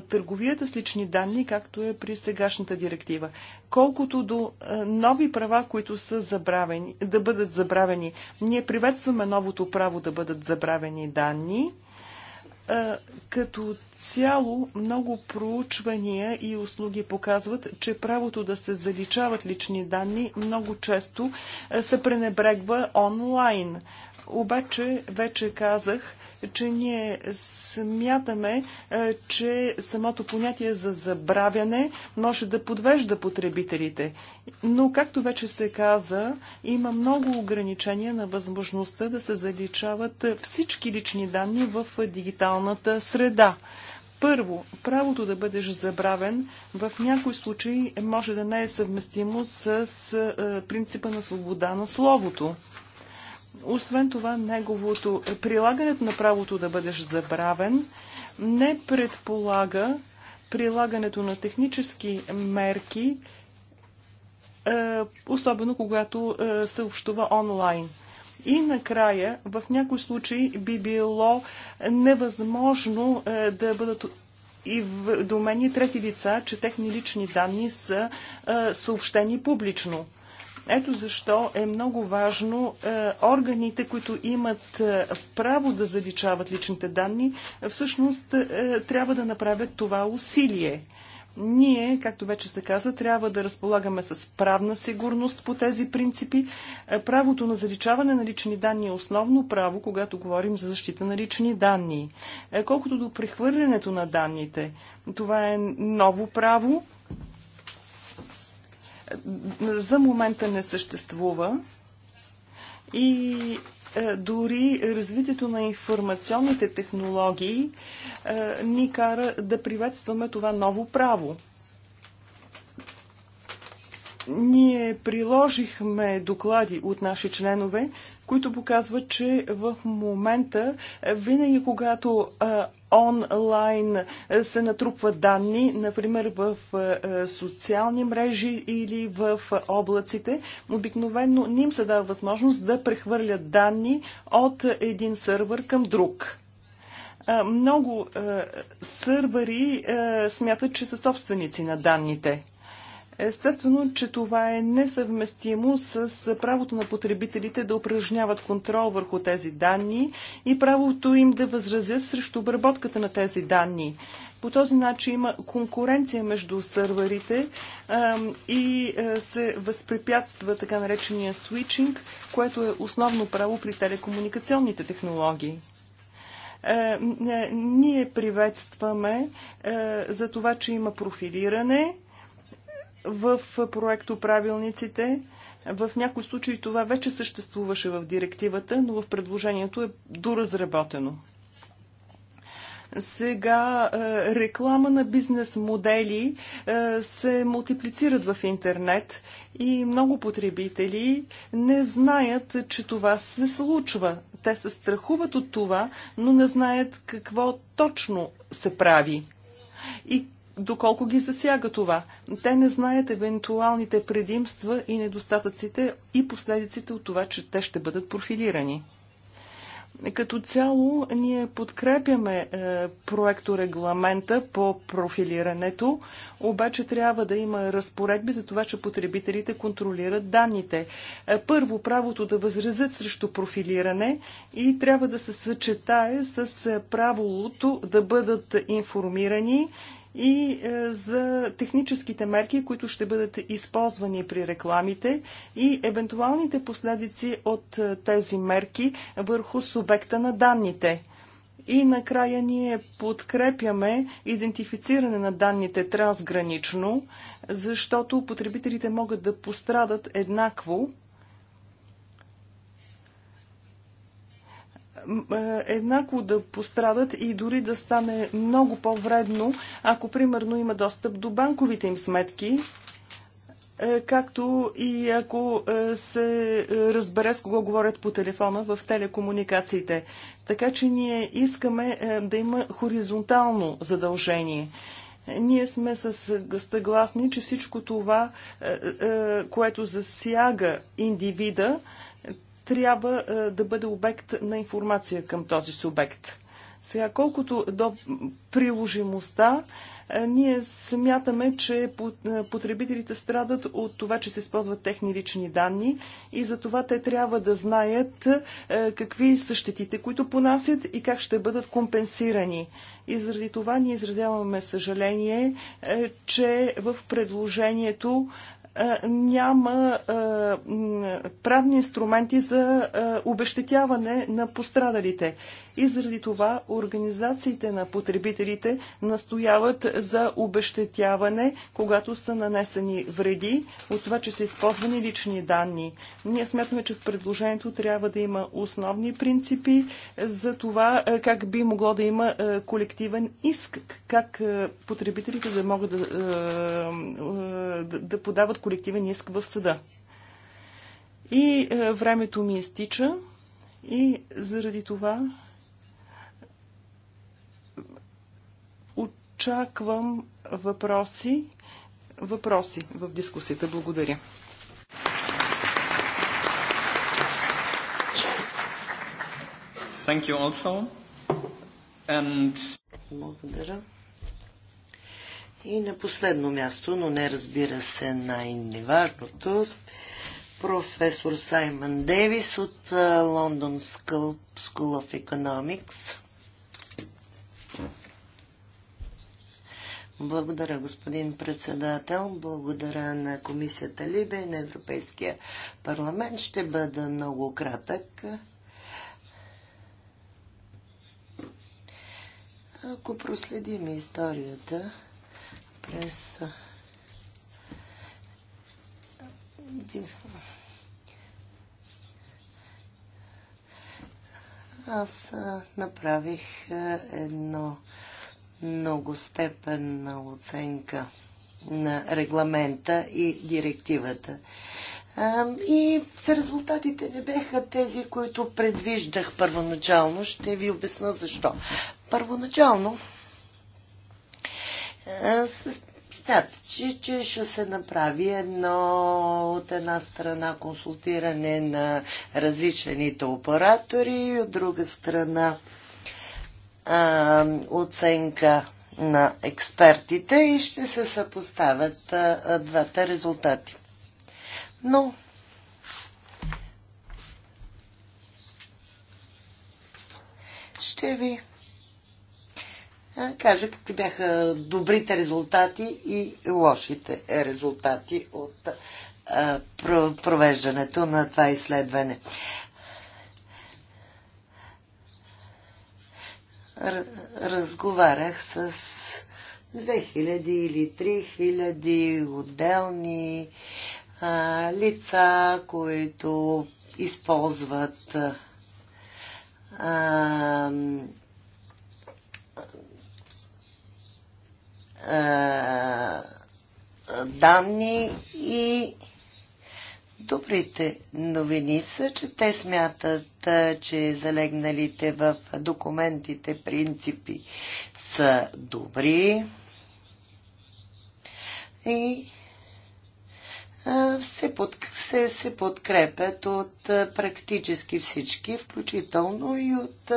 търговията с лични данни, както е при сегашната директива. Колкото до нови права, които са забравени, да бъдат забравени, ние приветстваме новото право да бъдат забравени данни като цяло много проучвания и услуги показват, че правото да се заличават лични данни много често се пренебрегва онлайн. Обаче, вече казах, че ние смятаме, е, че самото понятие за забравяне може да подвежда потребителите. Но, както вече се каза, има много ограничения на възможността да се заличават всички лични данни в дигиталната среда. Първо, правото да бъдеш забравен в някои случаи може да не е съвместимо с е, принципа на свобода на словото. Освен това, неговото прилагането на правото да бъдеш забравен не предполага прилагането на технически мерки, е, особено когато е, съобщува онлайн. И накрая, в някои случаи би било невъзможно е, да бъдат и в домени трети лица, че техни лични данни са съобщени публично. Ето защо е много важно е, органите, които имат е, право да заличават личните данни, всъщност е, трябва да направят това усилие. Ние, както вече се каза, трябва да разполагаме с правна сигурност по тези принципи. Правото на заличаване на лични данни е основно право, когато говорим за защита на лични данни. Колкото до прехвърлянето на данните, това е ново право, за момента не съществува и е, дори развитието на информационните технологии е, ни кара да приветстваме това ново право. Ние приложихме доклади от наши членове, които показват, че в момента е, винаги когато онлайн е, се натрупват данни, например в е, социални мрежи или в облаците, обикновено не им се дава възможност да прехвърлят данни от един сървър към друг много сървъри смятат, че са собственици на данните. Естествено, че това е несъвместимо с правото на потребителите да упражняват контрол върху тези данни и правото им да възразят срещу обработката на тези данни. По този начин има конкуренция между сървърите а, и а, е, се възпрепятства така наречения свичинг, което е основно право при телекомуникационните технологии е, е, ние приветстваме за това, че има профилиране в проекто правилниците. В някои случаи това вече съществуваше в директивата, но в предложението е доразработено. Сега е, реклама на бизнес модели е, се мултиплицират в интернет и много потребители не знаят, че това се случва. Те се страхуват от това, но не знаят какво точно се прави. И доколко ги засяга това. Те не знаят евентуалните предимства и недостатъците и последиците от това, че те ще бъдат профилирани. Като цяло ние подкрепяме е, проекторегламента по профилирането, обаче трябва да има разпоредби за това, че потребителите контролират данните. Е, първо, правото да възразят срещу профилиране и трябва да се съчетае с е, правото да бъдат информирани и е, за техническите мерки, които ще бъдат използвани при рекламите и евентуалните последици от е, тези мерки върху субекта на данните. И накрая ние подкрепяме идентифициране на данните трансгранично, защото потребителите могат да пострадат еднакво Е, еднакво да пострадат и дори да стане много по-вредно, ако примерно има достъп до банковите им сметки, е, както и ако е, се разбере с кого говорят по телефона в телекомуникациите. Така че ние искаме да има хоризонтално задължение. Ние сме с съгласни, че всичко това, което засяга индивида, трябва е, да бъде обект на информация към този субект. Сега, колкото до приложимостта, е, ние смятаме, че е, потребителите страдат от това, че се използват техни лични данни и за това те трябва да знаят какви са щетите, които понасят и как ще бъдат компенсирани. И заради това ние изразяваме съжаление, че в предложението няма правни инструменти за обещетяване на пострадалите и заради това организациите на потребителите настояват за обещетяване, когато са нанесени вреди от това, че са използвани лични данни. Ние смятаме, че в предложението трябва да има основни принципи за това е, как би могло да има е, колективен иск, как е, потребителите да могат да, да подават колективен иск в съда. И времето ми изтича. И заради това Очаквам въпроси, въпроси в дискусията. Благодаря. Thank you also. And... Благодаря. И на последно място, но не разбира се най-неважното, професор Саймън Дейвис от London School of Economics. Благодаря, господин председател. Благодаря на комисията Либе и на Европейския парламент. Ще бъда много кратък. Ако проследим историята през аз направих едно многостепенна оценка на регламента и директивата. И резултатите не бяха тези, които предвиждах първоначално. Ще ви обясна защо. Първоначално смята, че, че ще се направи едно от една страна консултиране на различните оператори, от друга страна а, оценка на експертите и ще се съпоставят а, двата резултати. Но ще ви кажа какви бяха добрите резултати и лошите резултати от провеждането на това изследване. разговарях с 2000 или 3000 отделни а, лица, които използват а, а, данни и Добрите новини са, че те смятат, че залегналите в документите принципи са добри и се, под, се, се подкрепят от практически всички, включително и от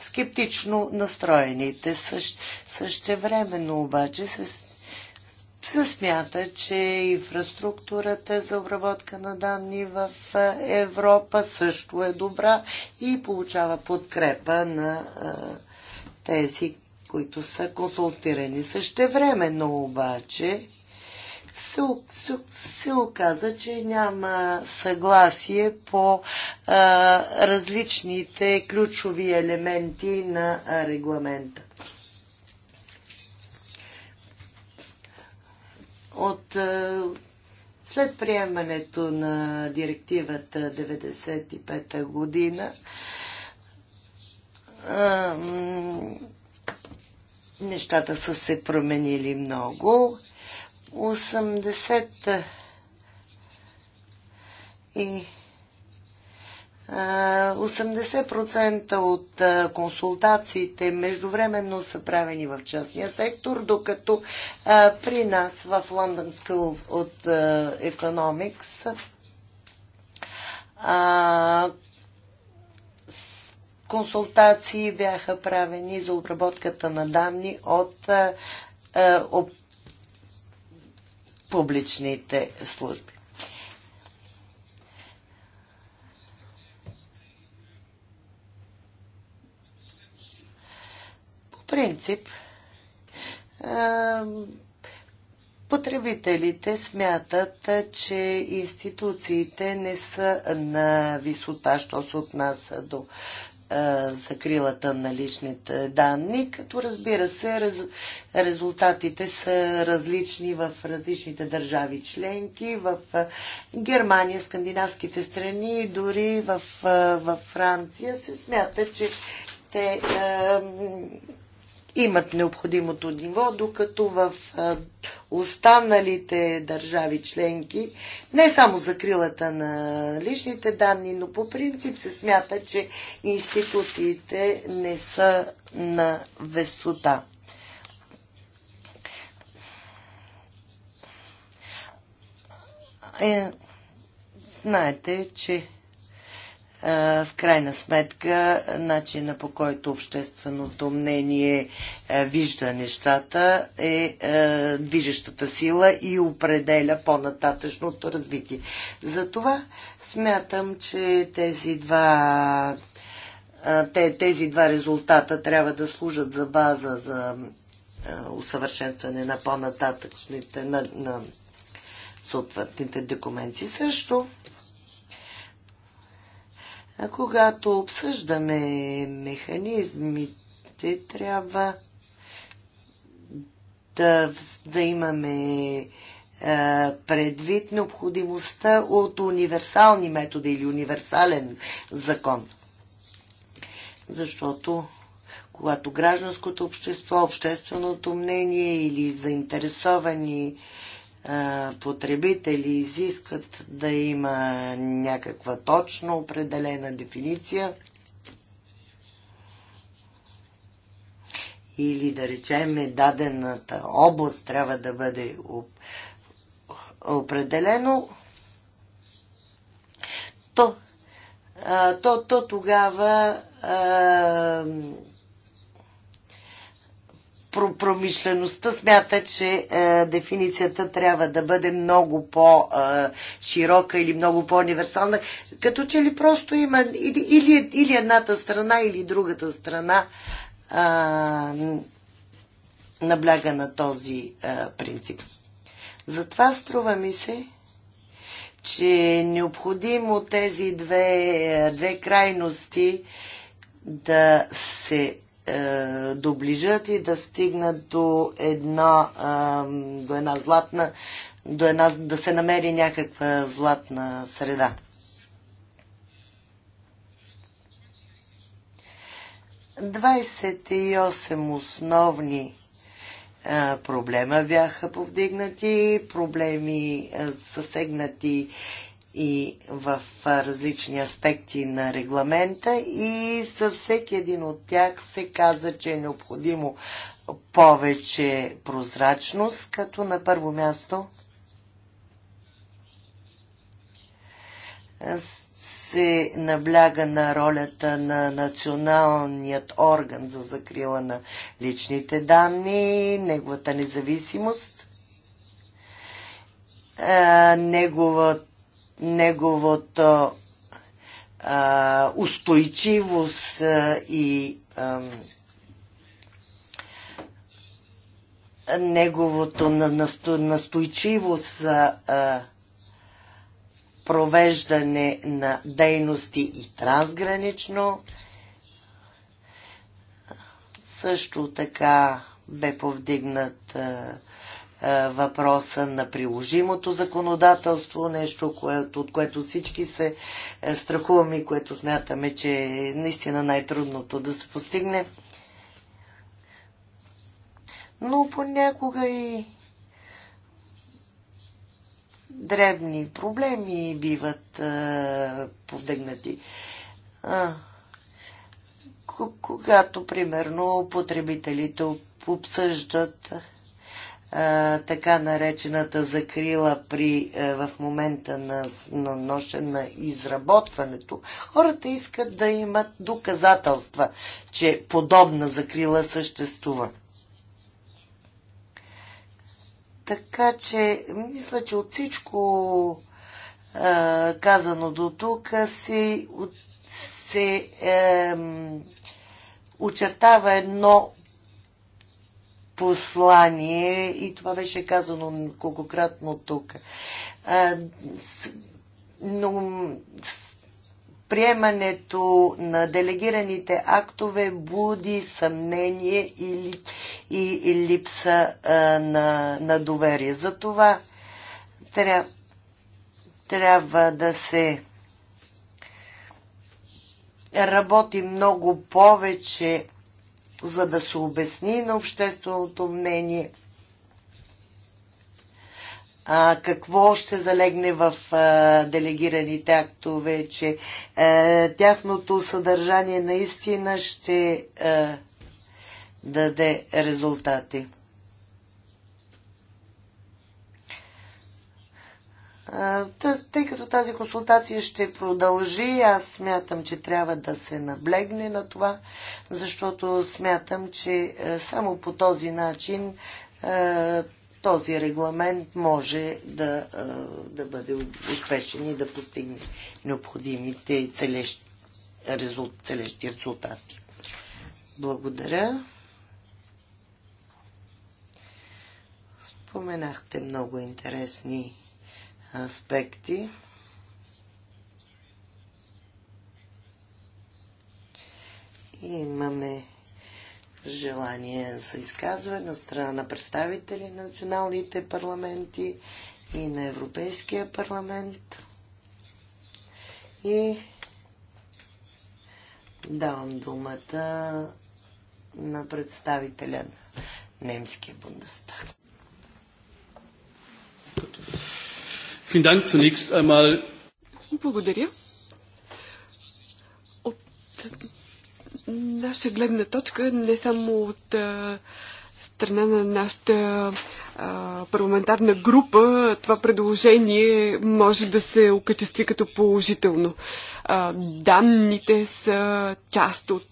скептично настроените. Същ, същевременно обаче се се смята, че инфраструктурата за обработка на данни в Европа също е добра и получава подкрепа на тези, които са консултирани. но обаче се, се, се оказа, че няма съгласие по а, различните ключови елементи на регламента. от е, след приемането на директивата 95-та година е, нещата са се променили много. 80 и 80% от консултациите междувременно са правени в частния сектор, докато при нас в London School от Economics консултации бяха правени за обработката на данни от публичните служби. принцип потребителите смятат, че институциите не са на висота, що се отнася до закрилата на личните данни, като разбира се рез, резултатите са различни в различните държави членки, в Германия, скандинавските страни, дори в, в Франция се смята, че те имат необходимото ниво, докато в останалите държави членки не само закрилата на личните данни, но по принцип се смята, че институциите не са на висота. Е, знаете, че е, в крайна сметка начина по който общественото мнение е, вижда нещата е, е движещата сила и определя по-нататъчното развитие. Затова смятам, че тези два, тези два резултата трябва да служат за база за усъвършенстване на по-нататъчните на, на съответните документи. Също а когато обсъждаме механизмите, трябва да, да имаме предвид необходимостта от универсални методи или универсален закон. Защото когато гражданското общество, общественото мнение или заинтересовани потребители изискат да има някаква точно определена дефиниция или да речем е дадената област трябва да бъде определено, то, то, то тогава промишлеността смята, че е, дефиницията трябва да бъде много по-широка е, или много по-универсална, като че ли просто има или, или, или едната страна, или другата страна е, набляга на този е, принцип. Затова струва ми се, че е необходимо тези две, е, две крайности да се е, доближат и да стигнат до една, е, до една златна, до една, да се намери някаква златна среда. Двадесет и осем основни е, проблема бяха повдигнати, проблеми съсегнати и в различни аспекти на регламента и със всеки един от тях се каза, че е необходимо повече прозрачност, като на първо място се набляга на ролята на националният орган за закрила на личните данни, неговата независимост, неговата неговото а, устойчивост а, и а, неговото насто, настойчивост за а, провеждане на дейности и трансгранично. Също така бе повдигнат а, е, въпроса на приложимото законодателство, нещо, което, от което всички се е, страхуваме и което смятаме, че е наистина най-трудното да се постигне. Но понякога и дребни проблеми биват е, а, повдигнати. А, когато, примерно, потребителите обсъждат така наречената закрила при, а, в момента на, на ноше на изработването. Хората искат да имат доказателства, че подобна закрила съществува. Така че, мисля, че от всичко а, казано до тук се, от, се е, очертава едно послание и това беше казано колкократно тук. Но приемането на делегираните актове буди съмнение и, и, и липса а, на, на доверие. Затова тря, трябва да се работи много повече за да се обясни на общественото мнение а, какво ще залегне в а, делегираните актове, че а, тяхното съдържание наистина ще а, даде резултати. Тъй като тази консултация ще продължи, аз смятам, че трябва да се наблегне на това, защото смятам, че е, само по този начин е, този регламент може да, е, да бъде успешен и да постигне необходимите и целещи, целещи резултати. Благодаря. Споменахте много интересни аспекти. И имаме желание за изказване от страна на представители на националните парламенти и на Европейския парламент. И давам думата на представителя на немския Бундестаг. Vielen Dank zunächst einmal. Благодаря. От наша гледна точка, не само от страна на нашата парламентарна група това предложение може да се окачестви като положително. Данните са част от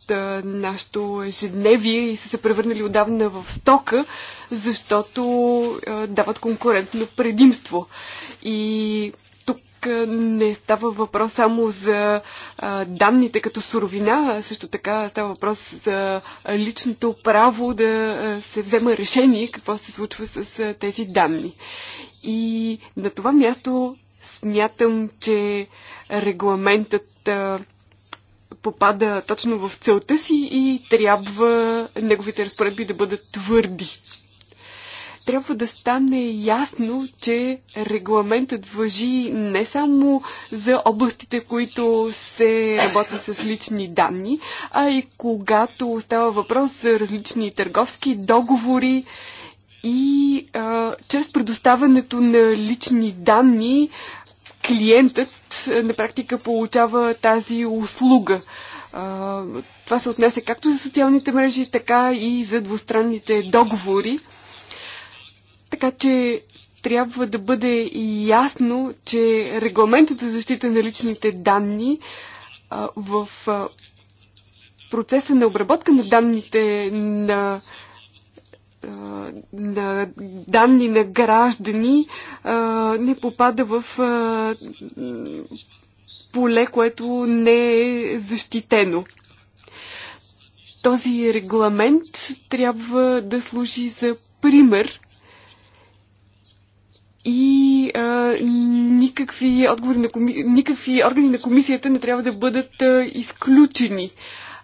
нашето ежедневие и са се превърнали отдавна в стока, защото дават конкурентно предимство. И не става въпрос само за а, данните като суровина, а също така става въпрос за личното право да се взема решение какво се случва с а, тези данни. И на това място смятам, че регламентът а, попада точно в целта си и трябва неговите разпоредби да бъдат твърди трябва да стане ясно, че регламентът въжи не само за областите, които се работи с лични данни, а и когато става въпрос за различни търговски договори и а, чрез предоставянето на лични данни клиентът на практика получава тази услуга. Това се отнася както за социалните мрежи, така и за двустранните договори. Така че трябва да бъде ясно, че регламентът за защита на личните данни в процеса на обработка на данните на, на данни на граждани не попада в поле, което не е защитено. Този регламент трябва да служи за пример и а, никакви, отговори на коми... никакви органи на комисията не трябва да бъдат а, изключени.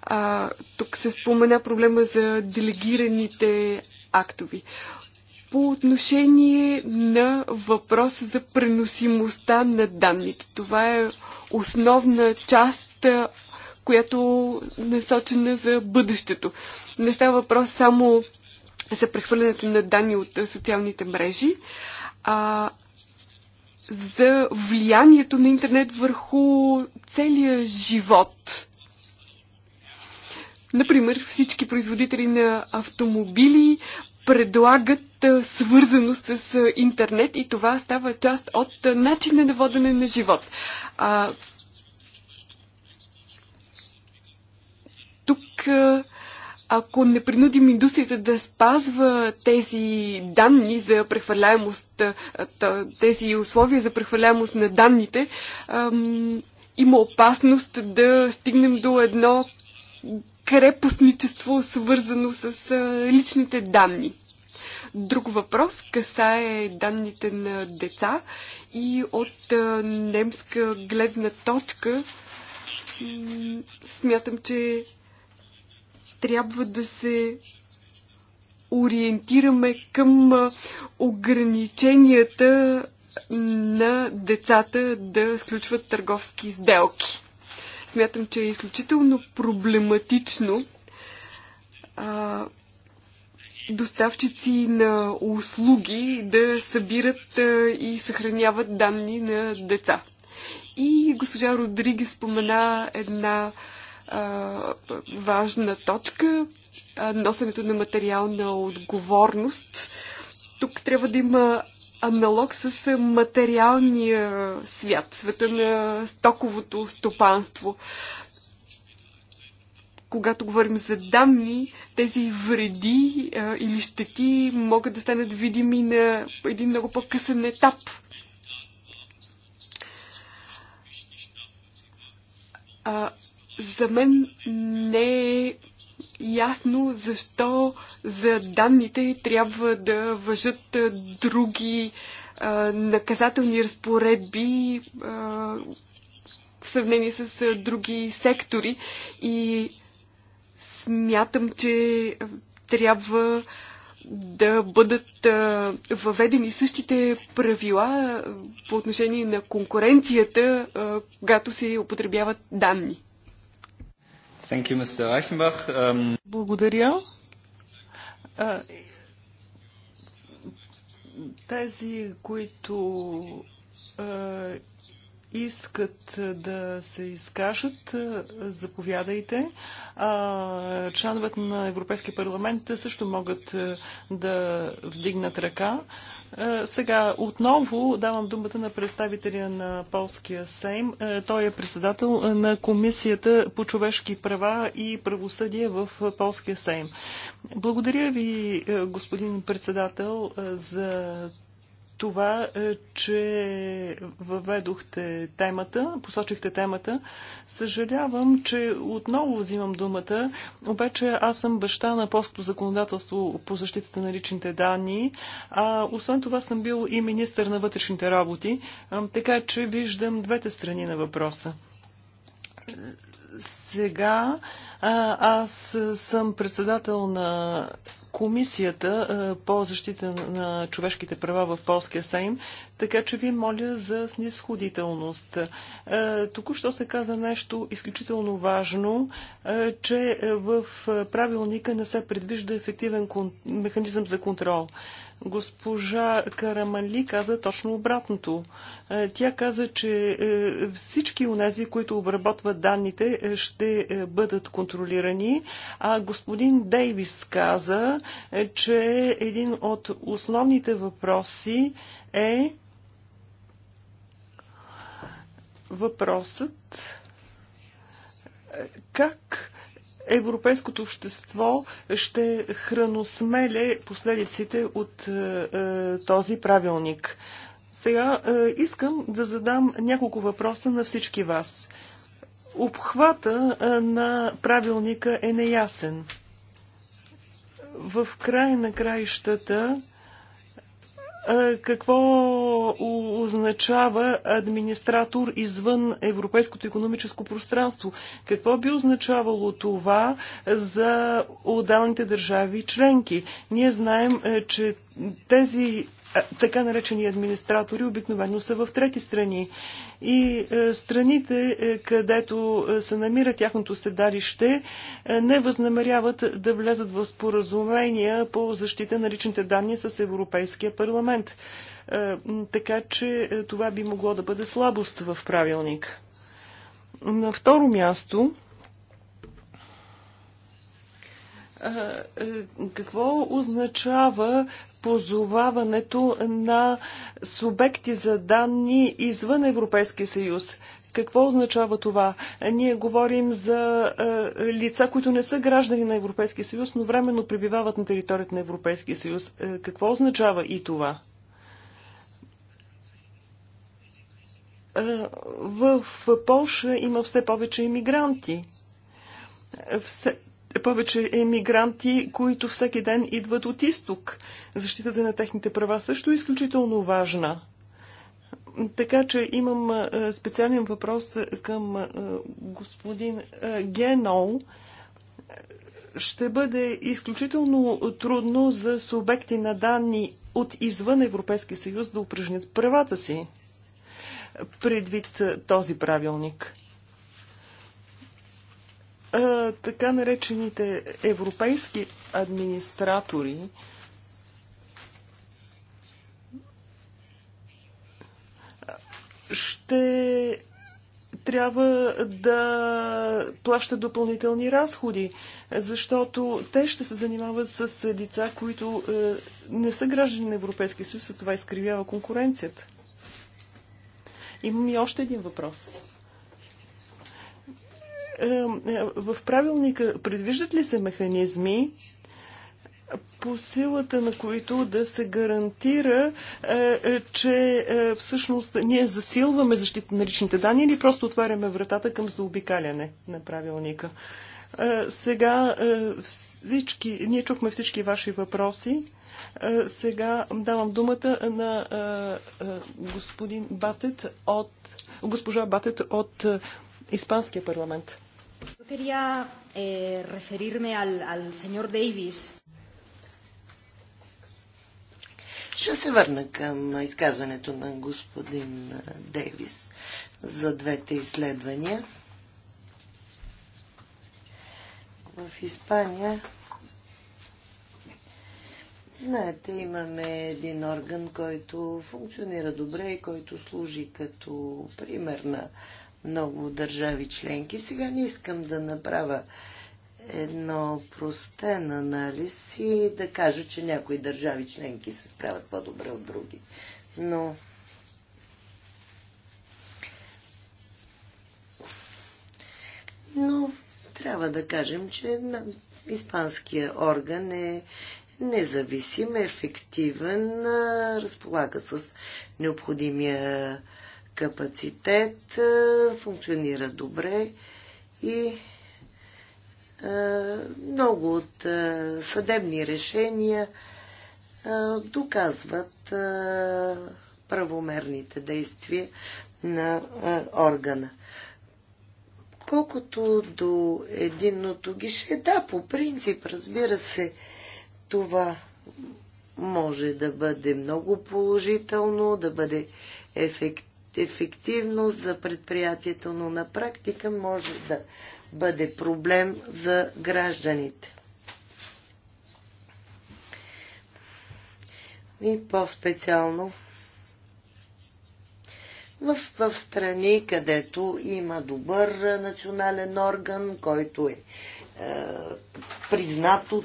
А, тук се спомена проблема за делегираните актови. По отношение на въпроса за преносимостта на данните. Това е основна част която насочена за бъдещето. Не става въпрос само за прехвърлянето на данни от социалните мрежи, а, за влиянието на интернет върху целия живот. Например, всички производители на автомобили предлагат свързаност с интернет и това става част от начина на водене на живот. А, тук а, ако не принудим индустрията да спазва тези данни за прехвърляемост, тези условия за прехвърляемост на данните, има опасност да стигнем до едно крепостничество, свързано с личните данни. Друг въпрос касае данните на деца и от немска гледна точка смятам, че трябва да се ориентираме към ограниченията на децата да сключват търговски сделки. Смятам, че е изключително проблематично а, доставчици на услуги да събират а, и съхраняват данни на деца. И госпожа Родригес спомена една важна точка носенето на материална отговорност. Тук трябва да има аналог с материалния свят, света на стоковото стопанство. Когато говорим за данни, тези вреди а, или щети могат да станат видими на един много по-късен етап. А, за мен не е ясно защо за данните трябва да въжат други а, наказателни разпоредби а, в сравнение с а, други сектори и смятам, че трябва да бъдат а, въведени същите правила а, по отношение на конкуренцията, а, когато се употребяват данни. You, um, Благодаря. Тези, които искат да се изкажат, заповядайте. Членовете на Европейския парламент също могат да вдигнат ръка. Е, сега отново давам думата на представителя на Полския Сейм. Е, той е председател на Комисията по човешки права и правосъдие в Полския Сейм. Благодаря ви, е, господин председател, за това, е, че въведохте темата, посочихте темата. Съжалявам, че отново взимам думата, обаче аз съм баща на полското законодателство по защитата на личните данни, а освен това съм бил и министър на вътрешните работи, така че виждам двете страни на въпроса сега аз съм председател на Комисията по защита на човешките права в Полския Сейм, така че ви моля за снисходителност. Току-що се каза нещо изключително важно, че в правилника не се предвижда ефективен механизъм за контрол. Госпожа Карамали каза точно обратното. Е, тя каза, че е, всички онези, които обработват данните, е, ще бъдат контролирани, а господин Дейвис каза, че един от основните въпроси е въпросът как европейското общество ще храносмеле последиците от е, е, този правилник. Сега е, искам да задам няколко въпроса на всички вас. Обхвата е, на правилника е неясен. В край на краищата какво означава администратор извън Европейското економическо пространство? Какво би означавало това за отдалните държави членки? Ние знаем, е, че тези е, така наречени администратори обикновено са в трети страни. И е, страните, е, където се намира тяхното седалище, не възнамеряват да влезат в споразумения по защита на личните данни с Европейския парламент. Така че това би могло да бъде слабост в правилник. На второ място, какво означава позоваването на субекти за данни извън Европейския съюз. Какво означава това? Ние говорим за е, лица, които не са граждани на Европейския съюз, но временно пребивават на територията на Европейския съюз. Е, какво означава и това? Е, в Польша има все повече иммигранти. Все, повече емигранти, които всеки ден идват от изток. Защитата на техните права също е изключително важна. Така че имам специален въпрос към господин Генол. Ще бъде изключително трудно за субекти на данни от извън Европейския съюз да упражнят правата си предвид този правилник така наречените европейски администратори ще трябва да плащат допълнителни разходи, защото те ще се занимават с лица, които е, не са граждани на Европейския съюз, а това изкривява конкуренцията. Имам и още един въпрос. Е, е, в правилника предвиждат ли се механизми, по силата на които да се гарантира, е, че всъщност ние засилваме защита на личните данни или просто отваряме вратата към заобикаляне на правилника. Сега всички, ние чухме всички ваши въпроси. Сега давам думата на господин Батет от госпожа Батет от Испанския парламент quería eh, referirme al, al señor Davis. Ще се върна към изказването на господин Дейвис за двете изследвания. В Испания, знаете, имаме един орган, който функционира добре и който служи като пример на много държави членки. Сега не искам да направя едно простен анализ и да кажа, че някои държави членки се справят по-добре от други. Но Но трябва да кажем, че испанския орган е независим, ефективен, разполага с необходимия капацитет, функционира добре и много от съдебни решения доказват правомерните действия на органа. Колкото до единното гише, да, по принцип, разбира се, това може да бъде много положително, да бъде ефективно ефективност за предприятието, но на практика може да бъде проблем за гражданите. И по-специално в, в страни, където има добър национален орган, който е, е признат от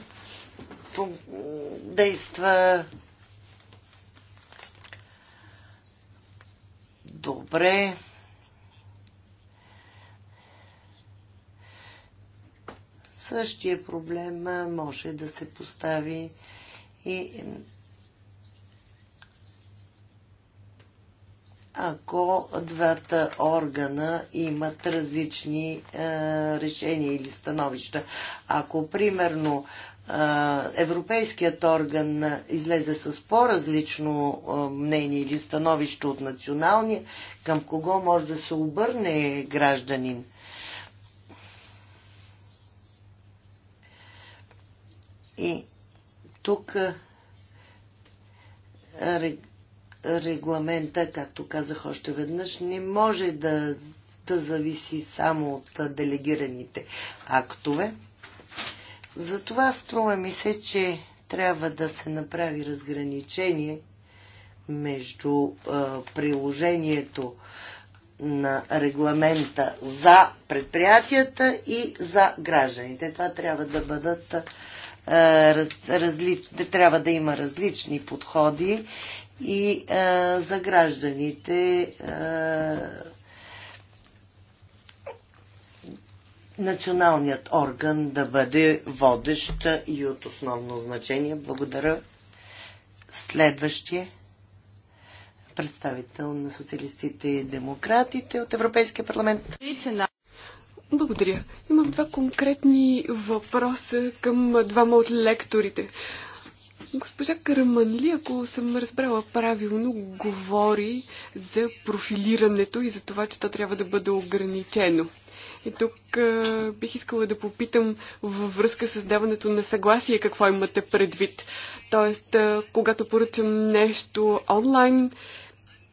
действа Добре. Същия проблем може да се постави и ако двата органа имат различни е, решения или становища. Ако, примерно, Европейският орган излезе с по-различно мнение или становище от националния, към кого може да се обърне гражданин. И тук регламента, както казах още веднъж, не може да, да зависи само от делегираните актове. Затова струва ми се, че трябва да се направи разграничение между а, приложението на регламента за предприятията и за гражданите. Това трябва да бъдат раз, различ, трябва да има различни подходи и а, за гражданите а, националният орган да бъде водещ и от основно значение. Благодаря. Следващия представител на социалистите и демократите от Европейския парламент. Благодаря. Имам два конкретни въпроса към двама от лекторите. Госпожа Караманли, ако съм разбрала правилно, говори за профилирането и за това, че то трябва да бъде ограничено. И тук а, бих искала да попитам във връзка с даването на съгласие какво имате предвид. Тоест, а, когато поръчам нещо онлайн,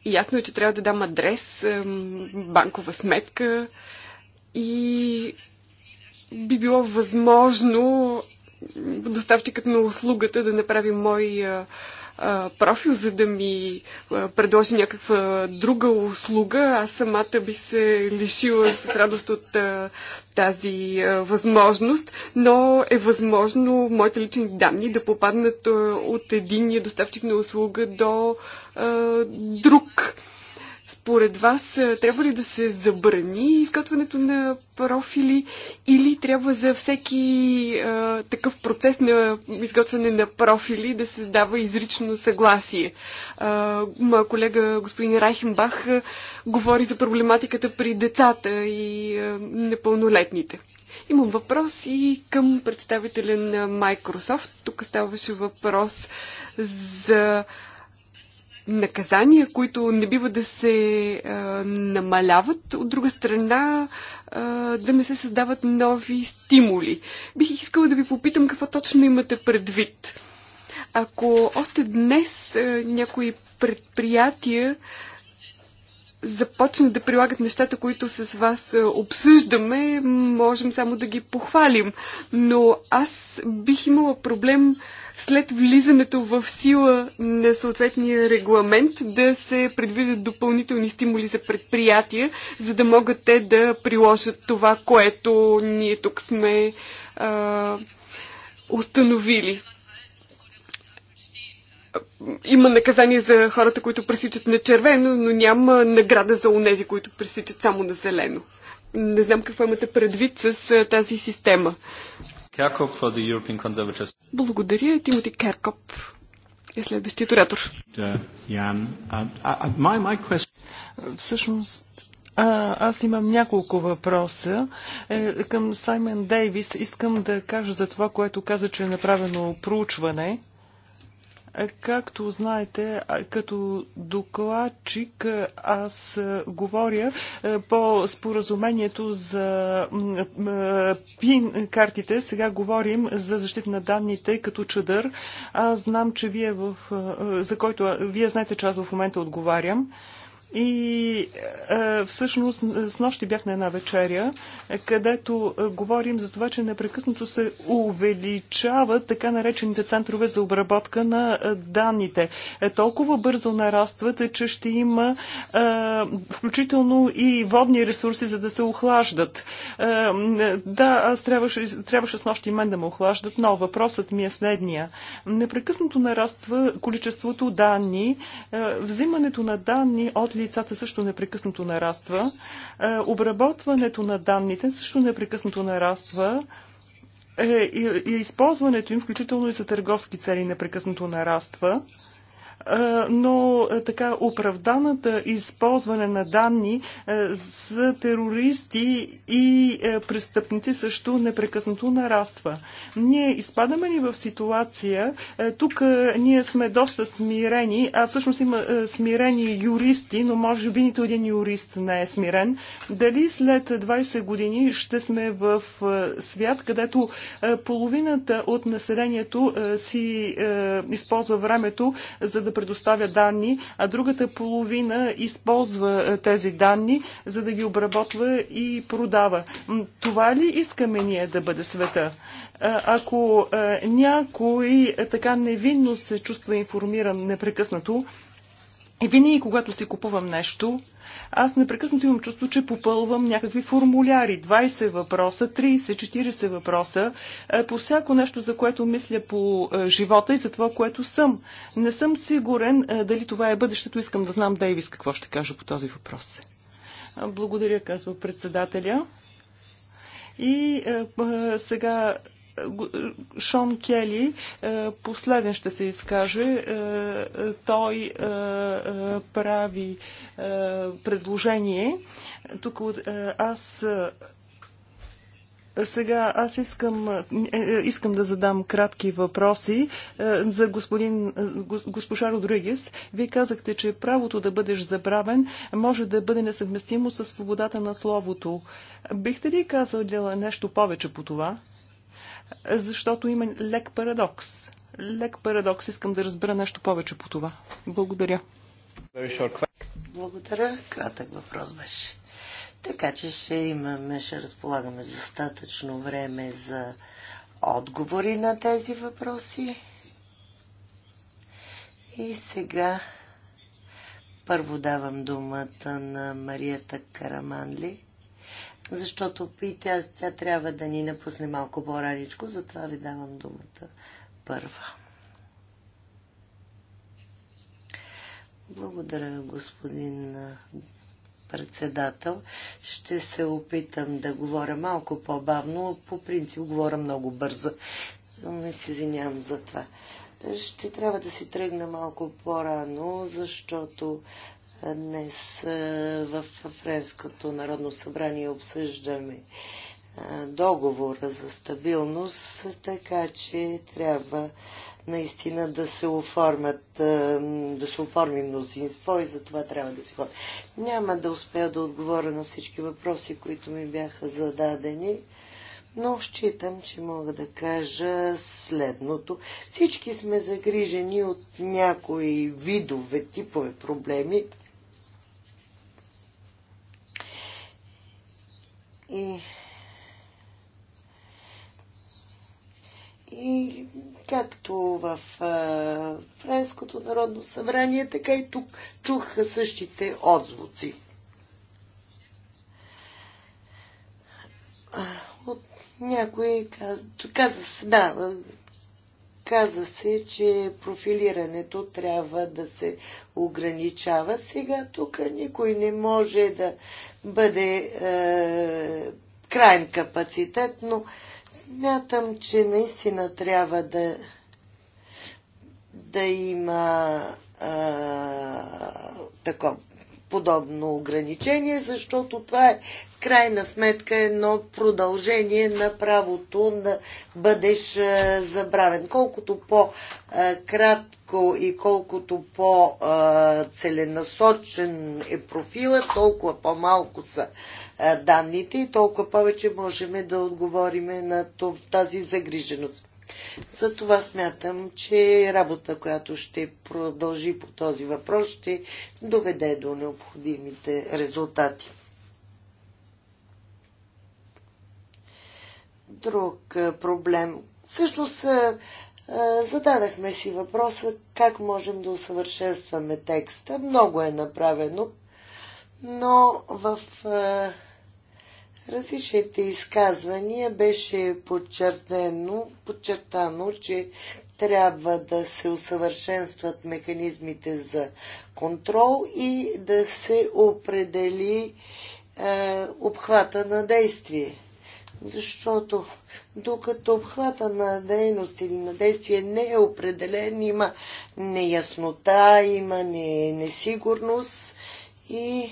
ясно е, че трябва да дам адрес, а, банкова сметка и би било възможно доставчикът на услугата да направи мой а, профил, за да ми предложи някаква друга услуга. Аз самата би се лишила с радост от тази възможност, но е възможно моите лични данни да попаднат от единия доставчик на услуга до друг според вас е, трябва ли да се забрани изготвянето на профили или трябва за всеки а, е, такъв процес на изготвяне на профили да се дава изрично съгласие? Е, а, моя колега господин Райхенбах а, говори за проблематиката при децата и а, непълнолетните. Имам въпрос и към представителя на Microsoft. Тук ставаше въпрос за наказания, които не бива да се а, намаляват, от друга страна а, да не се създават нови стимули. Бих искала да ви попитам какво точно имате предвид. Ако още днес а, някои предприятия започнат да прилагат нещата, които с вас е, обсъждаме, можем само да ги похвалим. Но аз бих имала проблем след влизането в сила на съответния регламент да се предвидят допълнителни стимули за предприятия, за да могат те да приложат това, което ние тук сме а, установили има наказание за хората, които пресичат на червено, но няма награда за онези, които пресичат само на зелено. Не знам какво имате предвид с тази система. Благодаря, Тимоти Керкоп е следващият оратор. Всъщност, а, аз имам няколко въпроса. Е, към Саймен Дейвис искам да кажа за това, което каза, че е направено проучване Както знаете, като докладчик аз говоря по споразумението за пин картите. Сега говорим за защита на данните като чадър. Аз знам, че вие в... за който вие знаете, че аз в момента отговарям. И е, всъщност с нощи бях на една вечеря, където е, говорим за това, че непрекъснато се увеличават така наречените центрове за обработка на е, данните. Е, толкова бързо нарастват, е, че ще има е, включително и водни ресурси, за да се охлаждат. Е, да, аз трябваше, трябваше с нощи мен да ме охлаждат, но въпросът ми е следния. Непрекъснато нараства количеството данни, е, взимането на данни от ли лицата също непрекъснато нараства. Е, обработването на данните също непрекъснато нараства. Е, и използването им, включително и за търговски цели, непрекъснато нараства но е, така оправданата използване на данни е, за терористи и е, престъпници също непрекъснато нараства. Ние изпадаме ли в ситуация, тук ние сме доста смирени, а всъщност има смирени юристи, но може би нито един юрист не е смирен. Дали след 20 години ще сме в свят, където половината от населението си използва времето за да предоставя данни, а другата половина използва е, тези данни, за да ги обработва и продава. Това ли искаме ние да бъде света? Ако е, някой е, така невинно се чувства информиран непрекъснато, и винаги, когато си купувам нещо, аз непрекъснато имам чувство, че попълвам някакви формуляри. 20 въпроса, 30-40 въпроса е, по всяко нещо, за което мисля по е, живота и за това, което съм. Не съм сигурен е, дали това е бъдещето. Искам да знам Дейвис какво ще кажа по този въпрос. Благодаря, казва председателя. И а, сега Шон Кели е, последен ще се изкаже. Е, е, той прави предложение. Тук аз сега аз искам, искам да задам кратки въпроси за господин, госпожа Родригес. Вие казахте, че правото да бъдеш забравен може да бъде несъвместимо с свободата на словото. Бихте ли казали нещо повече по това? защото има лек парадокс. Лек парадокс. Искам да разбера нещо повече по това. Благодаря. Благодаря. Кратък въпрос беше. Така че ще имаме, ще разполагаме с достатъчно време за отговори на тези въпроси. И сега първо давам думата на Марията Караманли, защото и тя, тя трябва да ни напусне малко по-раничко, затова ви давам думата първа. Благодаря, господин председател. Ще се опитам да говоря малко по-бавно. По принцип говоря много бързо. Не се извинявам за това. Ще трябва да си тръгна малко по-рано, защото Днес в Френското народно събрание обсъждаме договора за стабилност, така че трябва наистина да се оформят, да се оформи мнозинство и за това трябва да се ходи. Няма да успея да отговоря на всички въпроси, които ми бяха зададени, но считам, че мога да кажа следното. Всички сме загрижени от някои видове, типове проблеми, И, и както в а, Френското народно събрание, така и тук чуха същите отзвуци. От някои каза, каза да, каза се, че профилирането трябва да се ограничава. Сега тук никой не може да бъде е, крайен капацитет, но смятам, че наистина трябва да, да има е, такова подобно ограничение, защото това е в крайна сметка едно продължение на правото да бъдеш е, забравен. Колкото по-кратко и колкото по-целенасочен е профила, толкова по-малко са е, данните и толкова повече можем да отговорим на тази загриженост. Затова смятам, че работа, която ще продължи по този въпрос, ще доведе до необходимите резултати. Друг проблем. Всъщност зададахме си въпроса как можем да усъвършенстваме текста. Много е направено, но в различните изказвания беше подчертано, подчертано, че трябва да се усъвършенстват механизмите за контрол и да се определи е, обхвата на действие. Защото докато обхвата на дейност или на действие не е определен, има неяснота, има несигурност и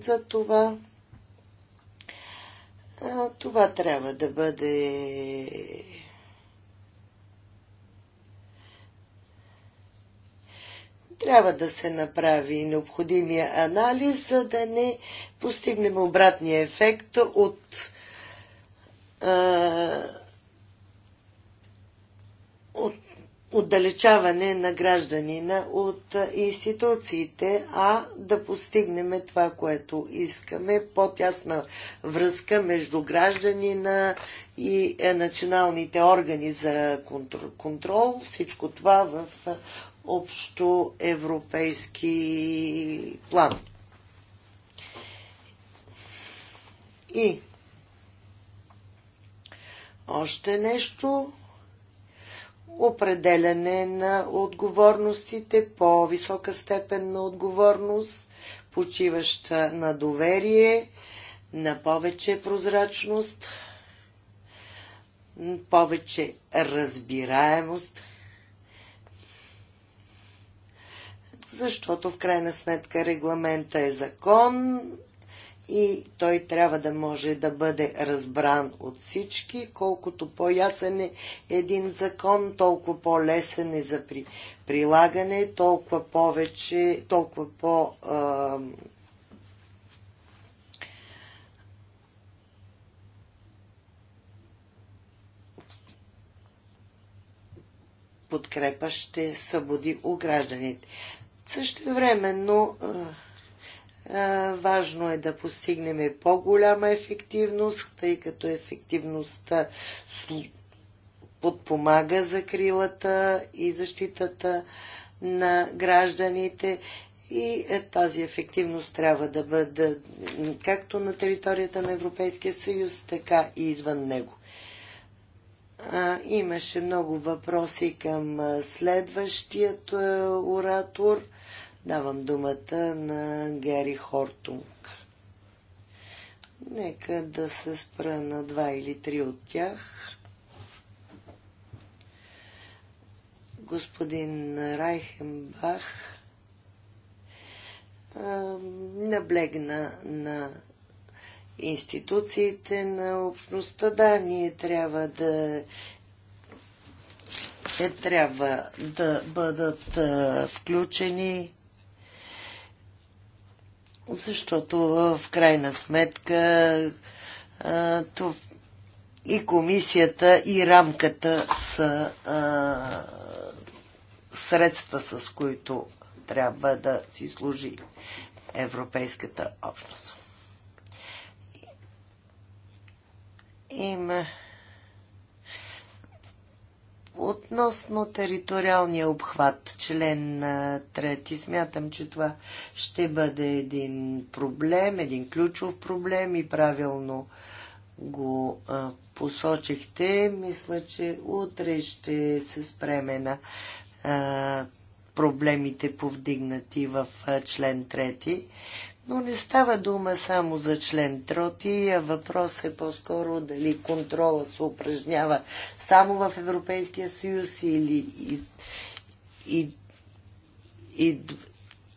За това това трябва да бъде трябва да се направи необходимия анализ, за да не постигнем обратния ефект от а, от отдалечаване на гражданина от институциите, а да постигнем това, което искаме, по-тясна връзка между гражданина и е, националните органи за контрол, всичко това в общо европейски план. И още нещо определяне на отговорностите, по-висока степен на отговорност, почиваща на доверие, на повече прозрачност, повече разбираемост. Защото в крайна сметка регламента е закон, и той трябва да може да бъде разбран от всички. Колкото по-ясен е един закон, толкова по-лесен е за при, прилагане, толкова повече, толкова по... подкрепа ще събуди у гражданите. Същевременно Важно е да постигнем по-голяма ефективност, тъй като ефективността подпомага закрилата и защитата на гражданите и е, тази ефективност трябва да бъде както на територията на Европейския съюз, така и извън него. имаше много въпроси към следващият е, оратор. Давам думата на Гери Хортунг. Нека да се спра на два или три от тях. Господин Райхенбах наблегна на институциите на общността. Да, ние трябва да те трябва да бъдат а, включени защото в крайна сметка то и комисията, и рамката са а, средства, с които трябва да си служи Европейската общност. Има Относно териториалния обхват, член 3, смятам, че това ще бъде един проблем, един ключов проблем и правилно го а, посочихте. Мисля, че утре ще се спреме на а, проблемите повдигнати в а, член 3. Но не става дума само за член троти, а въпрос е по-скоро дали контрола се упражнява само в Европейския съюз или и, и, и,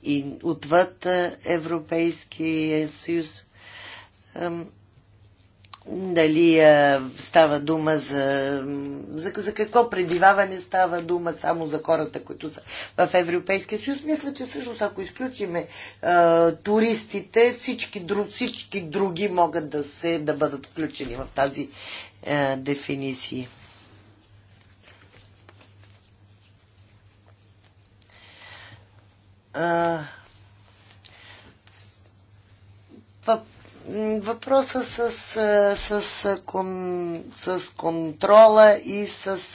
и отвъд Европейския съюз дали а, става дума за, за, за какво предиваване става дума само за хората, които са в Европейския съюз. Мисля, че всъщност ако изключиме а, туристите, всички, друг, всички други могат да, се, да бъдат включени в тази а, дефиниция. А, в Въпроса с, с, с, кон, с контрола и с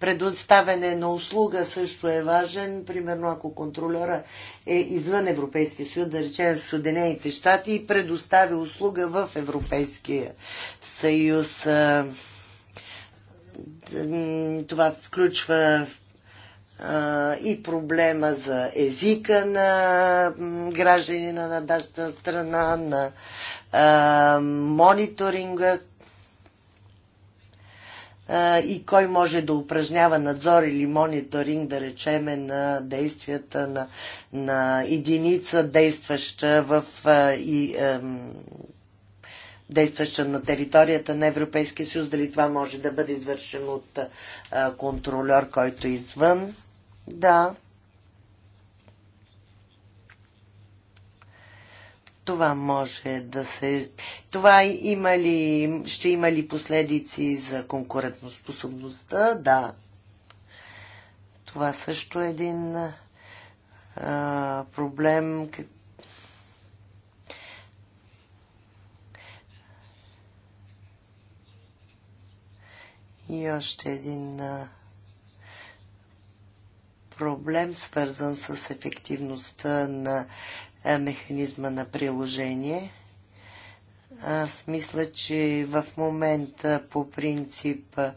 предоставяне на услуга също е важен. Примерно, ако контролера е извън Европейския съюз, да речем в Съединените щати и предоставя услуга в Европейския съюз. Това включва и проблема за езика на гражданина на дадена страна, на мониторинга и кой може да упражнява надзор или мониторинг, да речеме, на действията на, на единица, действаща в а, и, а, действаща на територията на Европейския съюз, дали това може да бъде извършено от а, контролер, който е извън. Да. това може да се... Това има ли... ще има ли последици за конкурентоспособността? Да. Това също е един а, проблем. И още един а, проблем, свързан с ефективността на е, механизма на приложение. Аз мисля, че в момента по принцип е,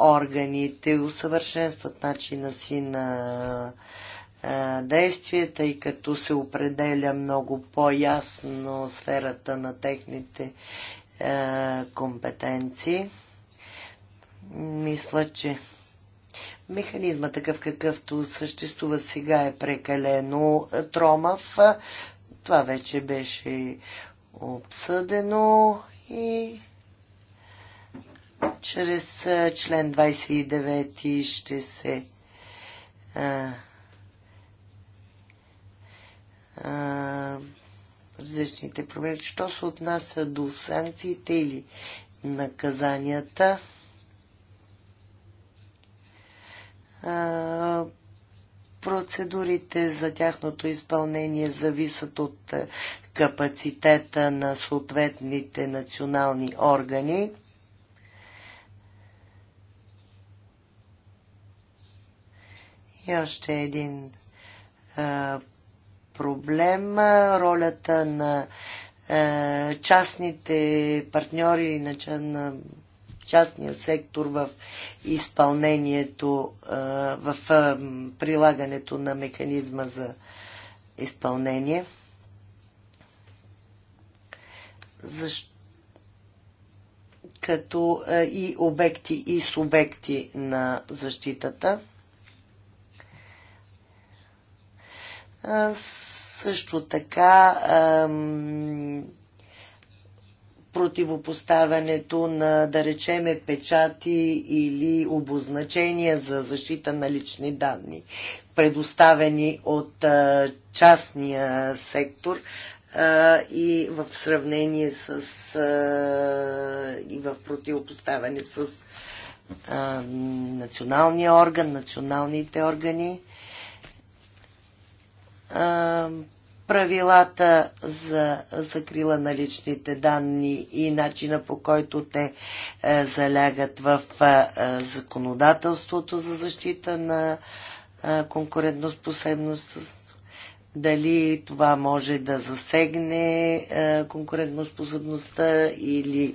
органите усъвършенстват начина си на е, действие, тъй като се определя много по-ясно сферата на техните компетенции. Мисля, че Механизма такъв какъвто съществува сега е прекалено е, тромав. Това вече беше обсъдено и чрез е, член 29 ще се а, е, а, различните проблеми. Що се отнася до санкциите или наказанията? процедурите за тяхното изпълнение зависят от е, капацитета на съответните национални органи. И още един а, проблем ролята на а, частните партньори на, на частния сектор в изпълнението, в прилагането на механизма за изпълнение. Защо? като и обекти и субекти на защитата. Също така противопоставянето на, да речеме, печати или обозначения за защита на лични данни, предоставени от а, частния сектор а, и в сравнение с а, и в противопоставяне с а, националния орган, националните органи. А, правилата за закрила на личните данни и начина по който те е, залягат в е, е, законодателството за защита на конкурентоспособност. Дали това може да засегне конкурентоспособността или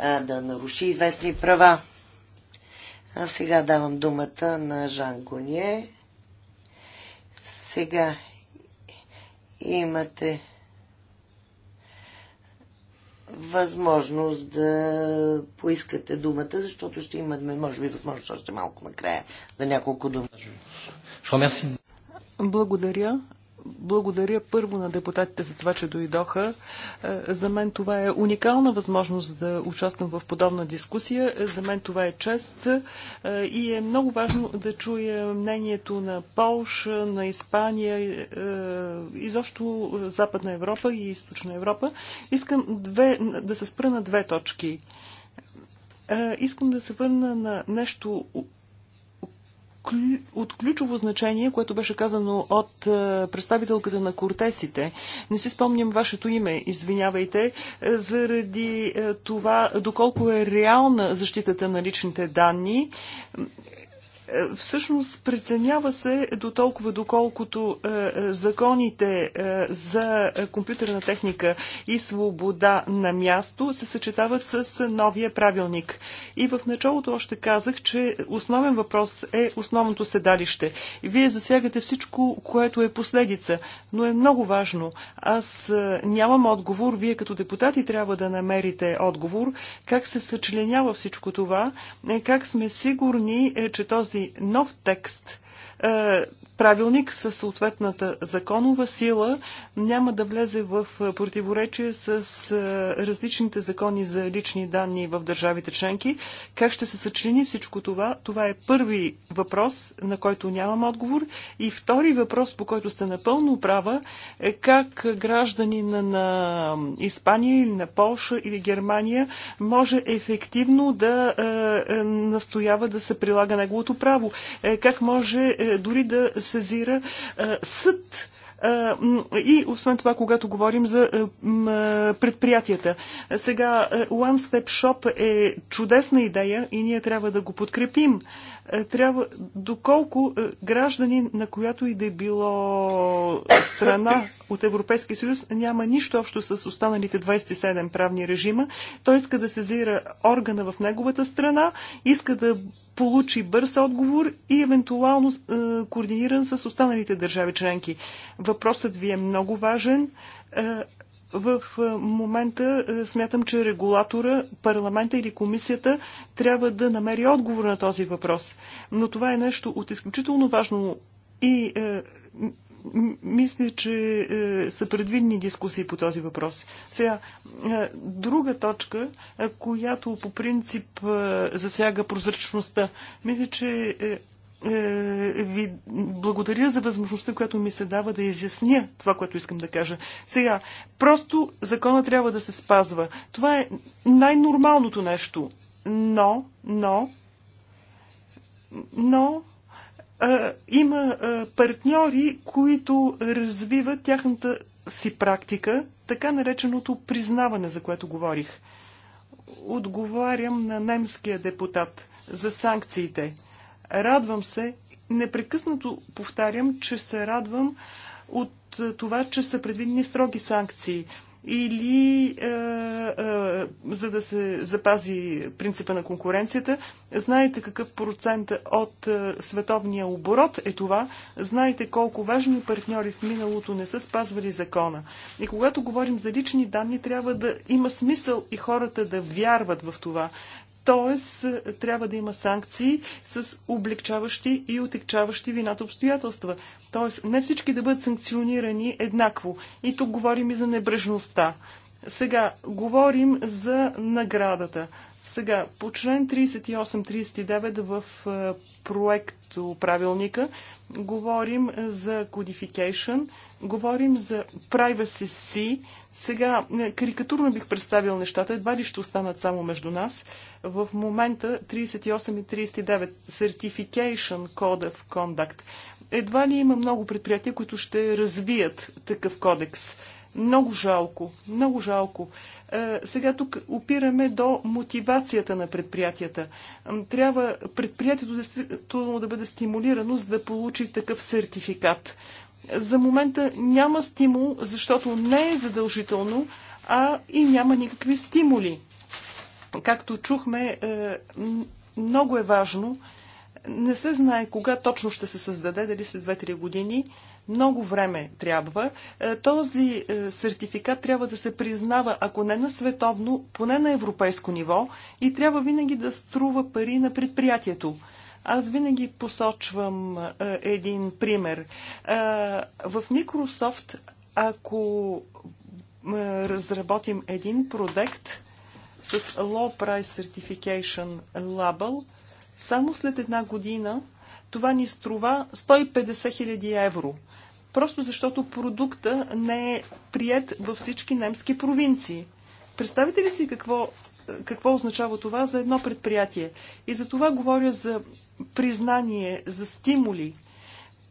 да наруши известни права. А сега давам думата на Жан Гоние. Сега имате възможност да поискате думата, защото ще имаме, може би, възможност още малко накрая за няколко думи. Благодаря. Благодаря първо на депутатите за това, че дойдоха. Е, за мен това е уникална възможност да участвам в подобна дискусия. Е, за мен това е чест е, и е много важно да чуя мнението на Полша, на Испания, изобщо Западна Европа и Източна Европа. Искам две, да се спра на две точки. Искам да се върна на нещо от ключово значение, което беше казано от е, представителката на Кортесите. Не си спомням вашето име, извинявайте, е, заради е, това доколко е реална защитата на личните данни. Е, всъщност преценява се до толкова доколкото е, е, законите за компютърна техника и свобода на място се съчетават с новия правилник. И в началото още казах, че основен въпрос е основното седалище. Вие засягате всичко, което е последица, но е много важно. Аз нямам отговор. Вие като депутати трябва да намерите отговор. Как се съчленява всичко това? Как сме сигурни, че този този нов текст е, правилник със съответната законова сила няма да влезе в противоречие с различните закони за лични данни в държавите членки. Как ще се съчини всичко това? Това е първи въпрос, на който нямам отговор. И втори въпрос, по който сте напълно права, е как гражданина на Испания или на Полша или Германия може ефективно да настоява да се прилага неговото право. Е, как може е, дори да сезира съд и освен това, когато говорим за предприятията. Сега One Step Shop е чудесна идея и ние трябва да го подкрепим. Трябва, доколко граждани, на която и да е било страна от Европейския съюз, няма нищо общо с останалите 27 правни режима. Той иска да сезира органа в неговата страна, иска да получи бърз отговор и евентуално е, координиран с останалите държави членки. Въпросът ви е много важен. Е, в е, момента е, смятам, че регулатора, парламента или комисията трябва да намери отговор на този въпрос. Но това е нещо от изключително важно и е, мисля, че е, са предвидни дискусии по този въпрос. Сега, е, друга точка, е, която по принцип е, засяга прозрачността. Мисля, че е, е, ви благодаря за възможността, която ми се дава да изясня това, което искам да кажа. Сега, просто закона трябва да се спазва. Това е най-нормалното нещо. Но, но, но, има партньори, които развиват тяхната си практика, така нареченото признаване, за което говорих. Отговарям на немския депутат за санкциите. Радвам се, непрекъснато повтарям, че се радвам от това, че са предвидени строги санкции или е, е, за да се запази принципа на конкуренцията. Знаете какъв процент от е, световния оборот е това. Знаете колко важни партньори в миналото не са спазвали закона. И когато говорим за лични данни, трябва да има смисъл и хората да вярват в това. Т.е. трябва да има санкции с облегчаващи и отекчаващи вината обстоятелства. Т.е. не всички да бъдат санкционирани еднакво. И тук говорим и за небрежността. Сега, говорим за наградата. Сега, по член 38-39 в е, проекто правилника говорим за кодификейшн, Говорим за privacy си. Сега е, карикатурно бих представил нещата. Едва ли ще останат само между нас. В момента 38 и 39 Certification Code of Conduct. Едва ли има много предприятия, които ще развият такъв кодекс. Много жалко, много жалко. Е, сега тук опираме до мотивацията на предприятията. Трябва предприятието да бъде стимулирано, за да получи такъв сертификат. За момента няма стимул, защото не е задължително, а и няма никакви стимули. Както чухме, е, много е важно. Не се знае кога точно ще се създаде, дали след 2-3 години. Много време трябва. Е, този е, сертификат трябва да се признава, ако не на световно, поне на европейско ниво и трябва винаги да струва пари на предприятието. Аз винаги посочвам е, един пример. Е, в Microsoft, ако е, разработим един продукт с Low Price Certification Label, само след една година това ни струва 150 000 евро. Просто защото продукта не е прият във всички немски провинции. Представете ли си какво, какво означава това за едно предприятие? И за това говоря за признание, за стимули.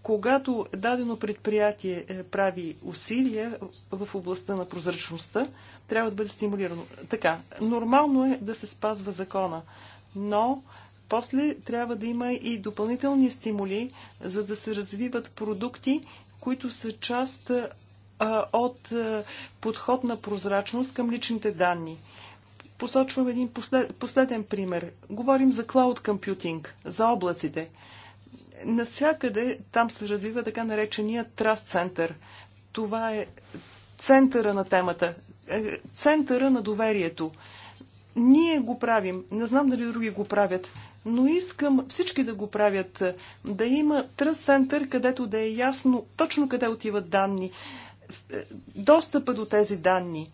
Когато дадено предприятие е, прави усилия в областта на прозрачността, трябва да бъде стимулирано. Така, нормално е да се спазва закона, но после трябва да има и допълнителни стимули, за да се развиват продукти, които са част от подход на прозрачност към личните данни. Посочвам един послед, последен пример. Говорим за клауд компютинг, за облаците. Насякъде там се развива така наречения Trust Center. Това е центъра на темата, е, центъра на доверието. Ние го правим. Не знам дали други го правят но искам всички да го правят, да има Trust Center, където да е ясно точно къде отиват данни, е, достъпа до тези данни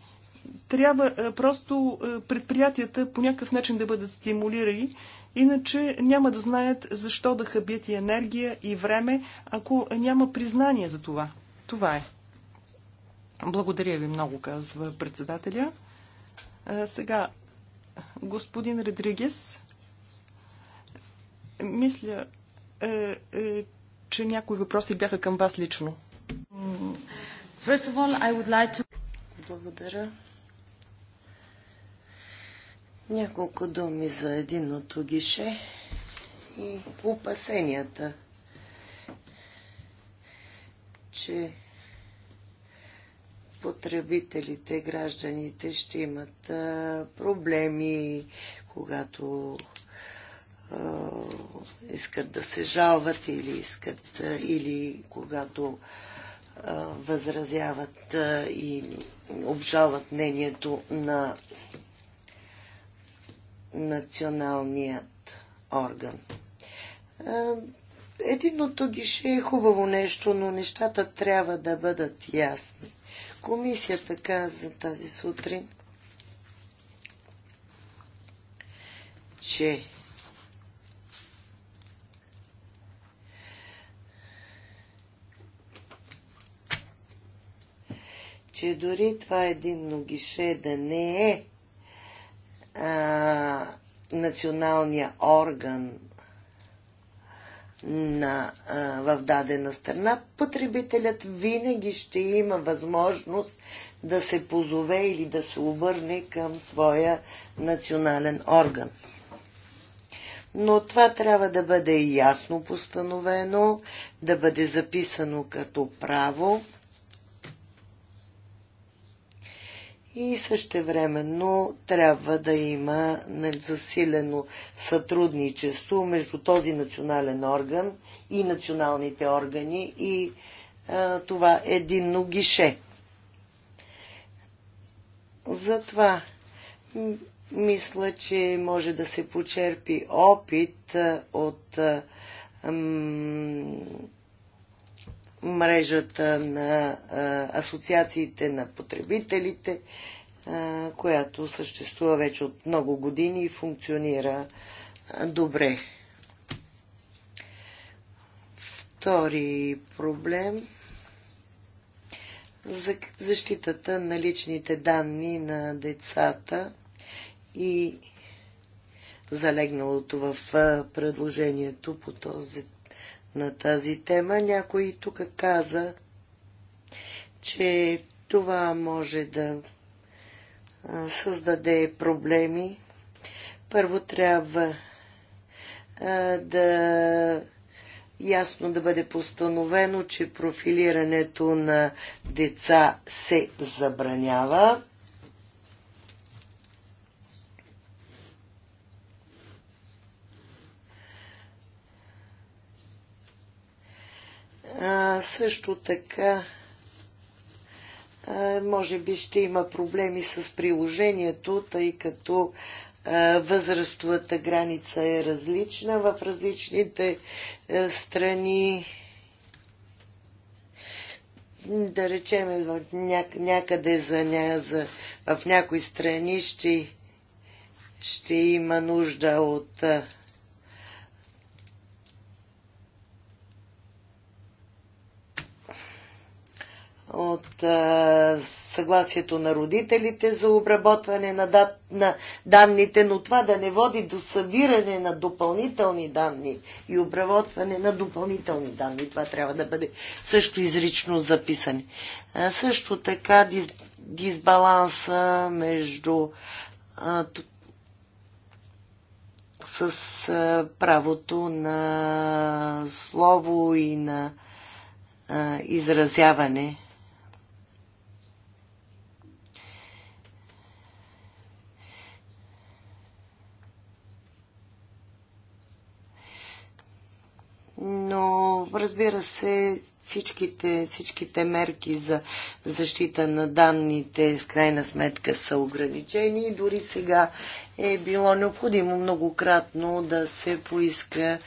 трябва е, просто е, предприятията по някакъв начин да бъдат стимулирани, иначе няма да знаят защо да хабят и енергия и време, ако няма признание за това. Това е. Благодаря ви много, казва председателя. Е, сега, господин Редригес, мисля, е, е, че някои въпроси бяха към вас лично. All, like to... Благодаря. Няколко думи за единното гише и опасенията, че потребителите, гражданите ще имат а, проблеми, когато а, искат да се жалват или искат а, или когато а, възразяват а, и обжалват мнението на националният орган. Единото гише е хубаво нещо, но нещата трябва да бъдат ясни. Комисията каза тази сутрин, че че дори това единно гише да не е а, националния орган на, а, в дадена страна, потребителят винаги ще има възможност да се позове или да се обърне към своя национален орган. Но това трябва да бъде ясно постановено, да бъде записано като право и същевременно трябва да има нали, засилено сътрудничество между този национален орган и националните органи и а, това единно гише. Затова мисля, че може да се почерпи опит от мрежата на асоциациите на потребителите, която съществува вече от много години и функционира добре. Втори проблем за защитата на личните данни на децата и залегналото в предложението по този на тази тема. Някой тук каза, че това може да създаде проблеми. Първо трябва да ясно да бъде постановено, че профилирането на деца се забранява. Също така, може би ще има проблеми с приложението, тъй като възрастовата граница е различна в различните страни. Да речем, някъде за, ня, за, в някои страни ще, ще има нужда от от а, съгласието на родителите за обработване на, дат, на данните, но това да не води до събиране на допълнителни данни и обработване на допълнителни данни. Това трябва да бъде също изрично записане. А, също така дис, дисбаланса между а, с а, правото на слово и на а, изразяване но разбира се, всичките, всичките мерки за защита на данните в крайна сметка са ограничени. и Дори сега е било необходимо многократно да се поиска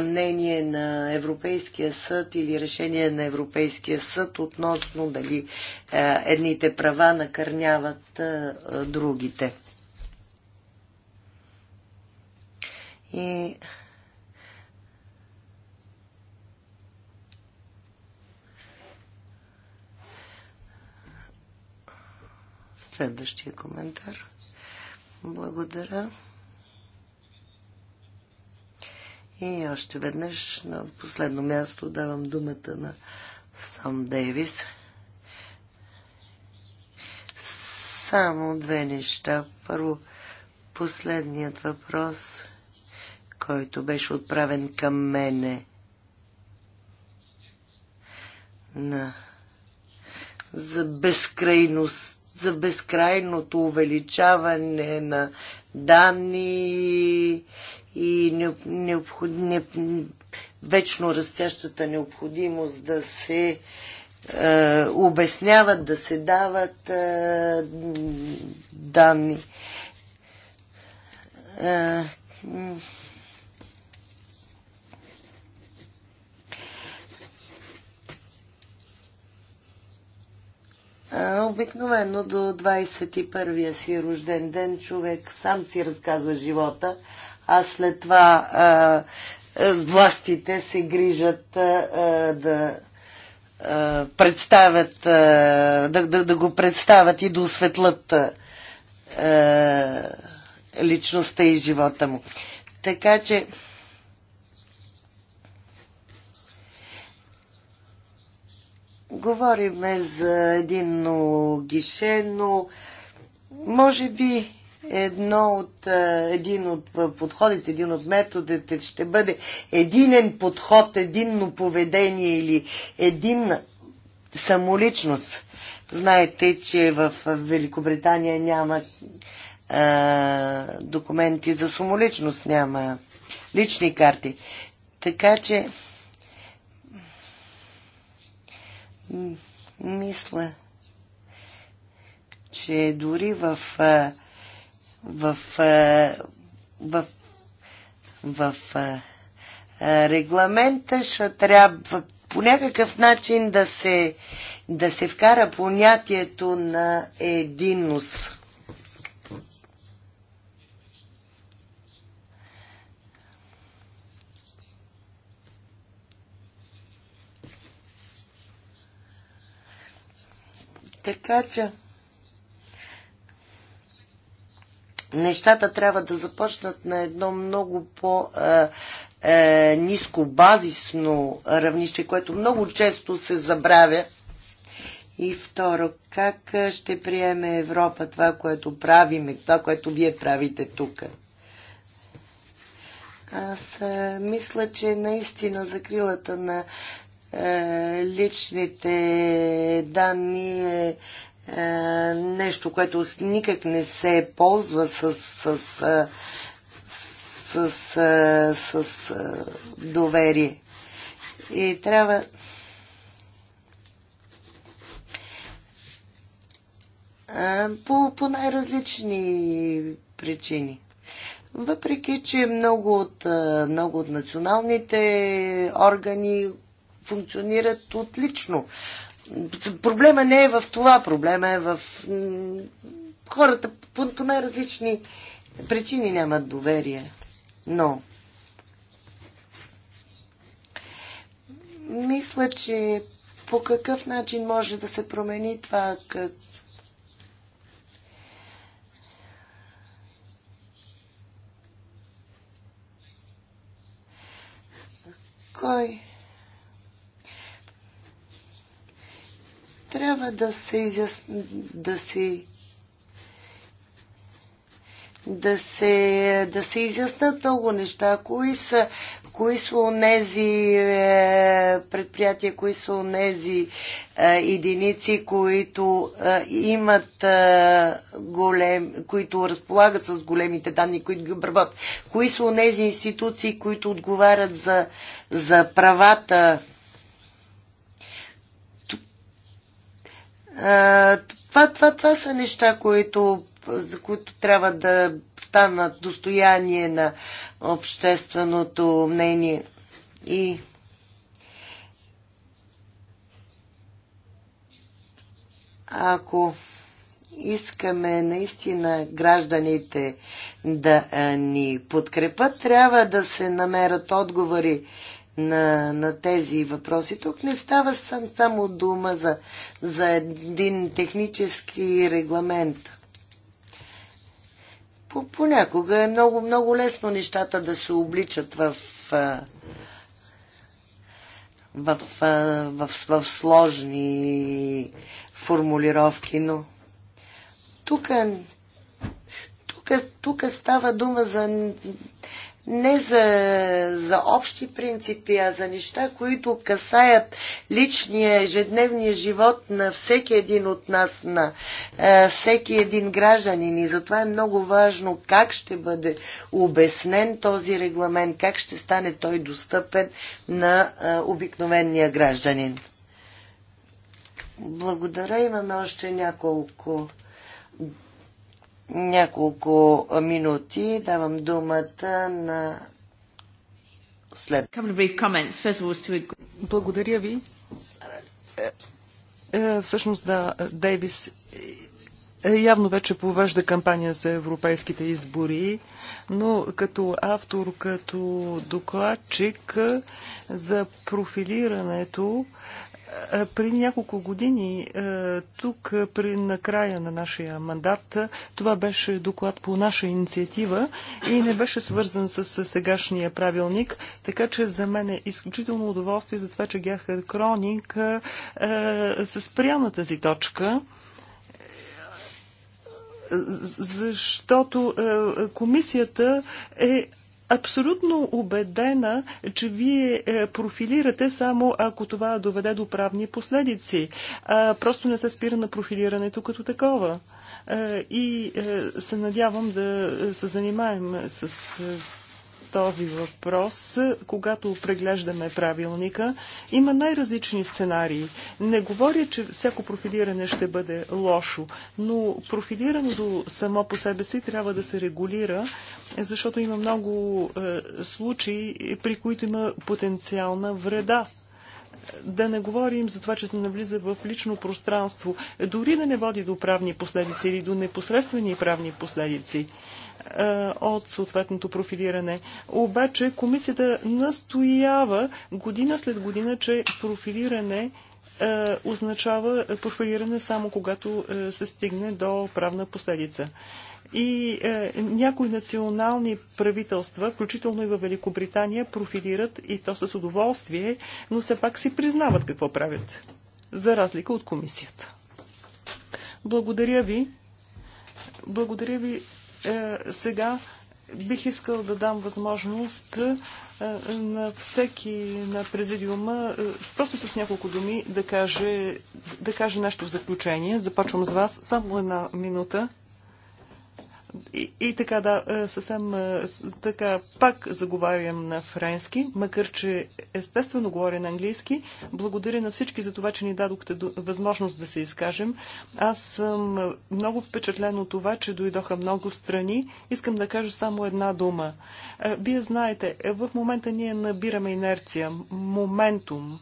мнение на Европейския съд или решение на Европейския съд относно дали едните права накърняват другите. И Следващия коментар. Благодаря. И още веднъж на последно място давам думата на Сам Дейвис. Само две неща. Първо, последният въпрос, който беше отправен към мене на за безкрайност за безкрайното увеличаване на данни и необход... не... вечно растящата необходимост да се е, обясняват, да се дават е, данни. Е, Обикновено до 21-я си рожден ден човек сам си разказва живота, а след това а, властите се грижат а, да а, представят, а, да, да, да го представят и да осветлят а, личността и живота му. Така че Говориме за един гише, но може би едно от, един от подходите, един от методите ще бъде единен подход, единно поведение или единна самоличност. Знаете, че в Великобритания няма а, документи за самоличност, няма лични карти. Така че мисля, че дори в, в, в, в, в, в регламента ще трябва по някакъв начин да се, да се вкара понятието на единност. Така че нещата трябва да започнат на едно много по- е, ниско базисно равнище, което много често се забравя. И второ, как ще приеме Европа това, което правиме, това, което вие правите тук? Аз мисля, че наистина закрилата на е, личните данни е, е нещо, което никак не се ползва с, с, е, с, с, с, с доверие. И трябва по, по най-различни причини. Въпреки, че много от, много от националните органи функционират отлично. Проблема не е в това, проблема е в хората по, по най-различни причини нямат доверие. Но мисля, че по какъв начин може да се промени това, като кой? трябва да се изяс... да се да се, да се изяснат много неща. Кои са, кои са онези е, предприятия, кои са онези е, единици, които е, имат е, голем, които разполагат с големите данни, които ги обработват. Кои са онези институции, които отговарят за, за правата това, това, това са неща, които, за които трябва да станат достояние на общественото мнение и ако искаме наистина гражданите да ни подкрепат, трябва да се намерят отговори на, на тези въпроси. Тук не става сам, само дума за, за един технически регламент. По, понякога е много, много лесно нещата да се обличат в, в, в, в, в, в сложни формулировки, но тук тук става дума за не за, за общи принципи, а за неща, които касаят личния, ежедневния живот на всеки един от нас, на е, всеки един гражданин. И затова е много важно как ще бъде обяснен този регламент, как ще стане той достъпен на е, обикновения гражданин. Благодаря. Имаме още няколко няколко минути давам думата на след. Благодаря ви. Е, е, всъщност, да, Дейвис е, явно вече повежда кампания за европейските избори, но като автор, като докладчик за профилирането при няколко години тук, при накрая на нашия мандат, това беше доклад по наша инициатива и не беше свързан с сегашния правилник, така че за мен е изключително удоволствие за това, че Гях Кроник се спря на тази точка защото комисията е абсолютно убедена, че вие е, профилирате само ако това доведе до правни последици. Просто не се спира на профилирането като такова. Е, и е, се надявам да се занимаем с този въпрос, когато преглеждаме правилника. Има най-различни сценарии. Не говоря, че всяко профилиране ще бъде лошо, но профилирането само по себе си трябва да се регулира, защото има много е, случаи, при които има потенциална вреда да не говорим за това, че се навлиза в лично пространство, дори да не води до правни последици или до непосредствени правни последици. Е, от съответното профилиране. Обаче комисията настоява година след година, че профилиране е, означава профилиране само когато е, се стигне до правна последица и е, някои национални правителства, включително и във Великобритания, профилират и то с удоволствие, но все пак си признават какво правят, за разлика от комисията. Благодаря ви. Благодаря ви е, сега бих искал да дам възможност е, на всеки на президиума, е, просто с няколко думи да каже, да каже нещо в заключение. Започвам с вас. Само една минута. И, и така, да, е, съвсем е, така, пак заговарям на френски, макар че естествено говоря на английски. Благодаря на всички за това, че ни дадохте възможност да се изкажем. Аз съм много впечатлен от това, че дойдоха много страни. Искам да кажа само една дума. Е, вие знаете, в момента ние набираме инерция, моментум.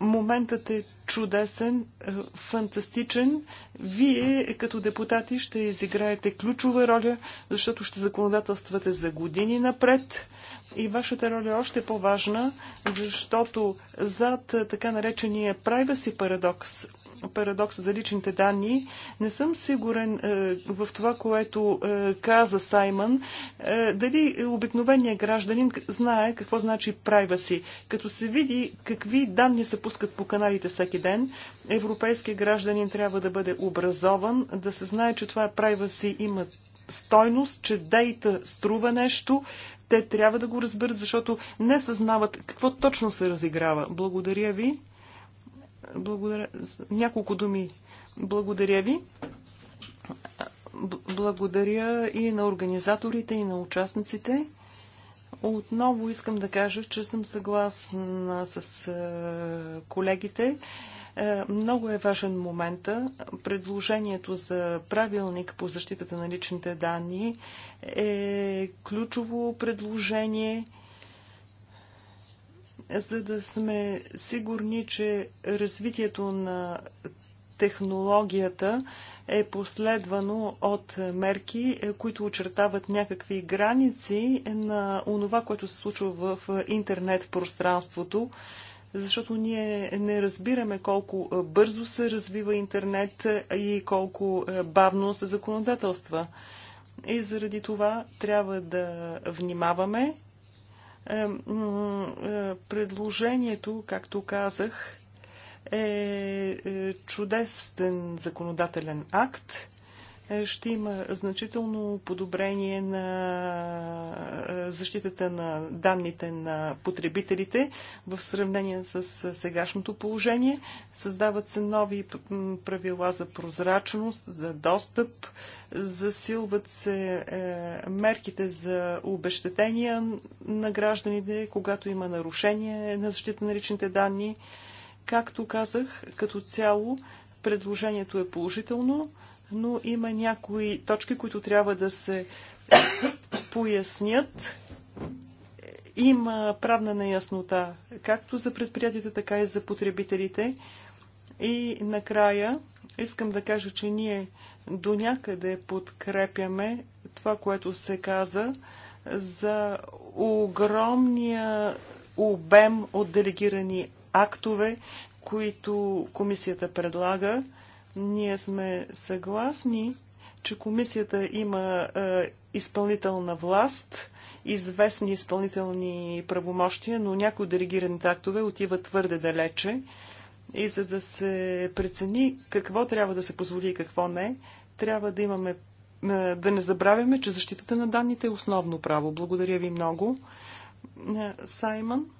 Моментът е чудесен, е, фантастичен. Вие като депутати ще изиграете ключова роля, защото ще законодателствате за години напред. И вашата роля е още по-важна, защото зад е, така наречения privacy парадокс, парадокса за личните данни. Не съм сигурен е, в това, което е, каза Саймън, е, дали обикновеният гражданин знае какво значи privacy. Като се види какви данни се пускат по каналите всеки ден, европейският гражданин трябва да бъде образован, да се знае, че това privacy има стойност, че дейта струва нещо, те трябва да го разберат, защото не съзнават какво точно се разиграва. Благодаря ви. Благодаря. Няколко думи. Благодаря ви. Благодаря и на организаторите, и на участниците. Отново искам да кажа, че съм съгласна с колегите. Много е важен момента. Предложението за правилник по защитата на личните данни е ключово предложение за да сме сигурни, че развитието на технологията е последвано от мерки, които очертават някакви граници на онова, което се случва в интернет пространството, защото ние не разбираме колко бързо се развива интернет и колко бавно се законодателства. И заради това трябва да внимаваме е, е, предложението, както казах, е, е чудесен законодателен акт ще има значително подобрение на защитата на данните на потребителите в сравнение с сегашното положение. Създават се нови правила за прозрачност, за достъп, засилват се е, мерките за обещетения на гражданите, когато има нарушение на защита на личните данни. Както казах, като цяло предложението е положително но има някои точки, които трябва да се пояснят. Има правна неяснота, както за предприятията, така и за потребителите. И накрая искам да кажа, че ние до някъде подкрепяме това, което се каза за огромния обем от делегирани актове, които комисията предлага ние сме съгласни, че комисията има е, изпълнителна власт, известни изпълнителни правомощия, но някои делегираните тактове отиват твърде далече. И за да се прецени какво трябва да се позволи и какво не, трябва да имаме е, да не забравяме, че защитата на данните е основно право. Благодаря ви много. Е, Саймън.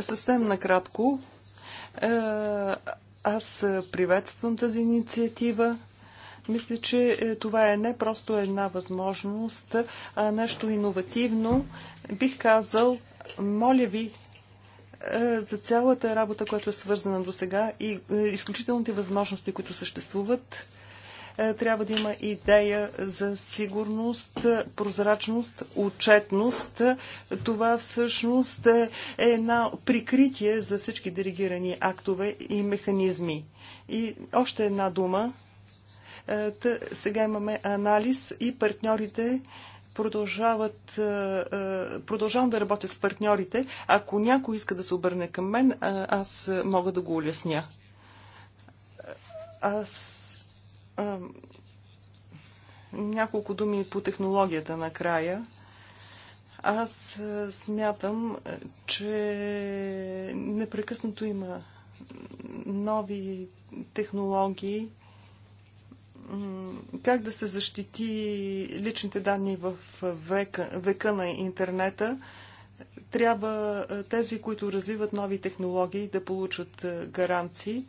Съвсем накратко, е, аз приветствам тази инициатива. Мисля, че е, това е не просто една възможност, а нещо иновативно. Бих казал, моля ви, е, за цялата работа, която е свързана до сега и изключителните възможности, които съществуват, е, трябва да има идея за сигурност, прозрачност, отчетност. Това всъщност е една прикритие за всички диригирани актове и механизми. И още една дума. Е, сега имаме анализ и партньорите продължават, е, продължавам да работя с партньорите. Ако някой иска да се обърне към мен, аз мога да го улесня. Аз няколко думи по технологията накрая. Аз смятам, че непрекъснато има нови технологии, как да се защити личните данни в века, века на интернета, трябва тези, които развиват нови технологии, да получат гаранции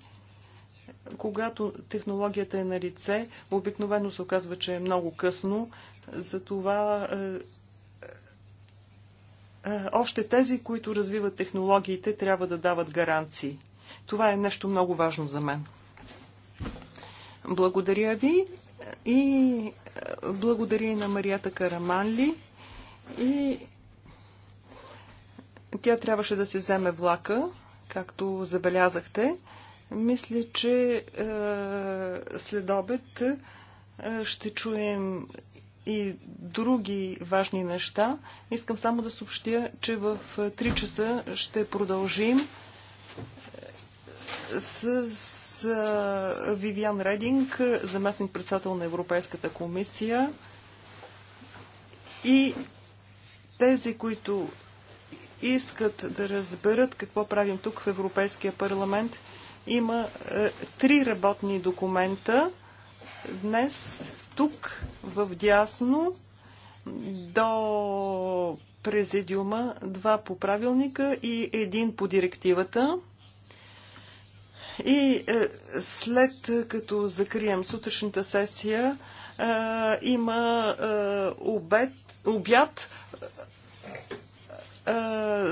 когато технологията е на лице, обикновено се оказва, че е много късно. Затова е, е, още тези, които развиват технологиите, трябва да дават гаранции. Това е нещо много важно за мен. Благодаря ви и е, благодаря и на Марията Караманли. И тя трябваше да се вземе влака, както забелязахте. Мисля, че е, след обед е, ще чуем и други важни неща. Искам само да съобщя, че в 3 часа ще продължим е, с, с е, Вивиан Рединг, заместник председател на Европейската комисия. И тези, които искат да разберат какво правим тук в Европейския парламент, има е, три работни документа. Днес, тук, в дясно, до президиума, два по правилника и един по директивата. И е, след е, като закрием сутрешната сесия, е, има е, обед, обяд е,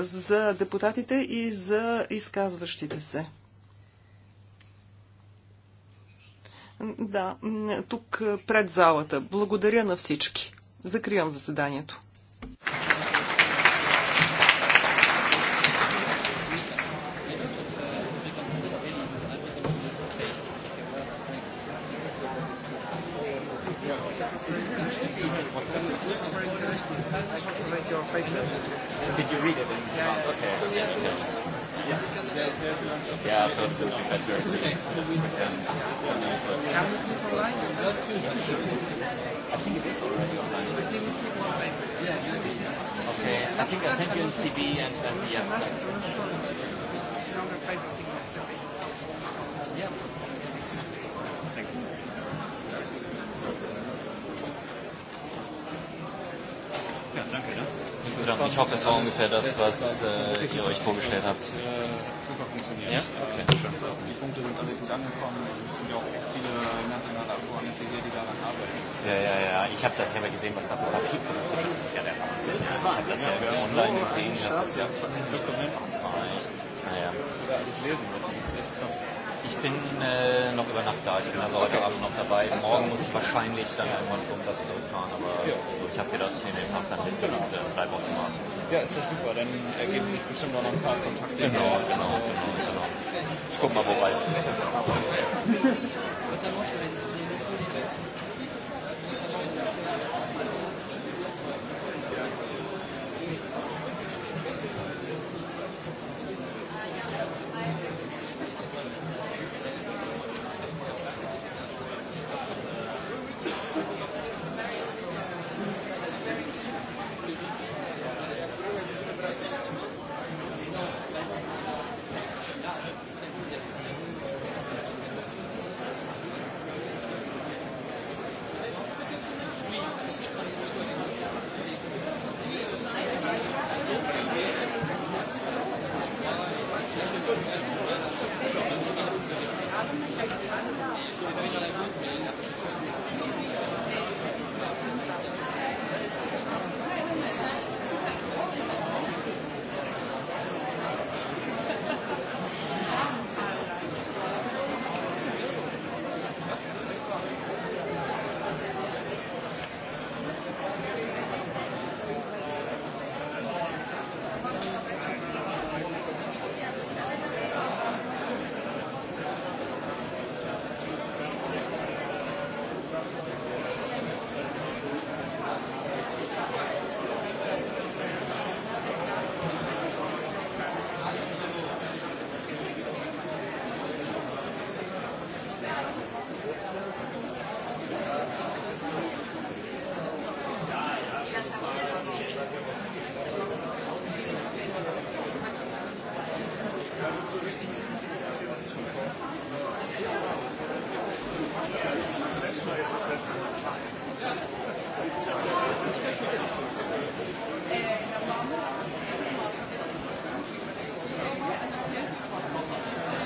за депутатите и за изказващите се. Да, тук пред залата. Благодаря на всички. Закривам заседанието. war ungefähr das, was äh, ihr euch vorgestellt habt. Super funktioniert. Ja? Okay. Die Punkte sind alle gut angekommen. Es sind ja auch echt viele nationale Abgeordnete hier, die daran arbeiten. Ja, ja, ja. Ich habe das ja mal gesehen, was da vor Papier produziert wird. Das ist ja der Wahnsinn. Ich habe das ja online gesehen. Das ist ja ein Dokument. Das Naja. alles lesen müssen. Das ist echt krass. Ich bin äh, noch über Nacht da, ich bin also heute Abend noch dabei. Morgen muss ich wahrscheinlich dann irgendwann um das zurückfahren, aber also ich habe gedacht, ich nehme den Tag dann mit und äh, bleibe auch zum Abend. Ja, ist das super. Dann ergeben sich bestimmt noch ein paar Kontakte. Genau, genau, genau, genau. Ich guck mal, wobei.